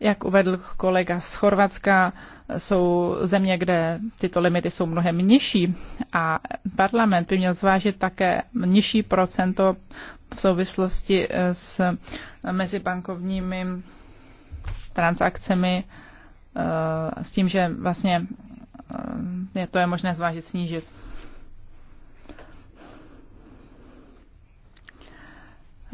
jak uvedl kolega z Chorvatska, jsou země, kde tyto limity jsou mnohem nižší a parlament by měl zvážit také nižší procento v souvislosti s mezibankovními transakcemi eh, s tím, že vlastně eh, je to je možné zvážit snížit.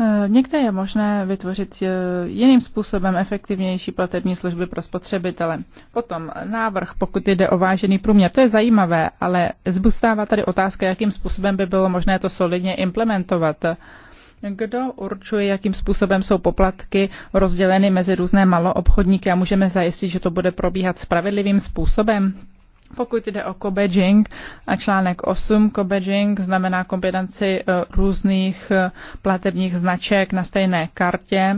Eh, Někde je možné vytvořit eh, jiným způsobem efektivnější platební služby pro spotřebitele. Potom návrh, pokud jde o vážený průměr, to je zajímavé, ale zbustává tady otázka, jakým způsobem by bylo možné to solidně implementovat. Kdo určuje, jakým způsobem jsou poplatky rozděleny mezi různé maloobchodníky a můžeme zajistit, že to bude probíhat spravedlivým způsobem? Pokud jde o kobejing a článek 8, kobejing znamená kombinaci eh, různých eh, platebních značek na stejné kartě,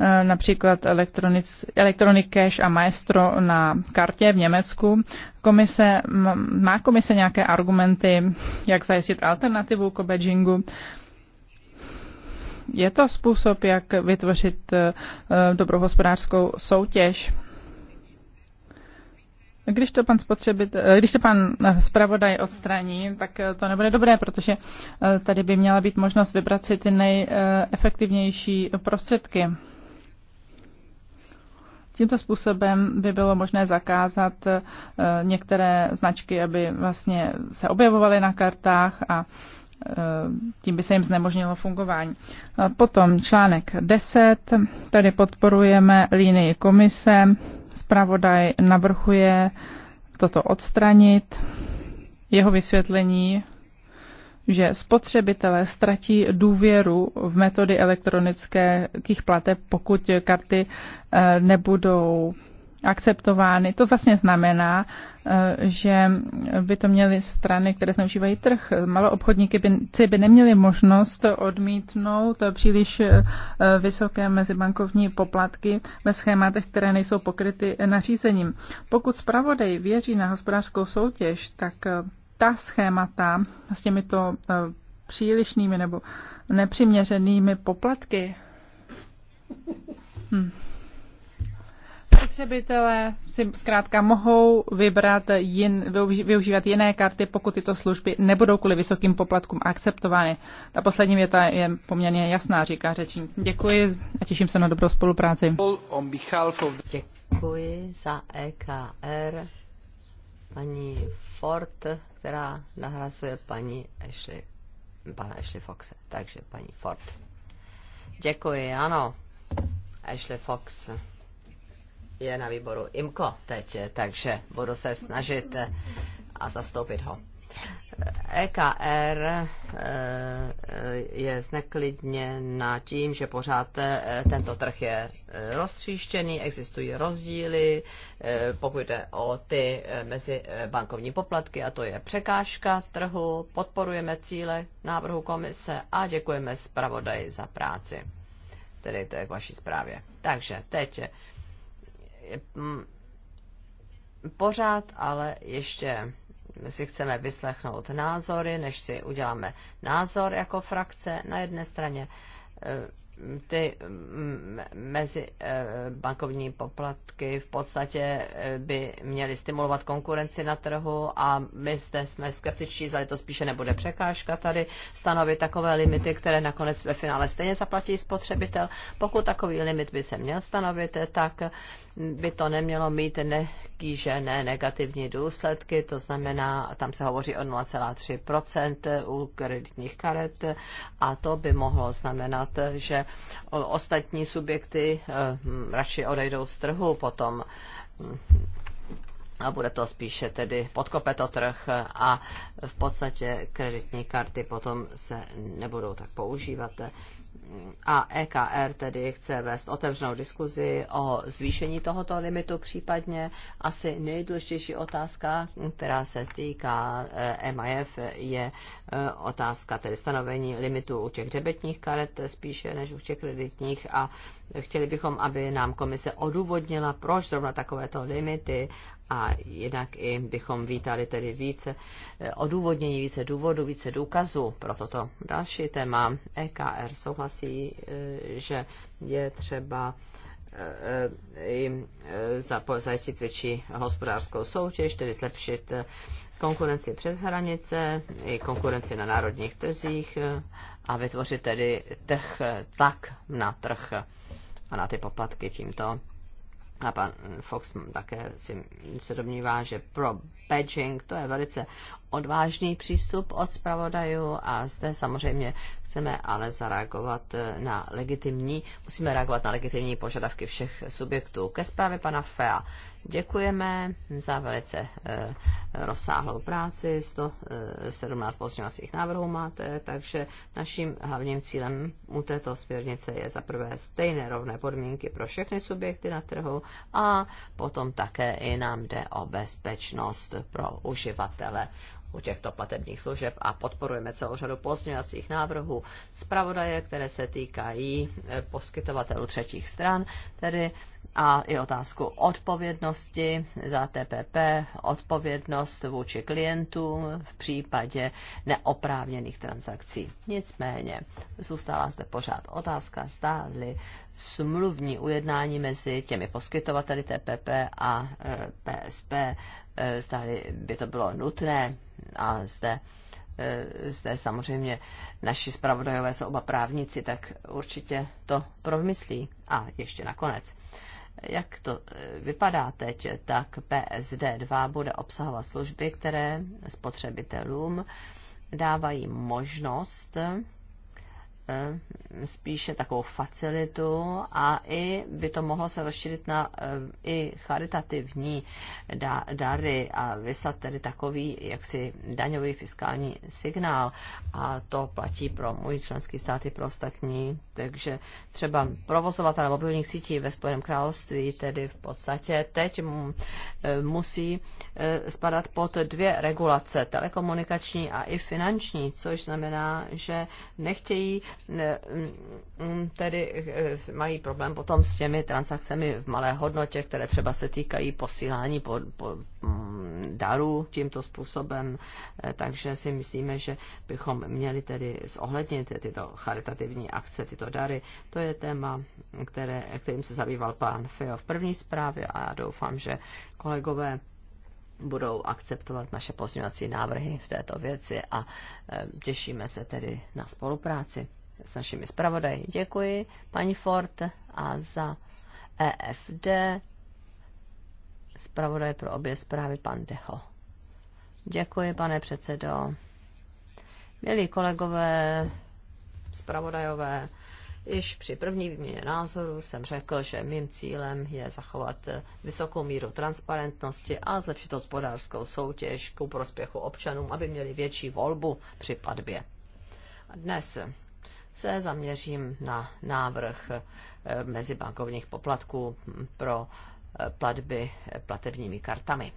eh, například Electronic Cash a Maestro na kartě v Německu. Komise, má komise nějaké argumenty, jak zajistit alternativu kobejingu? Je to způsob, jak vytvořit dobrou hospodářskou soutěž? Když to pan spotřebit, eh, když to pan eh, zpravodaj odstraní, tak eh, to nebude dobré, protože tady by měla být možnost vybrat si ty nejefektivnější prostředky. Tímto způsobem by bylo možné zakázat některé značky, aby vlastně se objevovaly na kartách a tím by se jim znemožnilo fungování. Potom článek 10, tady podporujeme línii komise, zpravodaj navrhuje toto odstranit. Jeho vysvětlení, že spotřebitelé ztratí důvěru v metody elektronických plateb, pokud karty eh, nebudou akceptovány. To vlastně znamená, eh, že by to měly strany, které zneužívají trh. obchodníky by, by neměli možnost odmítnout příliš eh, vysoké mezibankovní poplatky ve schématech, které nejsou pokryty nařízením. Pokud zpravodaj věří na hospodářskou soutěž, tak eh, ta schémata s těmito přílišnými nebo nepřiměřenými poplatky. Hmm spotřebitelé si zkrátka mohou vybrat jin, využívat jiné karty, pokud tyto služby nebudou kvůli vysokým poplatkům akceptovány. Ta poslední věta je poměrně jasná, říká řečník. Děkuji a těším se na dobrou spolupráci. Děkuji za EKR paní Ford, která nahrazuje paní Ashley, pana Ashley Foxe. Takže paní Ford. Děkuji, ano. Ashley Fox je na výboru IMKO teď, takže budu se snažit eh, a zastoupit ho. EKR eh, eh, je na tím, že pořád tento trh je roztříštěný, existují rozdíly, pokud jde o ty mezi bankovní poplatky, a to je překážka trhu. Podporujeme cíle návrhu komise a děkujeme zpravodaji za práci. Tedy to je k vaší zprávě. Takže teď pořád, ale ještě si chceme vyslechnout názory, než si uděláme názor jako frakce na jedné straně eh, ty mm, mezi eh, bankovní poplatky v podstatě eh, by měly stimulovat konkurenci na trhu a my zde jsme skeptičtí, zda to spíše nebude překážka tady stanovit takové limity, které nakonec ve finále stejně zaplatí spotřebitel. Pokud takový limit by se měl stanovit, tak by to nemělo mít nekýžené negativní důsledky, to znamená, tam se hovoří o 0,3% u kreditních karet a to by mohlo znamenat, že ostatní subjekty eh, radši odejdou z trhu potom a bude to spíše tedy podkope to trh a v podstatě kreditní karty potom se nebudou tak používat. A EKR tedy chce vést otevřenou diskuzi o zvýšení tohoto limitu, případně asi nejdůležitější otázka, která se týká eh, MIF, je eh, otázka tedy stanovení limitu u těch debetních karet spíše než u těch kreditních a chtěli bychom, aby nám komise odůvodnila, proč zrovna takovéto limity a jinak i bychom vítali tedy více eh, odůvodnění, více důvodů, více důkazů pro toto další téma. EKR souhlasí, eh, že je třeba eh, i zajistit větší hospodářskou soutěž, tedy zlepšit konkurenci přes hranice, i konkurenci na národních trzích a vytvořit tedy trh, tak na trh a na ty poplatky tímto. A pan Fox také si, se domnívá, že pro Beijing to je velice odvážný přístup od zpravodajů a zde samozřejmě chceme ale zareagovat eh, na legitimní, musíme reagovat na legitimní požadavky všech subjektů. Ke zprávě pana Fea děkujeme za velice e, rozsáhlou práci, 117 eh, pozměňovacích návrhů máte, takže naším hlavním cílem u této směrnice je zaprvé stejné rovné podmínky pro všechny subjekty na trhu a potom také i nám jde o bezpečnost pro uživatele u těchto platebních služeb a podporujeme celou řadu pozměňovacích návrhů zpravodaje, které se týkají e, poskytovatelů třetích stran, tedy a i otázku odpovědnosti za TPP, odpovědnost vůči klientům v případě neoprávněných transakcí. Nicméně zůstává zde pořád otázka, zdáli smluvní ujednání mezi těmi poskytovateli TPP a PSP e, Eh, zda by to bylo nutné a zde eh, zde samozřejmě naši zpravodajové jsou oba právníci, tak určitě to promyslí. A ještě nakonec. Jak to eh, vypadá teď, tak PSD2 bude obsahovat služby, které spotřebitelům dávají možnost Eh, spíše takovou facilitu a i by to mohlo se rozšířit na eh, i charitativní dary a vyslat tedy takový jaksi daňový fiskální signál a to platí pro můj členský stát i pro ostatní, takže třeba provozovatel mobilních sítí ve Spojeném království tedy v podstatě teď mm, eh, musí spadat pod dvě regulace, telekomunikační a i finanční, což znamená, že nechtějí Mm, mm, tedy eh, mají problém potom s těmi transakcemi v malé hodnotě, které třeba se týkají posílání po, po, mm, darů tímto způsobem, eh, takže si myslíme, že bychom měli tedy zohlednit tyto charitativní akce, tyto dary. To je téma, které, kterým se zabýval pán Feo v první zprávě a já doufám, že kolegové budou akceptovat naše pozměňovací návrhy v této věci a eh, těšíme se tedy na spolupráci s našimi zpravodaji. Děkuji, paní Ford, a za EFD zpravodaj pro obě zprávy, pan Deho. Děkuji, pane předsedo. Milí kolegové, zpravodajové, již při první výměně názoru jsem řekl, že mým cílem je zachovat vysokou míru transparentnosti a zlepšit hospodářskou soutěž ku prospěchu občanům, aby měli větší volbu při platbě. Dnes se zaměřím na návrh eh, mezibankovních poplatků pro eh, platby eh, platebními kartami.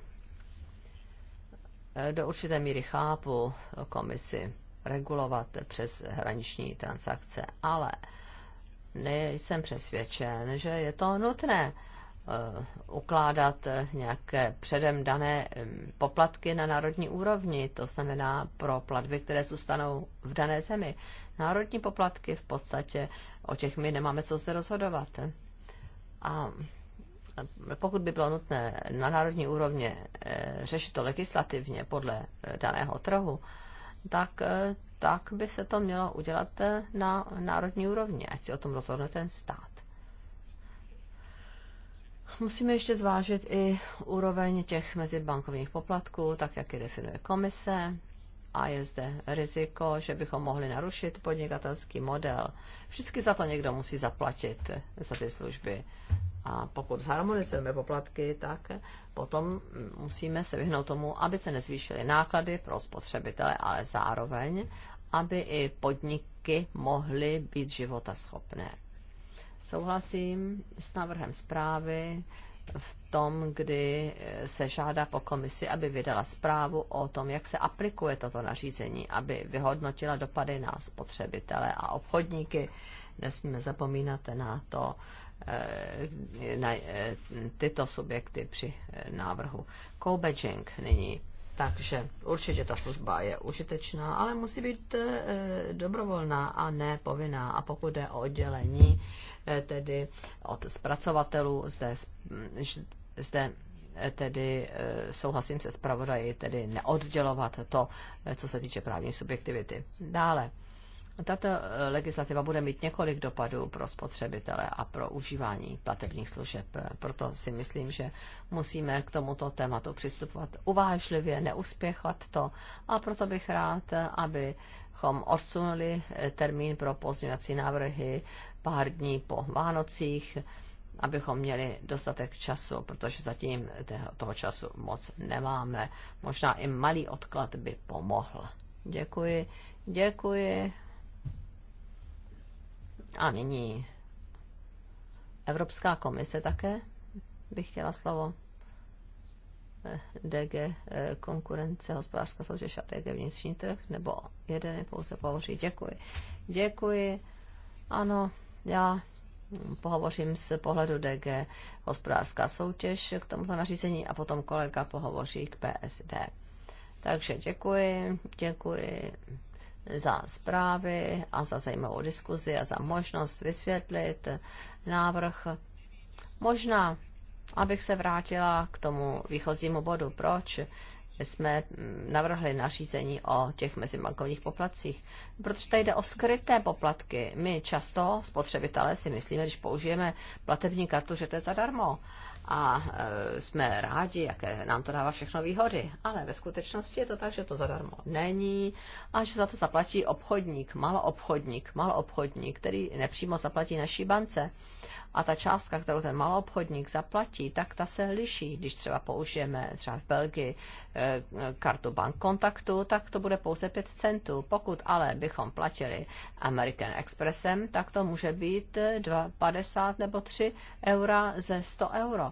Do určité míry chápu komisi regulovat přes hraniční transakce, ale nejsem přesvědčen, že je to nutné Eh, ukládat eh, nějaké předem dané poplatky na národní úrovni, to znamená pro platby, které zůstanou v dané zemi. Národní poplatky v podstatě, o těch my nemáme co zde rozhodovat. A eh, pokud by bylo nutné na národní úrovně řešit to legislativně podle daného trhu, tak, tak by se to mělo udělat na národní úrovni, ať si o tom rozhodne ten stát. Musíme ještě zvážit i úroveň těch mezibankovních poplatků, tak jak je definuje komise. A je zde riziko, že bychom mohli narušit podnikatelský model. Vždycky za to někdo musí zaplatit, za ty služby. A pokud zharmonizujeme poplatky, tak potom musíme se vyhnout tomu, aby se nezvýšily náklady pro spotřebitele, ale zároveň, aby i podniky mohly být života schopné. Souhlasím s návrhem zprávy v tom, kdy se žádá po komisi, aby vydala zprávu o tom, jak se aplikuje toto nařízení, aby vyhodnotila dopady na spotřebitele a obchodníky. Nesmíme zapomínat na to, eh, na eh, tyto subjekty při eh, návrhu. Co-badging nyní. Takže určitě ta služba je užitečná, ale musí být dobrovolná a ne povinná. A pokud jde o oddělení, Eh, tedy od zpracovatelů. Zde, zde eh, tedy eh, souhlasím se zpravodaji, tedy neoddělovat to, co se týče právní subjektivity. Dále tato eh, legislativa bude mít několik dopadů pro spotřebitele a pro užívání platebních služeb. Proto si myslím, že musíme k tomuto tématu přistupovat uvážlivě, neuspěchat to a proto bych rád, eh, abychom odsunuli eh, termín pro pozměňovací návrhy pár dní po Vánocích, abychom měli dostatek času, protože zatím toho času moc nemáme. Možná i malý odklad by pomohl. Děkuji, děkuji. A nyní Evropská komise také bych chtěla slovo. Eh, DG eh, konkurence, hospodářská soutěž a DG vnitřní trh, nebo jeden je pouze pohovoří. Děkuji. Děkuji. Ano, já pohovořím z pohledu DG hospodářská soutěž k tomuto nařízení a potom kolega pohovoří k PSD. Takže děkuji, děkuji za zprávy a za zajímavou diskuzi a za možnost vysvětlit návrh. Možná, abych se vrátila k tomu výchozímu bodu, proč jsme navrhli nařízení o těch mezibankovních poplatcích. Protože tady jde o skryté poplatky. My často, spotřebitelé, si myslíme, když použijeme platební kartu, že to je zadarmo a e, jsme rádi, jaké nám to dává všechno výhody. Ale ve skutečnosti je to tak, že to zadarmo není a že za to zaplatí obchodník, maloobchodník, maloobchodník, který nepřímo zaplatí naší bance a ta částka, kterou ten maloobchodník zaplatí, tak ta se liší. Když třeba použijeme třeba v Belgii eh, kartu bank kontaktu, tak to bude pouze 5 centů. Pokud ale bychom platili American Expressem, tak to může být 2,50 eh, nebo 3 eura ze 100 euro.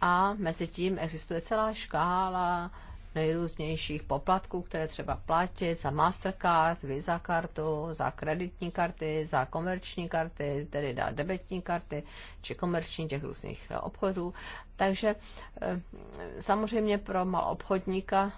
A mezi tím existuje celá škála nejrůznějších poplatků, které třeba platit za Mastercard, Visa kartu, za kreditní karty, za komerční karty, tedy na debetní karty či komerční těch různých eh, obchodů. Takže eh, samozřejmě pro malobchodníka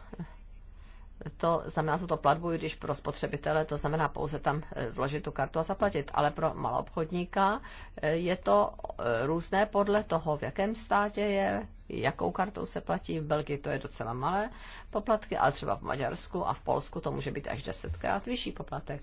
to znamená tuto platbu, i když pro spotřebitele to znamená pouze tam eh, vložit tu kartu a zaplatit, ale pro maloobchodníka eh, je to eh, různé podle toho, v jakém státě je, jakou kartou se platí. V Belgii to je docela malé poplatky, ale třeba v Maďarsku a v Polsku to může být až desetkrát vyšší poplatek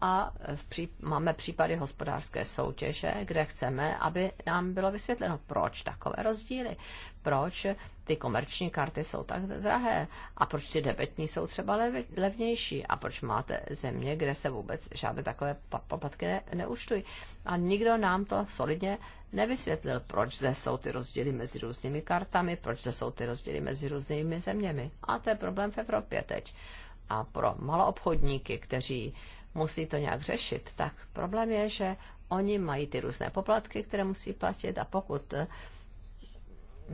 a v pří, máme případy hospodářské soutěže, kde chceme, aby nám bylo vysvětleno, proč takové rozdíly, proč ty komerční karty jsou tak drahé a proč ty debetní jsou třeba lev, levnější a proč máte země, kde se vůbec žádné takové poplatky ne, neučtují. A nikdo nám to solidně nevysvětlil, proč zde jsou ty rozdíly mezi různými kartami, proč zde jsou ty rozdíly mezi různými zeměmi. A to je problém v Evropě teď. A pro maloobchodníky, kteří musí to nějak řešit, tak problém je, že oni mají ty různé poplatky, které musí platit a pokud eh,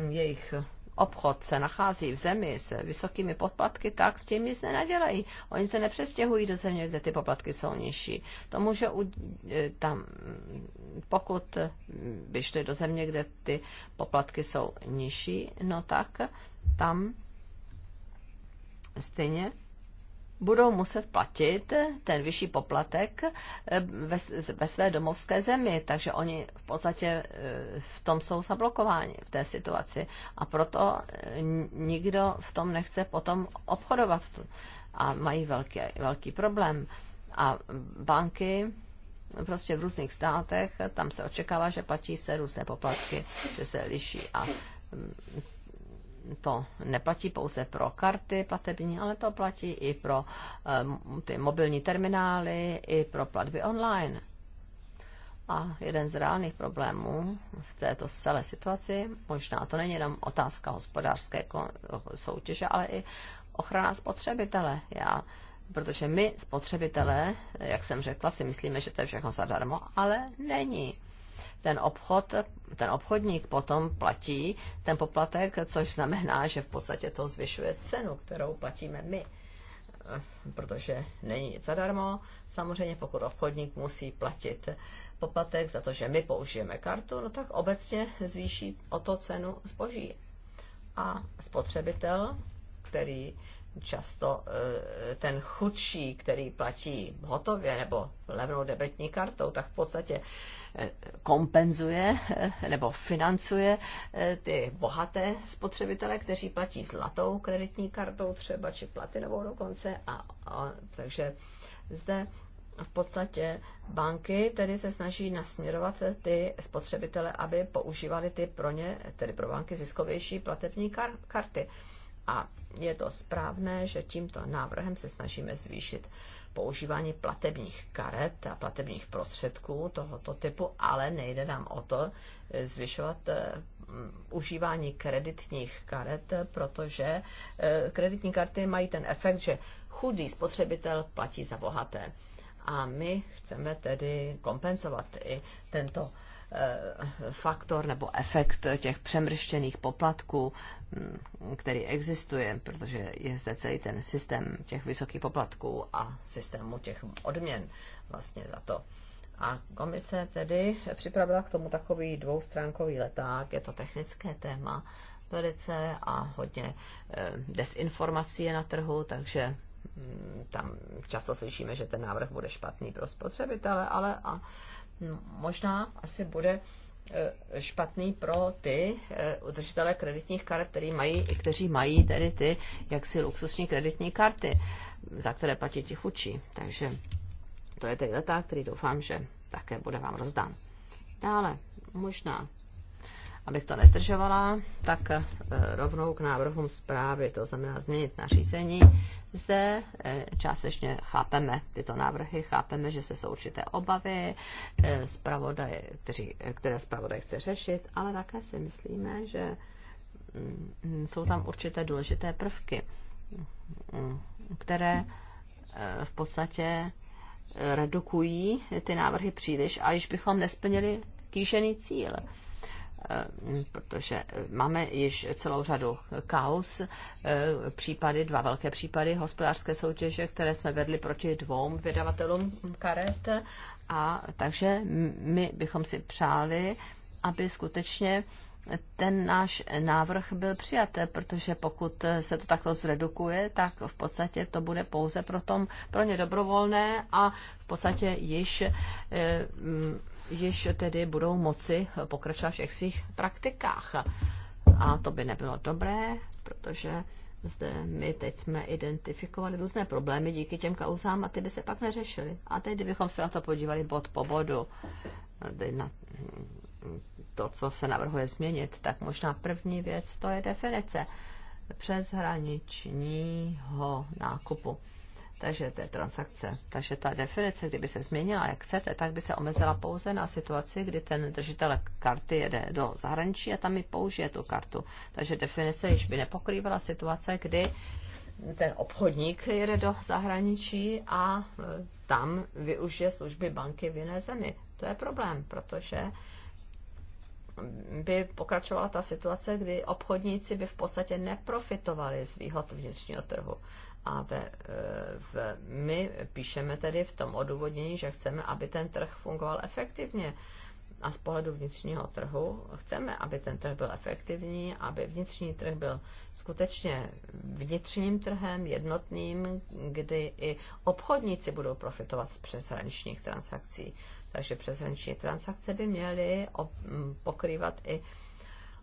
jejich obchod se nachází v zemi s vysokými poplatky, tak s tím nic nenadělají. Oni se nepřestěhují do země, kde ty poplatky jsou nižší. To může u, eh, tam, pokud eh, by šli do země, kde ty poplatky jsou nižší, no tak tam stejně budou muset platit ten vyšší poplatek eh, ve, ve své domovské zemi, takže oni v podstatě eh, v tom jsou zablokováni v té situaci a proto eh, nikdo v tom nechce potom obchodovat a mají velký, velký problém. A banky prostě v různých státech, tam se očekává, že platí se různé poplatky, že se liší a mm, to neplatí pouze pro karty platební, ale to platí i pro eh, ty mobilní terminály, i pro platby online. A jeden z reálných problémů v této celé situaci, možná to není jenom otázka hospodářské soutěže, ale i ochrana spotřebitele. Já, protože my, spotřebitele, jak jsem řekla, si myslíme, že to je všechno zadarmo, ale není ten obchod, ten obchodník potom platí ten poplatek, což znamená, že v podstatě to zvyšuje cenu, kterou platíme my. Protože není nic zadarmo. Samozřejmě, pokud obchodník musí platit poplatek za to, že my použijeme kartu, no tak obecně zvýší o to cenu zboží. A spotřebitel, který často eh, ten chudší, který platí hotově nebo levnou debetní kartou, tak v podstatě kompenzuje nebo financuje eh, ty bohaté spotřebitele, kteří platí zlatou kreditní kartou třeba, či platinovou dokonce. A, a, takže zde v podstatě banky tedy se snaží nasměrovat ty spotřebitele, aby používali ty pro ně, tedy pro banky ziskovější platební kar- karty. A je to správné, že tímto návrhem se snažíme zvýšit používání platebních karet a platebních prostředků tohoto typu, ale nejde nám o to zvyšovat eh, užívání kreditních karet, protože eh, kreditní karty mají ten efekt, že chudý spotřebitel platí za bohaté. A my chceme tedy kompenzovat i tento Eh, faktor nebo efekt těch přemrštěných poplatků, hm, který existuje, protože je zde celý ten systém těch vysokých poplatků a systému těch odměn vlastně za to. A komise tedy připravila k tomu takový dvoustránkový leták, je to technické téma velice a hodně eh, desinformací je na trhu, takže hm, tam často slyšíme, že ten návrh bude špatný pro spotřebitele, ale a No, možná asi bude eh, špatný pro ty eh, udržitele kreditních kart, který mají, kteří mají tedy ty jaksi luxusní kreditní karty, za které platí ti chudší. Takže to je tedy letá, který doufám, že také bude vám rozdán. Dále možná abych to nezdržovala, tak eh, rovnou k návrhům zprávy, to znamená změnit nařízení. Zde eh, částečně chápeme tyto návrhy, chápeme, že se jsou určité obavy, eh, zpravodaj, kteří, které zpravodaj chce řešit, ale také si myslíme, že mm, jsou tam určité důležité prvky, které v podstatě redukují ty návrhy příliš a již bychom nesplnili kýžený cíl. Eh, protože máme již celou řadu kaus, eh, případy, dva velké případy hospodářské soutěže, které jsme vedli proti dvou vydavatelům karet. A takže my bychom si přáli, aby skutečně ten náš návrh byl přijat, protože pokud se to takto zredukuje, tak v podstatě to bude pouze pro, tom, pro ně dobrovolné a v podstatě již eh, již tedy budou moci pokračovat v všech svých praktikách. A to by nebylo dobré, protože zde my teď jsme identifikovali různé problémy díky těm kauzám a ty by se pak neřešily. A teď, kdybychom se na to podívali bod po bodu, na to, co se navrhuje změnit, tak možná první věc to je definice přeshraničního nákupu takže to je transakce. Takže ta definice, kdyby se změnila, jak chcete, tak by se omezila pouze na situaci, kdy ten držitel karty jede do zahraničí a tam mi použije tu kartu. Takže definice již by nepokrývala situace, kdy ten obchodník jede do zahraničí a e, tam využije služby banky v jiné zemi. To je problém, protože by pokračovala ta situace, kdy obchodníci by v podstatě neprofitovali z výhod vnitřního trhu. A ve, e, v, my píšeme tedy v tom odůvodnění, že chceme, aby ten trh fungoval efektivně. A z pohledu vnitřního trhu chceme, aby ten trh byl efektivní, aby vnitřní trh byl skutečně vnitřním trhem, jednotným, kdy i obchodníci budou profitovat z přeshraničních transakcí. Takže přeshraniční transakce by měly pokrývat i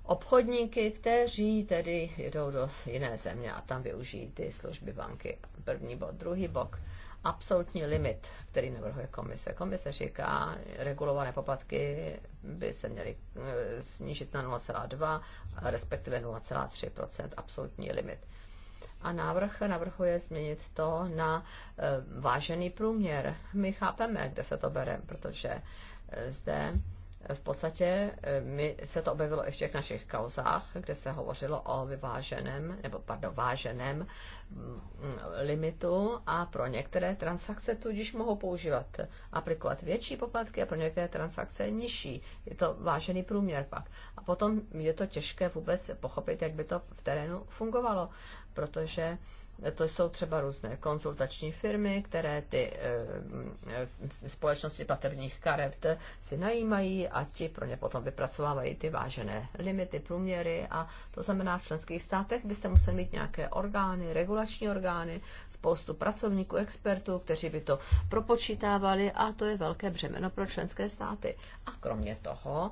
obchodníky, kteří tedy jedou do jiné země a tam využijí ty služby banky. První bod, druhý bok. Absolutní limit, který navrhuje komise. Komise říká, regulované poplatky by se měly eh, snížit na 0,2, respektive 0,3 absolutní limit. A návrh navrhuje změnit to na eh, vážený průměr. My chápeme, kde se to bere, protože eh, zde v podstatě e, my, se to objevilo i v těch našich kauzách, kde se hovořilo o vyváženém, nebo pardon, váženém mm, limitu a pro některé transakce tudíž mohou používat, aplikovat větší poplatky a pro některé transakce nižší. Je to vážený průměr pak. A potom je to těžké vůbec pochopit, jak by to v terénu fungovalo, protože to jsou třeba různé konzultační firmy, které ty eh, společnosti platebních karet si najímají a ti pro ně potom vypracovávají ty vážené limity, průměry a to znamená v členských státech byste museli mít nějaké orgány, regulační orgány, spoustu pracovníků, expertů, kteří by to propočítávali a to je velké břemeno pro členské státy. A kromě toho,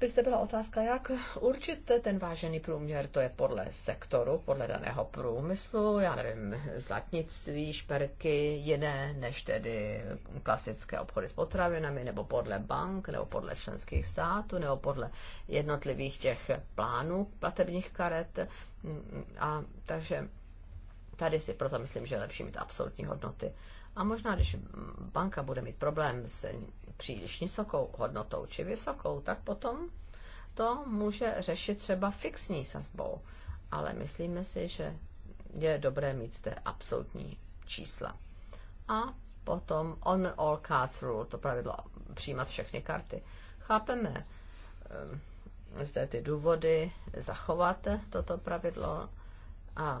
by zde byla otázka, jak určit ten vážený průměr, to je podle sektoru, podle daného průmyslu, já nevím, zlatnictví, šperky, jiné než tedy klasické obchody s potravinami, nebo podle bank, nebo podle členských států, nebo podle jednotlivých těch plánů platebních karet. A takže tady si proto myslím, že je lepší mít absolutní hodnoty. A možná, když banka bude mít problém s příliš nízkou hodnotou či vysokou, tak potom to může řešit třeba fixní sazbou. Ale myslíme si, že je dobré mít zde absolutní čísla. A potom on all cards rule, to pravidlo přijímat všechny karty. Chápeme ehm, zde ty důvody zachovat toto pravidlo a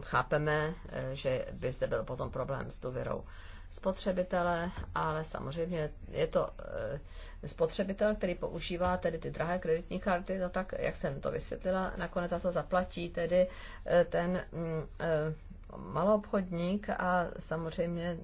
chápeme, eh, že by zde byl potom problém s důvěrou spotřebitele, ale samozřejmě je to eh, spotřebitel, který používá tedy ty drahé kreditní karty, no tak, jak jsem to vysvětlila, nakonec za to zaplatí tedy eh, ten mm, malou obchodník a samozřejmě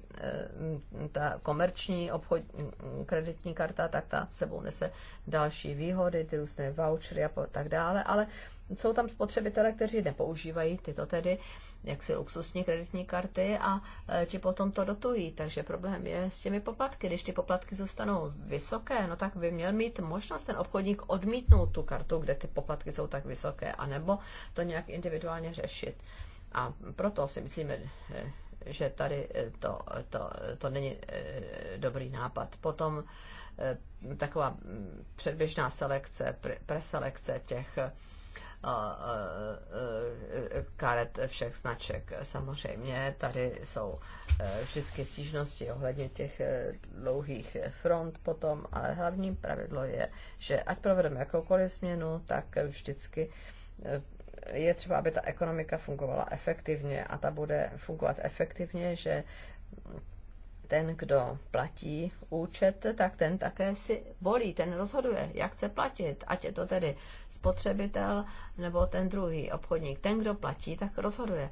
ta komerční obchod, mm, kreditní karta, tak ta sebou nese další výhody, ty různé vouchery a tak dále, ale jsou tam spotřebitele, kteří nepoužívají tyto tedy jaksi luxusní kreditní karty a e, ti potom to dotují. Takže problém je s těmi poplatky. Když ty poplatky zůstanou vysoké, no tak by měl mít možnost ten obchodník odmítnout tu kartu, kde ty poplatky jsou tak vysoké, anebo to nějak individuálně řešit. A proto si myslíme, e, že tady e, to, to, to není dobrý nápad. Potom taková předběžná selekce, preselekce těch karet všech značek. Samozřejmě tady jsou e, vždycky stížnosti ohledně těch e, dlouhých front potom, ale hlavní pravidlo je, že ať provedeme jakoukoliv změnu, tak vždycky e, je třeba, aby ta ekonomika fungovala efektivně a ta bude fungovat efektivně, že ten, kdo platí účet, tak ten také si volí, ten rozhoduje, jak chce platit, ať je to tedy spotřebitel nebo ten druhý obchodník. Ten, kdo platí, tak rozhoduje.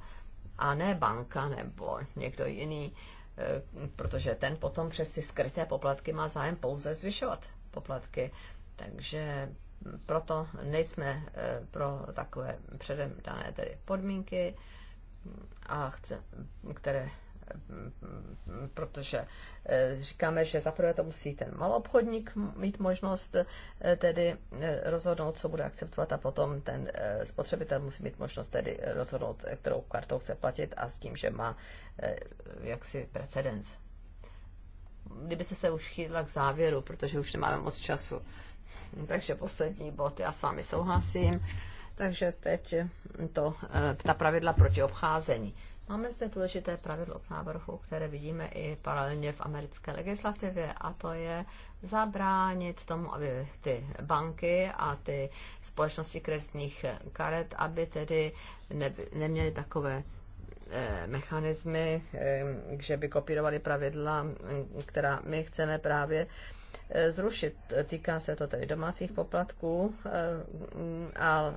A ne banka nebo někdo jiný, eh, protože ten potom přes ty skryté poplatky má zájem pouze zvyšovat poplatky. Takže proto nejsme eh, pro takové předem dané tedy podmínky, a chce, které protože eh, říkáme, že zaprvé to musí ten maloobchodník mít možnost eh, tedy eh, rozhodnout, co bude akceptovat a potom ten spotřebitel musí mít možnost tedy rozhodnout, kterou kartou chce platit a s tím, že má jaksi precedens. Kdyby se se už chytla k závěru, protože už nemáme moc času. Takže poslední bod, já s vámi souhlasím takže teď to, eh, ta pravidla proti obcházení. Máme zde důležité pravidlo v návrhu, které vidíme i paralelně v americké legislativě, a to je zabránit tomu, aby ty banky a ty společnosti kreditních karet, aby tedy ne, neměly takové eh, mechanismy, eh, že by kopírovali pravidla, která my chceme právě Eh, zrušit. Týká se to tedy domácích poplatků eh, a,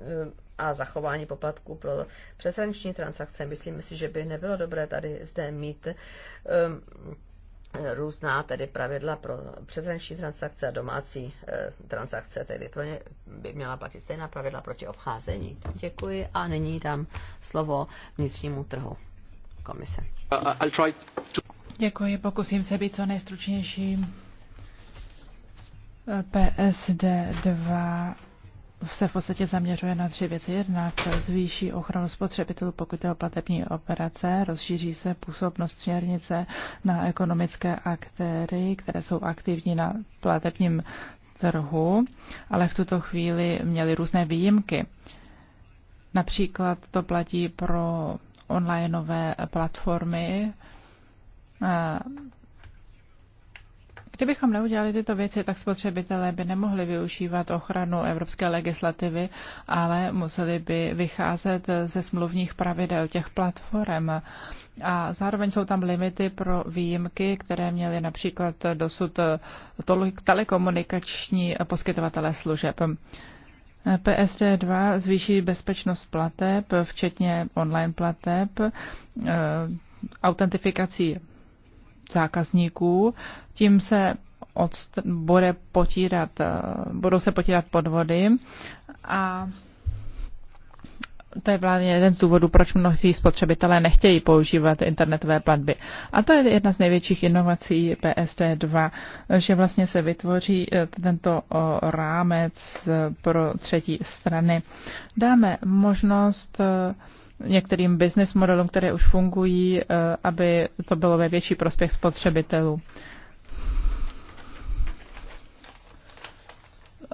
eh, a zachování poplatků pro přeshraniční transakce. Myslím si, že by nebylo dobré tady zde mít různá tedy pravidla pro přeshraniční transakce a domácí transakce, tedy pro ně by měla platit stejná pravidla proti obcházení. Děkuji a nyní dám slovo vnitřnímu trhu komise. Uh, uh, Děkuji, pokusím se být co nejstručnější. PSD 2 se v podstatě zaměřuje na tři věci. Jednak zvýší ochranu spotřebitelů, pokud je o platební operace, rozšíří se působnost směrnice na ekonomické aktéry, které jsou aktivní na platebním trhu, ale v tuto chvíli měly různé výjimky. Například to platí pro onlineové platformy, Kdybychom neudělali tyto věci, tak spotřebitelé by nemohli využívat ochranu evropské legislativy, ale museli by vycházet ze smluvních pravidel těch platform. A zároveň jsou tam limity pro výjimky, které měly například dosud telekomunikační poskytovatele služeb. PSD2 zvýší bezpečnost plateb, včetně online plateb, eh, autentifikací zákazníků. Tím se bude potírat, eh, budou se potírat podvody a to je vlastně jeden z důvodů, proč mnozí spotřebitelé nechtějí používat internetové platby. A to je jedna z největších inovací PSD2, že vlastně se vytvoří eh, tento rámec eh, pro třetí strany. Dáme možnost některým business modelům, které už fungují, eh, aby to bylo ve větší prospěch spotřebitelů.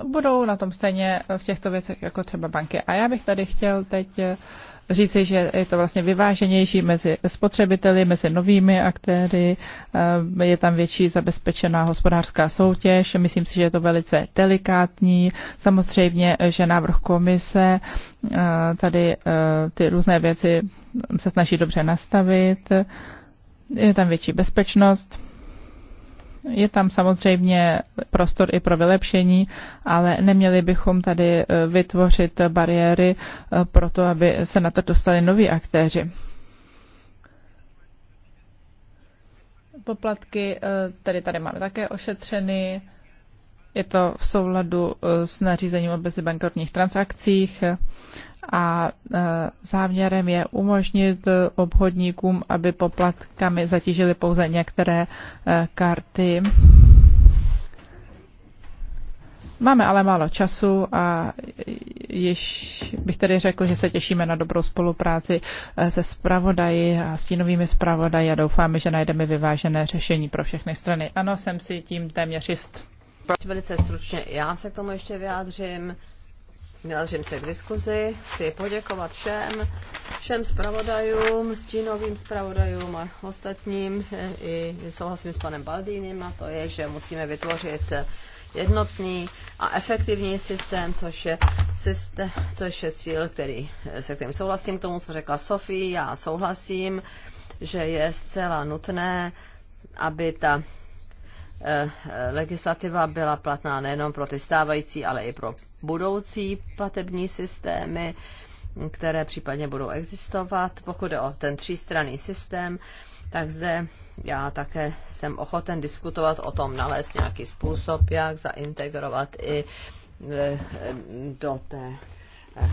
Budou na tom stejně v těchto věcech jako třeba banky. A já bych tady chtěl teď eh, říci, že je to vlastně vyváženější mezi spotřebiteli, mezi novými aktéry, eh, je tam větší zabezpečená hospodářská soutěž. Myslím si, že je to velice delikátní. Samozřejmě, že návrh komise eh, tady eh, ty různé věci se snaží dobře nastavit. Je tam větší bezpečnost je tam samozřejmě prostor i pro vylepšení, ale neměli bychom tady eh, vytvořit bariéry eh, pro to, aby se na to dostali noví aktéři. Poplatky eh, tady, tady máme také ošetřeny. Je to v souladu s nařízením o bezbankovních transakcích a e, záměrem je umožnit obchodníkům, aby poplatkami zatížili pouze některé e, karty. Máme ale málo času a již bych tedy řekl, že se těšíme na dobrou spolupráci e, se spravodají a stínovými spravodaji a doufáme, že najdeme vyvážené řešení pro všechny strany. Ano, jsem si tím téměř jist. Velice stručně, já se k tomu ještě vyjádřím. Vyjádřím se k diskuzi, chci poděkovat všem, všem zpravodajům, stínovým zpravodajům a ostatním. I souhlasím s panem Baldínem a to je, že musíme vytvořit jednotný a efektivní systém, což je, systém, což je cíl, který, se kterým souhlasím k tomu, co řekla Sofie. Já souhlasím, že je zcela nutné, aby ta Eh, legislativa byla platná nejenom pro ty stávající, ale i pro budoucí platební systémy, které případně budou existovat. Pokud je o ten třístranný systém, tak zde já také jsem ochoten diskutovat o tom, nalézt nějaký způsob, jak zaintegrovat i eh, do té eh,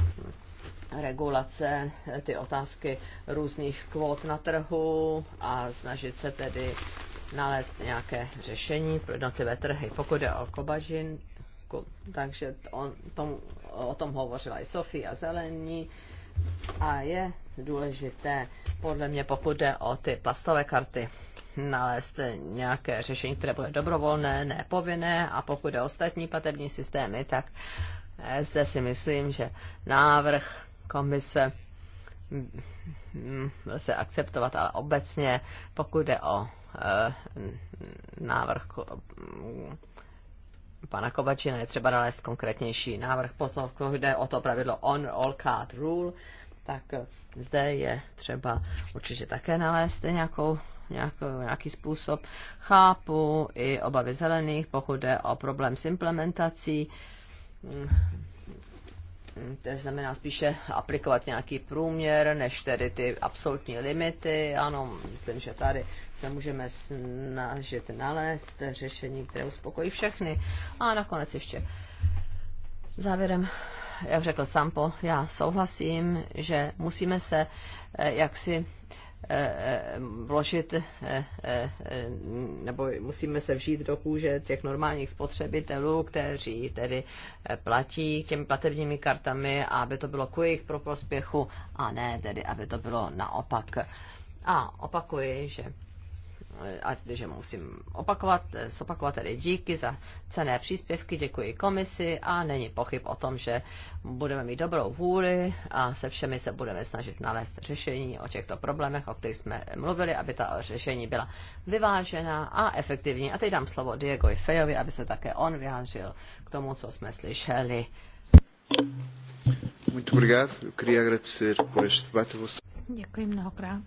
regulace ty otázky různých kvót na trhu a snažit se tedy nalézt nějaké řešení pro jednotlivé trhy. Pokud je o kobažin, takže on, tom, o tom hovořila i Sofie a Zelení. A je důležité, podle mě, pokud jde o ty plastové karty, nalézt nějaké řešení, které bude dobrovolné, nepovinné a pokud jde o ostatní platební systémy, tak zde si myslím, že návrh komise lze akceptovat, ale obecně, pokud jde o Eh, návrh mm, pana Kovačina je třeba nalézt konkrétnější návrh. Potom, když jde o to pravidlo on all card rule, tak eh, zde je třeba určitě také nalézt nějakou, nějakou, nějaký způsob. Chápu i obavy zelených, pokud jde o problém s implementací. Mm, to znamená spíše aplikovat nějaký průměr, než tedy ty absolutní limity. Ano, myslím, že tady se můžeme snažit nalézt řešení, které uspokojí všechny. A nakonec ještě závěrem, jak řekl Sampo, já souhlasím, že musíme se eh, jaksi eh, eh, vložit nebo musíme se vžít do kůže těch normálních spotřebitelů, kteří tedy platí těmi platebními kartami, aby to bylo ku jejich pro prospěchu a ne tedy, aby to bylo naopak. A opakuji, že a že musím opakovat, zopakovat tedy díky za cené příspěvky, děkuji komisi a není pochyb o tom, že budeme mít dobrou vůli a se všemi se budeme snažit nalézt řešení o těchto problémech, o kterých jsme mluvili, aby ta řešení byla vyvážená a efektivní. A teď dám slovo Diego Fejovi, aby se také on vyjádřil k tomu, co jsme slyšeli. Muito obrigado. Eu queria agradecer por este debate. Děkuji mnohokrát.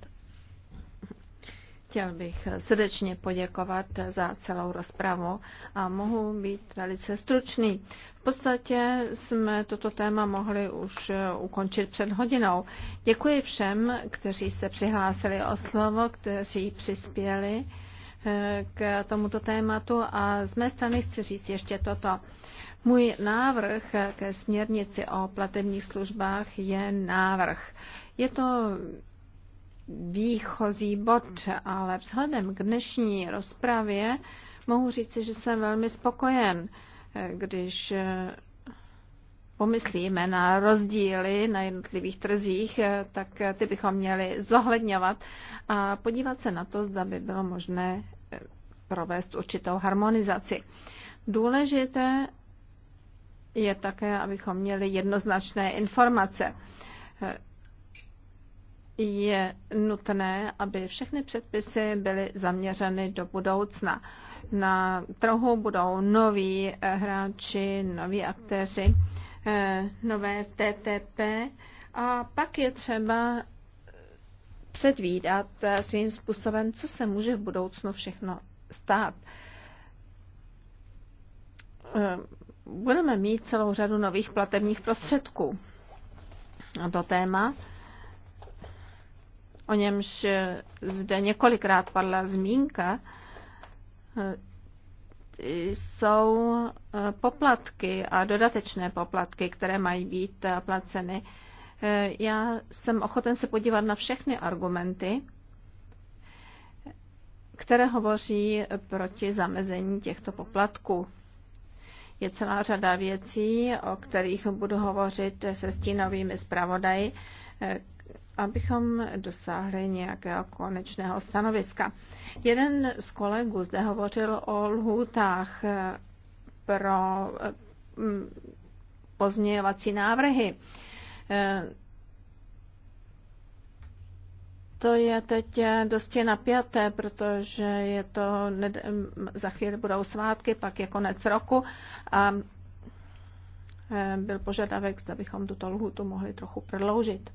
Chtěl bych srdečně poděkovat za celou rozpravu a mohu být velice stručný. V podstatě jsme toto téma mohli už ukončit před hodinou. Děkuji všem, kteří se přihlásili o slovo, kteří přispěli eh, k tomuto tématu a z mé strany chci říct ještě toto. Můj návrh ke směrnici o platebních službách je návrh. Je to výchozí bod, ale vzhledem k dnešní rozpravě mohu říci, že jsem velmi spokojen, když pomyslíme na rozdíly na jednotlivých trzích, tak ty bychom měli zohledňovat a podívat se na to, zda by bylo možné provést určitou harmonizaci. Důležité je také, abychom měli jednoznačné informace je nutné, aby všechny předpisy byly zaměřeny do budoucna. Na trhu budou noví eh, hráči, noví aktéři, eh, nové TTP a pak je třeba předvídat eh, svým způsobem, co se může v budoucnu všechno stát. Budeme mít celou řadu nových platebních prostředků. A to téma o němž eh, zde několikrát padla zmínka, eh, jsou eh, poplatky a dodatečné poplatky, které mají být placeny. Já jsem ochoten se podívat na všechny argumenty, které hovoří proti zamezení těchto poplatků. Je celá řada věcí, o kterých budu hovořit se stínovými zpravodaji, abychom dosáhli nějakého konečného stanoviska. Jeden z kolegů zde hovořil o lhůtách eh, pro eh, pozměňovací návrhy. Eh, to je teď dosti napjaté, protože je to, za chvíli budou svátky, pak je konec roku a byl požadavek, zda bychom tuto lhutu mohli trochu prodloužit.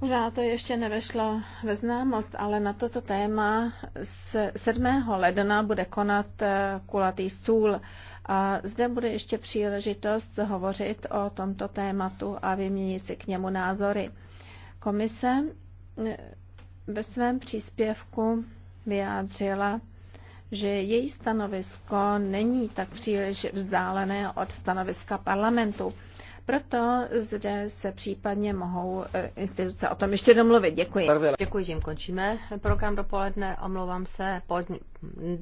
Možná to ještě nevešlo ve známost, ale na toto téma z 7. ledna bude konat eh, kulatý stůl a zde bude ještě příležitost hovořit o tomto tématu a vyměnit si k němu názory. Komise eh, ve svém příspěvku vyjádřila, že její stanovisko není tak příliš vzdálené od stanoviska parlamentu. Proto zde se případně mohou eh, instituce o tom ještě domluvit. Děkuji. Děkuji, tím končíme program dopoledne. Omlouvám se, po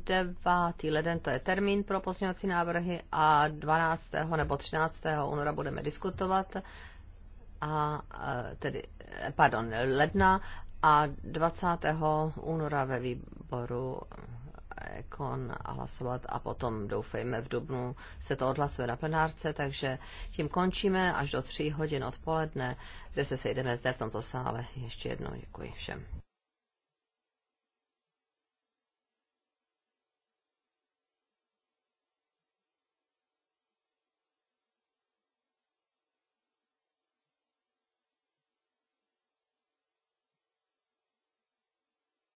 9. leden to je termín pro pozměňovací návrhy a 12. nebo 13. února budeme diskutovat a eh, tedy, eh, pardon, ledna a 20. února ve výboru Ekon a hlasovat a potom doufejme v Dubnu se to odhlasuje na plenárce, takže tím končíme až do 3 hodin odpoledne, kde se sejdeme zde v tomto sále. Ještě jednou děkuji všem.